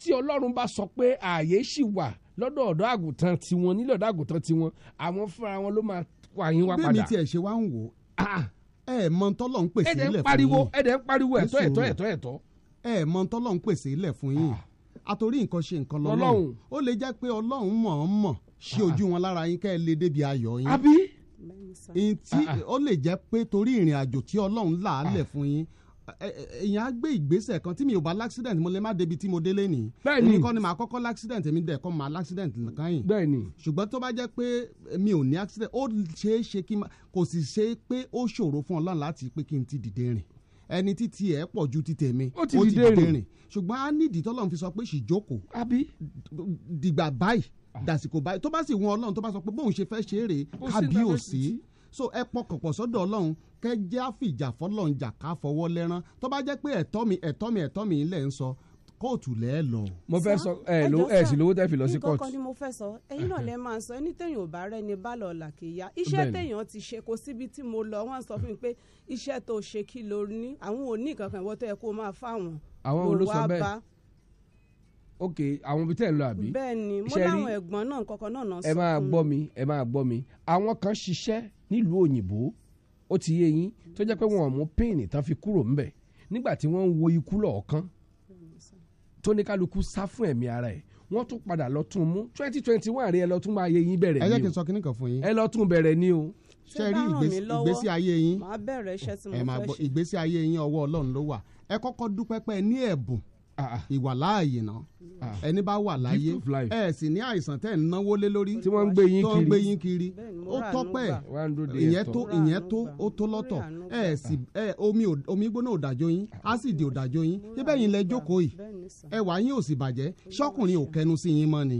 [SPEAKER 10] tí ọlọ́run bá sọ pé ààyè sì wà lọ́dọ̀ ọ̀dọ́ àgùntàn tiwọn nílẹ̀ ọ̀dọ́ àgùntàn tiwọn àwọn fúnra wọn ló máa wà yín wá padà. bẹ́ẹ̀ mi tiẹ̀ ṣe wá ń wò ó ah, ẹ mọ tọ́lọ̀ ń pèsè ilẹ̀ fún yín ẹ̀dẹ̀ ah. ń pariwo ẹ̀tọ́ ẹ̀tọ́ ẹ̀tọ́ ẹ̀tọ́. ẹ mọ tọ́lọ̀ ń pèsè ilẹ̀ fún yín àtòrí nǹkan ṣe nǹkan lọ́lọ́run ó lè jẹ́ pé ọlọ́run mọ̀ ọ́n mọ̀ ṣe ojú ah. wọn lára yín kẹ́ ẹ lè débi ayọ̀ yín. àbí. Ah, ó lè jẹ́ pé torí ìrìn àjò tí ọlọ́run là á lẹ̀ fún yín èyàn á gbé ìgbésẹ̀ kan tí mi ò bá l'accident mo lè má débi tí mo délé ni bẹ́ẹ̀ni èmi kọ́ ni màá kọ́kọ́ l'accident èmi dẹ̀ kọ́ màá l'accident nìkan yìí bẹ́ẹ̀ni ṣùgbọ́n tó bá jẹ́ pé mi ò ní accident ó ṣeé ṣe kí n kò sì ṣe pé ó ṣòro fún Ọlọ́run láti pé kí n ti dìde rìn ẹni títí ẹ pọ̀ ju ti tèmi ó ti dìde rìn ṣùgbọ́n á nídìí tọ́lọ́run fi sọ pé ṣìjókòó àbí dìgbà báyìí dàsìkò báyìí tó bá sì wọn Ọlọ́run tó bá sọ pé bóun ṣe fẹ́ ṣeré kábíyèsí so ẹ pọkàn pọ̀ sọ́dọ̀ ọlọ́run kẹjá fìjà fọlọ́run jà ká fọwọ́ lẹ́rán tó bá jẹ́ pé ẹ̀tọ́ mi ẹ̀tọ́ mi ẹ̀tọ́ mi ilẹ̀ ń sọ kóòtù lẹ́ lọ. mo fẹ́ sọ ẹ ló ẹ sì lówó tẹ́ fi lọ sí kóòtù. nǹkan kan ni
[SPEAKER 7] mo fẹ́ sọ ẹ̀yin náà lẹ máa sọ ẹni téèyàn ò bá rẹ ni bá lọ là kéya iṣẹ́ téèyàn ti ṣe kò síbi tí mo lọ wọ́n sọ fún mi pé iṣẹ́ tó ṣe kí ló ní àwọn ò kankan ìwọ́tọ̀ ẹ̀ kó máa fáwọn. àwọn olóṣọ
[SPEAKER 10] ok àwọn ibi tẹ́ ẹ̀ ń lọ àbí. bẹ́ẹ̀ni mo láwọn
[SPEAKER 7] ẹ̀gbọ́n náà kankan náà náà sọ. ẹ máa gbọ́
[SPEAKER 10] mi ẹ máa gbọ́ mi àwọn kan ṣiṣẹ́ nílùú òyìnbó ó ti yé yín tó jẹ́ pé wọn ò mú píìnì tán fi kúrò ńbẹ̀ nígbà tí wọ́n ń wo ikú lọ́ọ̀kan tó ní kálukú sá fún ẹ̀mí ara ẹ̀ wọ́n tún padà lọ tún mú twenty twenty one rí ẹ lọ tún máa yẹ yín bẹ̀rẹ̀ ni o ẹ jẹ́ kí n sọ kíní kan fún yín ẹ lọ tún bẹ̀rẹ̀ ni o ṣe rí ìgbésí ayé yín ẹ máa gbọ́ ìgbésí ayé yín ọwọ́ Ọlọ́run ló wà ẹ kọ́kọ́ dúpẹ́ ní ẹ̀bùn Ah, ah. ìwà láàyè náà ah, ẹni bá wà láyé ẹ sì ní àìsàn tẹ̀ ń náwó lé lórí tí wọ́n ń gbé yín kiri tó ó tọ́pẹ́ ìyẹn tó ìyẹn tó ó tó lọ́tọ̀ ẹ sì ẹ omi omi gbóná òdàjọ́ yín ásìdì òdàjọ́ yín ibẹ̀ yín lẹ jókòó yìí ẹwà yín ò sì bàjẹ́ ṣọ́kùnrin ò kẹnu sí yín mọ́ ni.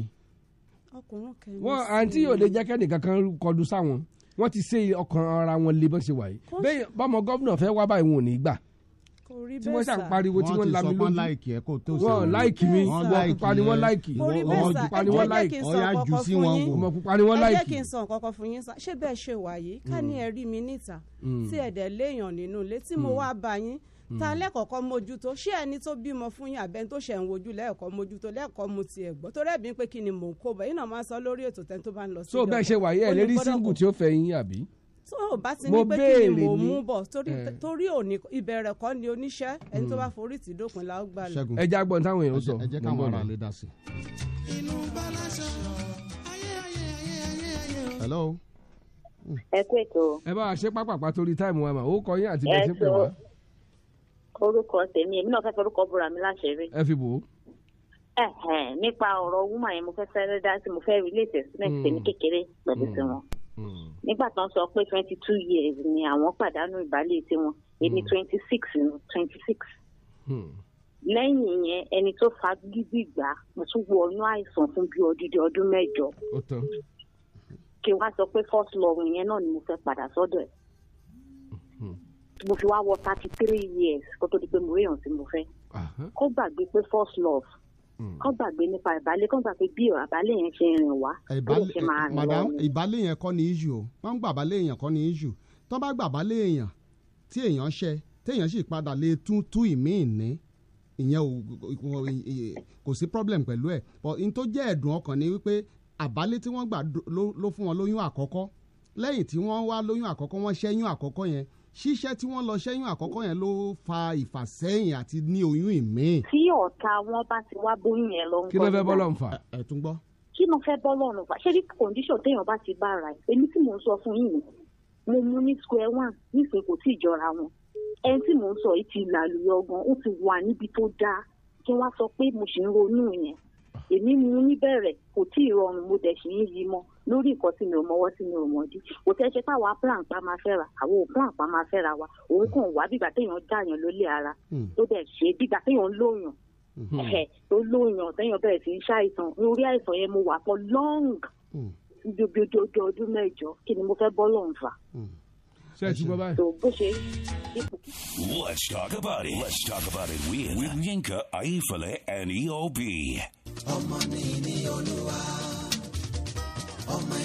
[SPEAKER 8] wọn àǹtí yóò lè jẹ́
[SPEAKER 10] kẹ́nìkan kan kọdù sáwọn wọ́n ti ṣe ọkàn ara wọn lé bọ́n ṣe wà yìí bẹ́ẹ̀ bọ́mọ gọ́vnà fẹ́ tí wọ́n ṣàn pariwo tí wọ́n lami lójú wọ́n láìkì ẹ̀ kó tó sọ wọ́n láìkì mi ọmọ pupa ni wọ́n láìkì ọmọ pupa ni wọ́n láìkì ọ̀yà jù sí wọn wò ọmọ pupa ni wọ́n láìkì. ẹ jẹ́
[SPEAKER 7] kí n sọ nǹkan kan fún yín sá ṣé bẹ́ẹ̀ ṣe wà yìí ká hmm. ní ẹ rí mi níta hmm. tí ẹ̀dẹ̀ léèyàn nínú ilé tí mo hmm. wá bá yín ta lẹ́kọ̀ọ́kọ́ mójútó ṣé ẹni tó bímọ fún yín àbẹ́ni tó ṣẹ̀ ń wojú lẹ́ẹ̀kọ́ mójútó lẹ́ẹ̀kọ́ mu ti ẹ̀ gbọ́ torí ẹ̀bí pé kí ni mò ń kó bọ̀ yín náà máa sọ lórí ètò tẹ́ni tó bá ń lọ sí ilé ọkọ̀ so bẹ́ẹ̀ ṣe wàyí ẹ̀ lérí síngù
[SPEAKER 10] tí ó fẹ́ yín àbí
[SPEAKER 7] tó o bá ti ní pé kí ni mo mú bọ̀ eh. torí òní ìbẹ̀rẹ̀ kọ́ ni oníṣẹ́ ẹni tó hmm. bá forí tì dópin la ó gbà lọ. ẹ
[SPEAKER 10] jẹ́ agbọ́n táwọn èèyàn sọ. ẹ jẹ́ káwọn ará lè dá sí. inú balasọ ayé ayé ayé ayé ayé o. hello. ẹ kú ètò. ẹ bá a ṣe pápápá torí táìmù wa mà ó kọ yín àti bẹ́ẹ̀ ti pè wá.
[SPEAKER 2] orúkọ tèmi èmi náà fẹ́ fẹ́ orúkọ búra mi láṣẹrí. ẹ fi bò ó nípa ọ̀rọ̀ woman yẹn mo fẹ́ fẹ́ dá sí mo fẹ́ relate experience hmm. tèmi Hmm. nígbà tó ń sọ pé twenty two years ni àwọn pàdánù ìbálé tí wọn èmi hmm. twenty six ni twenty six hmm. lẹ́yìn yẹn ẹni tó fagídí gbà mo tún wọ inú àìsàn fún bíi odidi ọdún mẹ́jọ kí wá sọ pé first love yẹn náà ni mo fẹ́ padà sọ́dọ̀ ẹ̀ mo fi wá wọ thirty three years kó tó di pé mo rí èèyàn mo fẹ́ kó gbàgbé pé first love Hmm. kọ́ gbàgbé nípa ìbálẹ̀ kọ́ gbàgbé bí àbálẹ̀ yẹn ṣe rìn wá. madam
[SPEAKER 10] ìbálẹ̀ yẹn kọ́ ni issue o wọ́n ń gbà bálẹ̀ yẹn kọ́ ni issue tó bá gbà bálẹ̀ èèyàn tí èèyàn ṣe téèyàn sì padà lè tún tú ìmíì ní ìyẹn kò sí problem pẹ̀lú ẹ̀ but n tó jẹ́ ẹ̀dùn ọkàn ni wípé àbálẹ̀ tí wọ́n gbà ló fún wọn lóyún àkọ́kọ́ lẹ́yìn tí wọ́n wá lóyún àkọ́kọ́ wọ́n ṣẹ́yún àkọ́kọ́ yẹn ṣíṣẹ́ tí wọ́n lọ ṣẹ́yún àkọ́kọ́ yẹn ló fa ìfàsẹ́yìn àti ní oyún ìmíì.
[SPEAKER 2] tí ọ̀tá wọn bá ti wá bóyún yẹn lọ ń gbọ́. kí ló fẹ́ bọ́lọ̀ ń fà. ẹ tún gbọ́. kí ló fẹ́ bọ́lọ̀ ń fà ṣé bí kọ̀ǹdíṣọ̀n téèyàn bá ti bá ara ẹ̀ èmi tí mò ń sọ fún yìí mo mú ní square one nísìnyí kò tí ì jọra wọn ẹni tí mò ń sọ yìí ti làlùyọ gan ó ti wà níbi tó dáa kí wọ́n sọ pé mo ṣì ń ronú yẹn èmi mú níbẹ̀rẹ̀ kò tí ì rọrùn mo dẹ̀ ṣì ń yí mọ́ lórí nǹkan tí mi ò mọwọ́ tí mi ò mọ̀dí kò tẹ́ ṣe táwa plan pa máa fẹ́ ra àwọn ò plan pa máa fẹ́ ra wa òun kàn wá bígbà téèyàn jáàyàn lólé ara hmm. tó dẹ̀ ṣe bígbà téèyàn lóyàn hmm. tó lóyàn téèyàn bẹ̀rẹ̀ sí í ṣàìsàn lórí àìsàn yẹn mo wà fọ́ long hmm. bí ojú ọdún mẹ́jọ kí ni mo fẹ́ bọ́ lọ́n fà. Let's talk about it.
[SPEAKER 1] Let's talk about it with, with Yinka, Aifale, and EOB.
[SPEAKER 3] ọmọ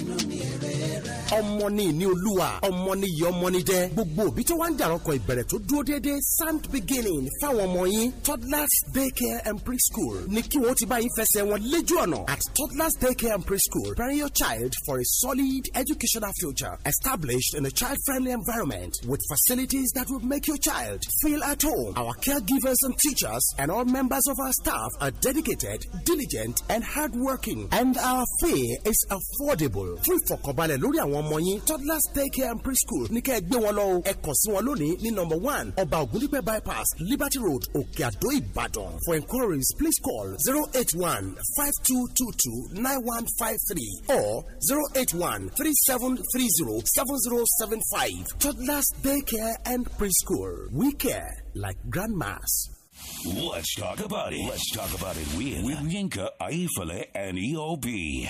[SPEAKER 3] inú ni ìní olúwa ọmọ ni ìyá ọmọ ni jẹ gbogbo òbí tó wá ń jàrọ̀kọ̀ ìbẹ̀rẹ̀ tó dúró déédéé sound beginning fáwọn ọmọ yín toddlers daycare and preschool ní kí wọ́n ti bá yín fẹsẹ̀ wọn ọ̀nà at toddlers daycare and preschool prepare your child for a solid educational future established in a child-friendly environment with facilities that will make your child feel at home our caregivers and teachers and all members of our staff are dedicated diligent and hardworking and our fee is affordable affordable fún ìfọ̀kànbalẹ̀ lórí àwọn ọmọ yín toddlers and preschool ní kẹ́ ẹ gbé wọn lọ o ẹ kàn sí wọn lónìí ní number one ọba ògúndípẹ̀ bypass liberty road òkè àdó ìbàdàn for inquiries please call zero eight one five two two two nine one five three or zero eight one three seven three zero seven zero seven five toddlers daycare and preschool we care like grandmas.
[SPEAKER 1] Let's talk about it. Let's talk about it with, with Yinka, Aifale, and EOB.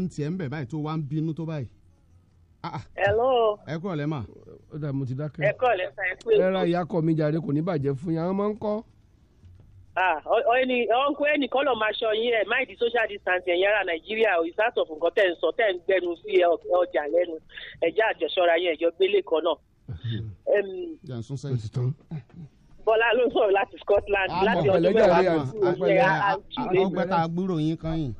[SPEAKER 10] ń tiẹ̀ ń bẹ̀ báyìí tó wá ń bínú tó báyìí. Hello. ẹ kọ́ lẹ́ mà. ẹ
[SPEAKER 2] kọ́ lẹ́ sa ẹ pé. ẹ ra ìyá kọ
[SPEAKER 10] mi jàre kò ní bàjẹ́ fún yín máa ń kọ́.
[SPEAKER 2] ẹni ẹnì kan lọ́ọ́ máa ṣọ ẹ̀ máì di social distancing ẹ̀yìn ara nàìjíríà ò nǹkan tẹ̀ ń sọ tẹ̀ ń gbẹnu sí ọjà lẹ́nu ẹ̀já àjọṣọ́ra yín ẹ̀jọ́ gbélé kan náà. Bọ́lá ló sọ̀rọ̀ láti Scotland láti ọdún mẹ́wàá. àgbẹ̀lẹ́jà rẹ̀ àgbẹ̀lẹ́jà
[SPEAKER 10] àgbẹ̀lẹ́jà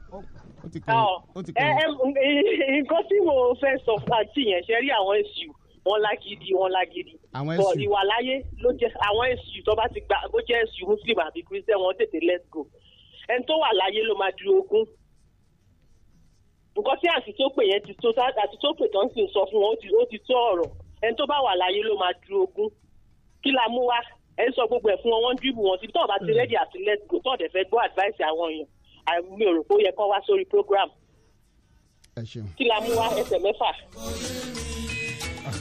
[SPEAKER 2] Ah, eh, um, eh, nǹkan tí mo fẹ́ sọ fún àǹtí yẹn ṣe rí àwọn èsì wọn lágídí wọn lágídí bọ ìwà láyé ló jẹ àwọn èsì tó bá ti gba bó jẹ èsì muslim àbí christian wọn tètè let's go ẹni tó wà láyé ló máa di ogún nǹkan tí àti tó pè yẹn ti tó àti tó pè tán sì ń sọ fún wọn ó ti tó ọ̀rọ̀ ẹni tó bá wà láyé ló máa di ogún kí la mú wá ẹ ń sọ gbogbo ẹ̀ fún wọn wọ́n ń dìbò wọn síbi tó ọba ti hmm. rẹ́dí àti let's go tó ọ̀dẹ̀ fẹ́ gbọ́ advice àwọn èèyàn mi ò rò pé ó yẹ kó wá sórí program kí la mú wá ẹsẹ̀ mẹ́fà.
[SPEAKER 10] Ah,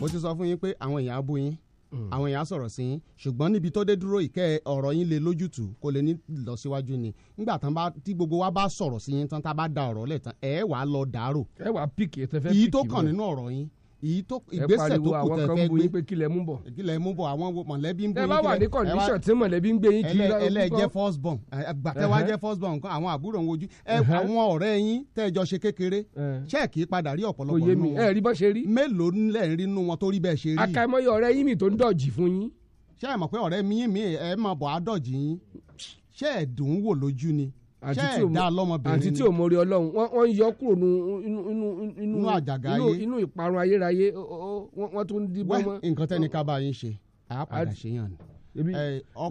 [SPEAKER 10] mo ti sọ fún yín pé àwọn èèyàn á bú yín hmm. àwọn èèyàn á sọ̀rọ̀ sí yín ṣùgbọ́n níbi tó dé dúró ìkẹ́ ọ̀rọ̀ yín lè lójútùú kó lè ní lọ́síwájú ni nígbà tán bá tí gbogbo wa bá sọ̀rọ̀ sí yín tán tá a bá da ọ̀rọ̀ lẹ̀ tán ẹ̀ wàá lọ dàárò. ẹ wàá pìkì ẹ tẹ fẹ́ pìkì mọ́ èyí tó kàn nínú ọ̀rọ̀ yín èyí tó ìgbésẹ̀ tó kù tẹ̀ fẹ́ gbé pé kílẹ̀ mú bọ̀ kílẹ̀ mú bọ̀ àwọn mọ̀lẹ́bí ń bọ̀ yín kílẹ̀ ẹ bá wà ní condition tí mọ̀lẹ́bí ń gbé yín kílẹ̀ ẹlẹ́ jẹ́ first born gbàtẹ́ wá jẹ́ first born nǹkan àwọn àbúrò ń wojú ẹ àwọn ọ̀rẹ́ yín tẹ́jọ ṣe kékeré ṣẹ́ẹ̀kì padà rí ọ̀pọ̀lọpọ̀ nù wọn ẹ rí bọ́ ṣe rí mélòó lẹ̀ ń rí nù wọn tó rí bẹ́ẹ̀ ṣe rí akamọ́yọ ọ̀rẹ́ yín mi tó ń dọ̀jì fún yín ṣé ẹ mọ̀ pé ọ̀rẹ́ mi yín mi ẹ máa bọ̀ á dọ̀jì yín ṣé ẹ dùn ún wò lójú ni àǹtí tí ò mórí ọlọ́run wọ́n yọ kúrò nínú àjàgà ayé inú ìparun ayérayé wọ́n tún dìbò mọ́. nǹkan tẹ́ni ká bá yín ṣe àá padà ṣe yàn ni.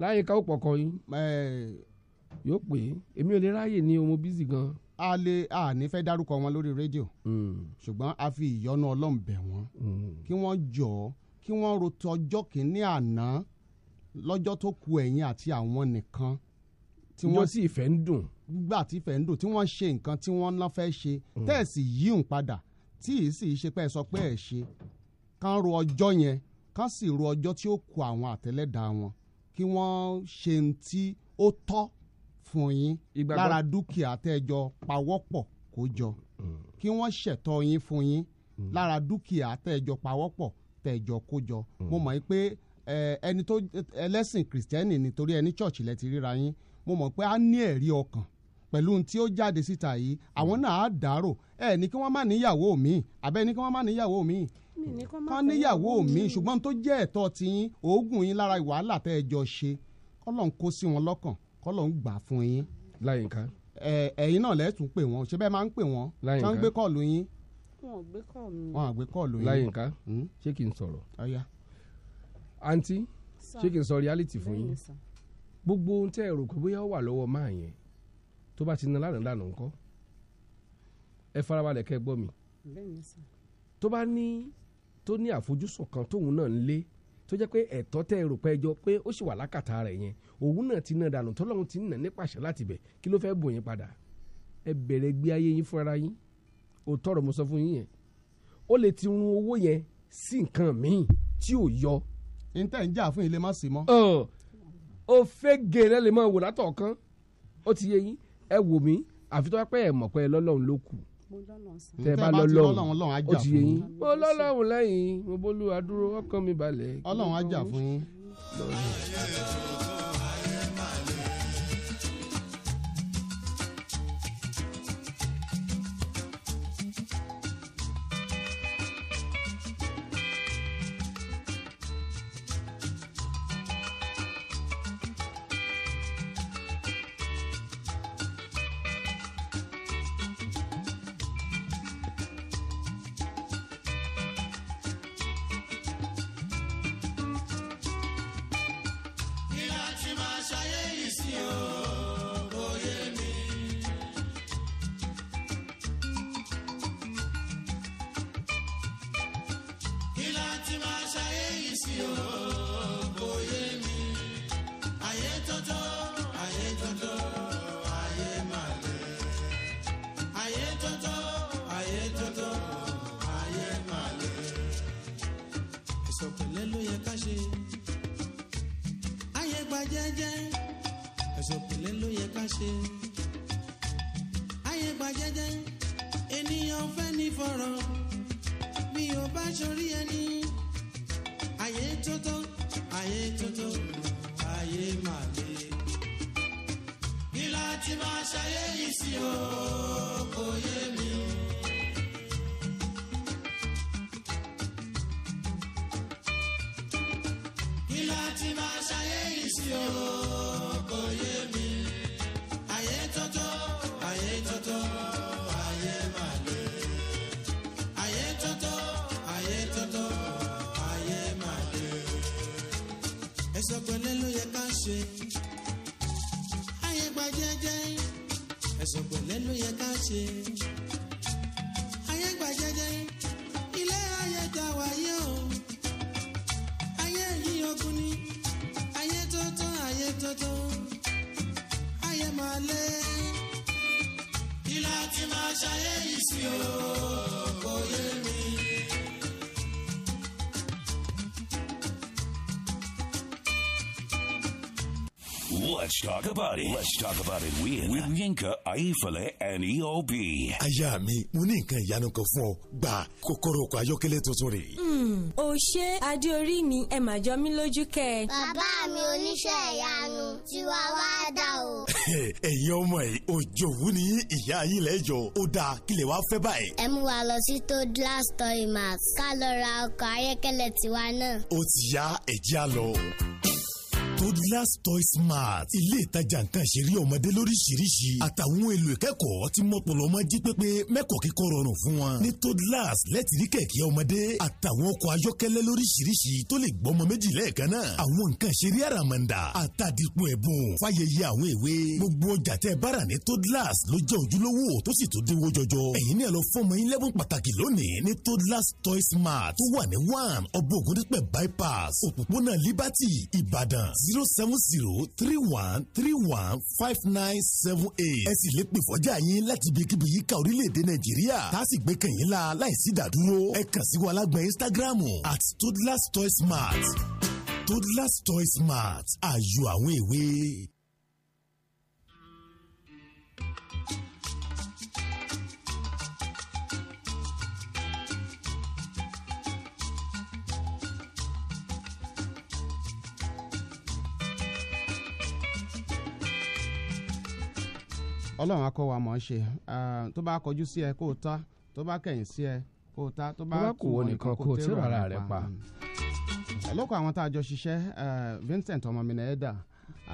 [SPEAKER 10] láyé ká ó pọkàn yín yóò pè é èmi ò lè ráàyè ní ọmọ bísí gan. a lè a ní fẹ́ dárúkọ wọn lórí rédíò hmm. ṣùgbọ́n a fi ìyọ́nú ọlọ́run bẹ̀ wọ́n hmm. kí wọ́n jọ̀ọ́ kí wọ́n ro tọjọ́ kìíní àná lọ́jọ́ tó ku ẹ̀yìn àti àwọn nìkan. tí wọ́n sì ìfẹ́ ń dùn gbà tí fẹ́ ń dùn tí wọ́n ṣe nǹkan tí wọ́n ná fẹ́ ṣe mm. tẹ́ẹ̀sì yíùn padà tí ì sì ṣe pé sọ pé ẹ ṣe kán ro ọjọ́ yẹn kán sì ro ọjọ́ tí ó kù àwọn àtẹ́lẹ́dà wọn kí wọ́n ṣe ń tí ó tọ́ fún yín lára dúkìá tẹ́jọ pawọ́pọ̀ kó jọ mm. kí wọ́n ṣẹ̀tọ́ yín fún yín mm. lára dúkìá tẹ́jọ pawọ́pọ̀ tẹ́jọ kó jọ mo mọ̀ pé ẹni tó ẹlẹ́sìn kìrìsìtẹ́nì nítorí ẹni ṣọ́ọ̀ṣì lẹ ti ríra yín mo mọ̀ pé a ní ẹ̀rí ọkàn pẹ̀lú ohun tí ó jáde síta yìí àwọn hmm. náà á dárò ẹ ní kí wọ́n má níyàwó mi àbẹ́ ní kí wọ́n má níyàwó mi
[SPEAKER 7] kán níyàwó mi ṣùgbọ́n
[SPEAKER 10] tó jẹ́ ẹ̀tọ́ tiyín òógùn yín lára wàhálà tẹ́ ẹ jọ ṣe kọ́lọ́n kó sí wọn lọ́kàn kọ́lọ́n gbà fún yín. láyìnká. ẹ ẹ̀yin náà lẹ́tùn pè wọ́n ṣé bẹ́ẹ̀ máa ń pè wọ́n. láyìnká gbé kọ́ọ̀lù yín.
[SPEAKER 7] wọn ò
[SPEAKER 10] kọ́ọ̀lù yín. láyìnká hmm? ṣé kí n sọ̀rọ̀. àǹtí ṣé kí n sọ reality fún yín. gbogbo ohun tẹ́ ẹ rò pé bóyá ó wà lọ́wọ́ máa yẹn tó bá ti na lánàá dànù ńkọ́ ẹ farabalẹ̀ kẹ́ gbọ́ mi tó bá ní tó ní àfojúsùn kan tóun náà ń lé tó jẹ́ pé ẹ̀tọ́ tẹ́ rò pé ẹjọ́ pé ó sì wà lákàtà rẹ̀ yẹn òun náà ti na dànù tọ́lọ́run ti nà nípasẹ̀ láti bẹ̀ kí ló fẹ́ bò yín padà ẹ bẹ̀rẹ̀ gbé ayé yín fúnra yín òótọ́ ọ̀rọ̀ mo sọ fún yín yẹn ó lè ti run owó yẹn sí nǹkan míì tí ò yọ. n ń jà fún ilé má sí mọ́. ó fẹ́ gèrè e lè máa wò látọ̀ọ̀kan ó ti yé yín ẹ wò mí àfi tó wá pẹ́ ẹ̀ mọ̀ pé lọ́lọ́run ló kù tẹ bá lọ́lọ́run ó ti yẹ yín mo lọ́lọ́run lẹ́yìn mo bólú adúró ọkàn mi balẹ̀. ọlọ́run á fún yín.
[SPEAKER 13] ṣe ayé pa jẹ́jẹ́ ẹ̀sọ̀ pẹ̀lẹ́ ló yẹ ká ṣe.
[SPEAKER 1] Let's talk about it. Let's talk about it with, with Yinka Ayifale and EOB.
[SPEAKER 3] Aya mi, mo ní nǹkan ìyanu kan fún ọ. Gba kòkòrò ọkọ̀ ayọ́kẹ́lẹ́ tuntun rè.
[SPEAKER 5] Hmm, o ṣé Adéorí mi, ẹ mà jọ mí lójú kẹ. Bàbá mi oníṣẹ́ ìyanu tí wá wá dà o.
[SPEAKER 3] Ẹ̀yin ọmọ ẹ̀ òjòwú ni ìyá yín lẹ́jọ́. Ó dáa kí lè wá fẹ́ báyìí.
[SPEAKER 5] Ẹ mú
[SPEAKER 11] wa lọ sí tó glass toy mask. Ká lọ ra ọkọ̀ ayọ́kẹ́lẹ́ tiwa náà.
[SPEAKER 3] Ó ti yá ẹ̀jẹ̀ á lọ toddlers toy smart ilé ìtajà nǹkan ṣeré ọmọdé lóríṣiríṣi àtàwọn èlò ìkẹ́kọ̀ọ́ tí mọ̀pọ̀lọ́ máa jí pépé mẹ́kọ̀ọ́ kíkọ́ rọrùn fún wọn ní toddlers lẹ́tìrí kẹ̀kẹ́ ọmọdé àtàwọn ọkọ̀ ayọ́kẹ́lẹ́ lóríṣiríṣi tó lè gbọ́mọ méjì lẹ́ẹ̀kan náà àwọn nǹkan ṣeré àràmàǹdà àtàdìpọ̀ ẹ̀bùn fàyẹyẹ àwọn èwe gbogbo ọjà tẹ bára ní toddlers ló jẹ́ ojúlówó tó sì tó dínwó jọjọ ẹ̀yin náà toy smart tó one ọbọ̀ ògùndípẹ̀ bypass òpópónà liberty ìbàdàn zero seven zero three one three one five nine seven eight. ẹ sì lè pè fọ́jà yín láti ibikíbi yíká orílẹ̀-èdè nàìjíríà tá a sì gbé kẹ̀yìn la láìsí ìdádúró. ẹ kàn sí wa lágbà instagram at toddlers toy smart toddlers toy smart àyò àwọn èwe.
[SPEAKER 10] ọlọ́run akọ́ wa mọ̀ ọ́ ṣe tó bá kọjú sí ẹ kó o ta tó bá kẹ̀yìn sí ẹ kó o ta tó bá kù wọ́n nìkan kó o tẹ́rọ ara rẹ pa. Hmm. lóko àwọn tá a jọ ṣiṣẹ́ Vincent ọmọmìnà ẹ̀dà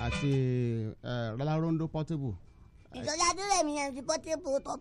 [SPEAKER 10] àti Lalarondo Portable.
[SPEAKER 11] ìjọba dúró èmi yẹn ti Portable tó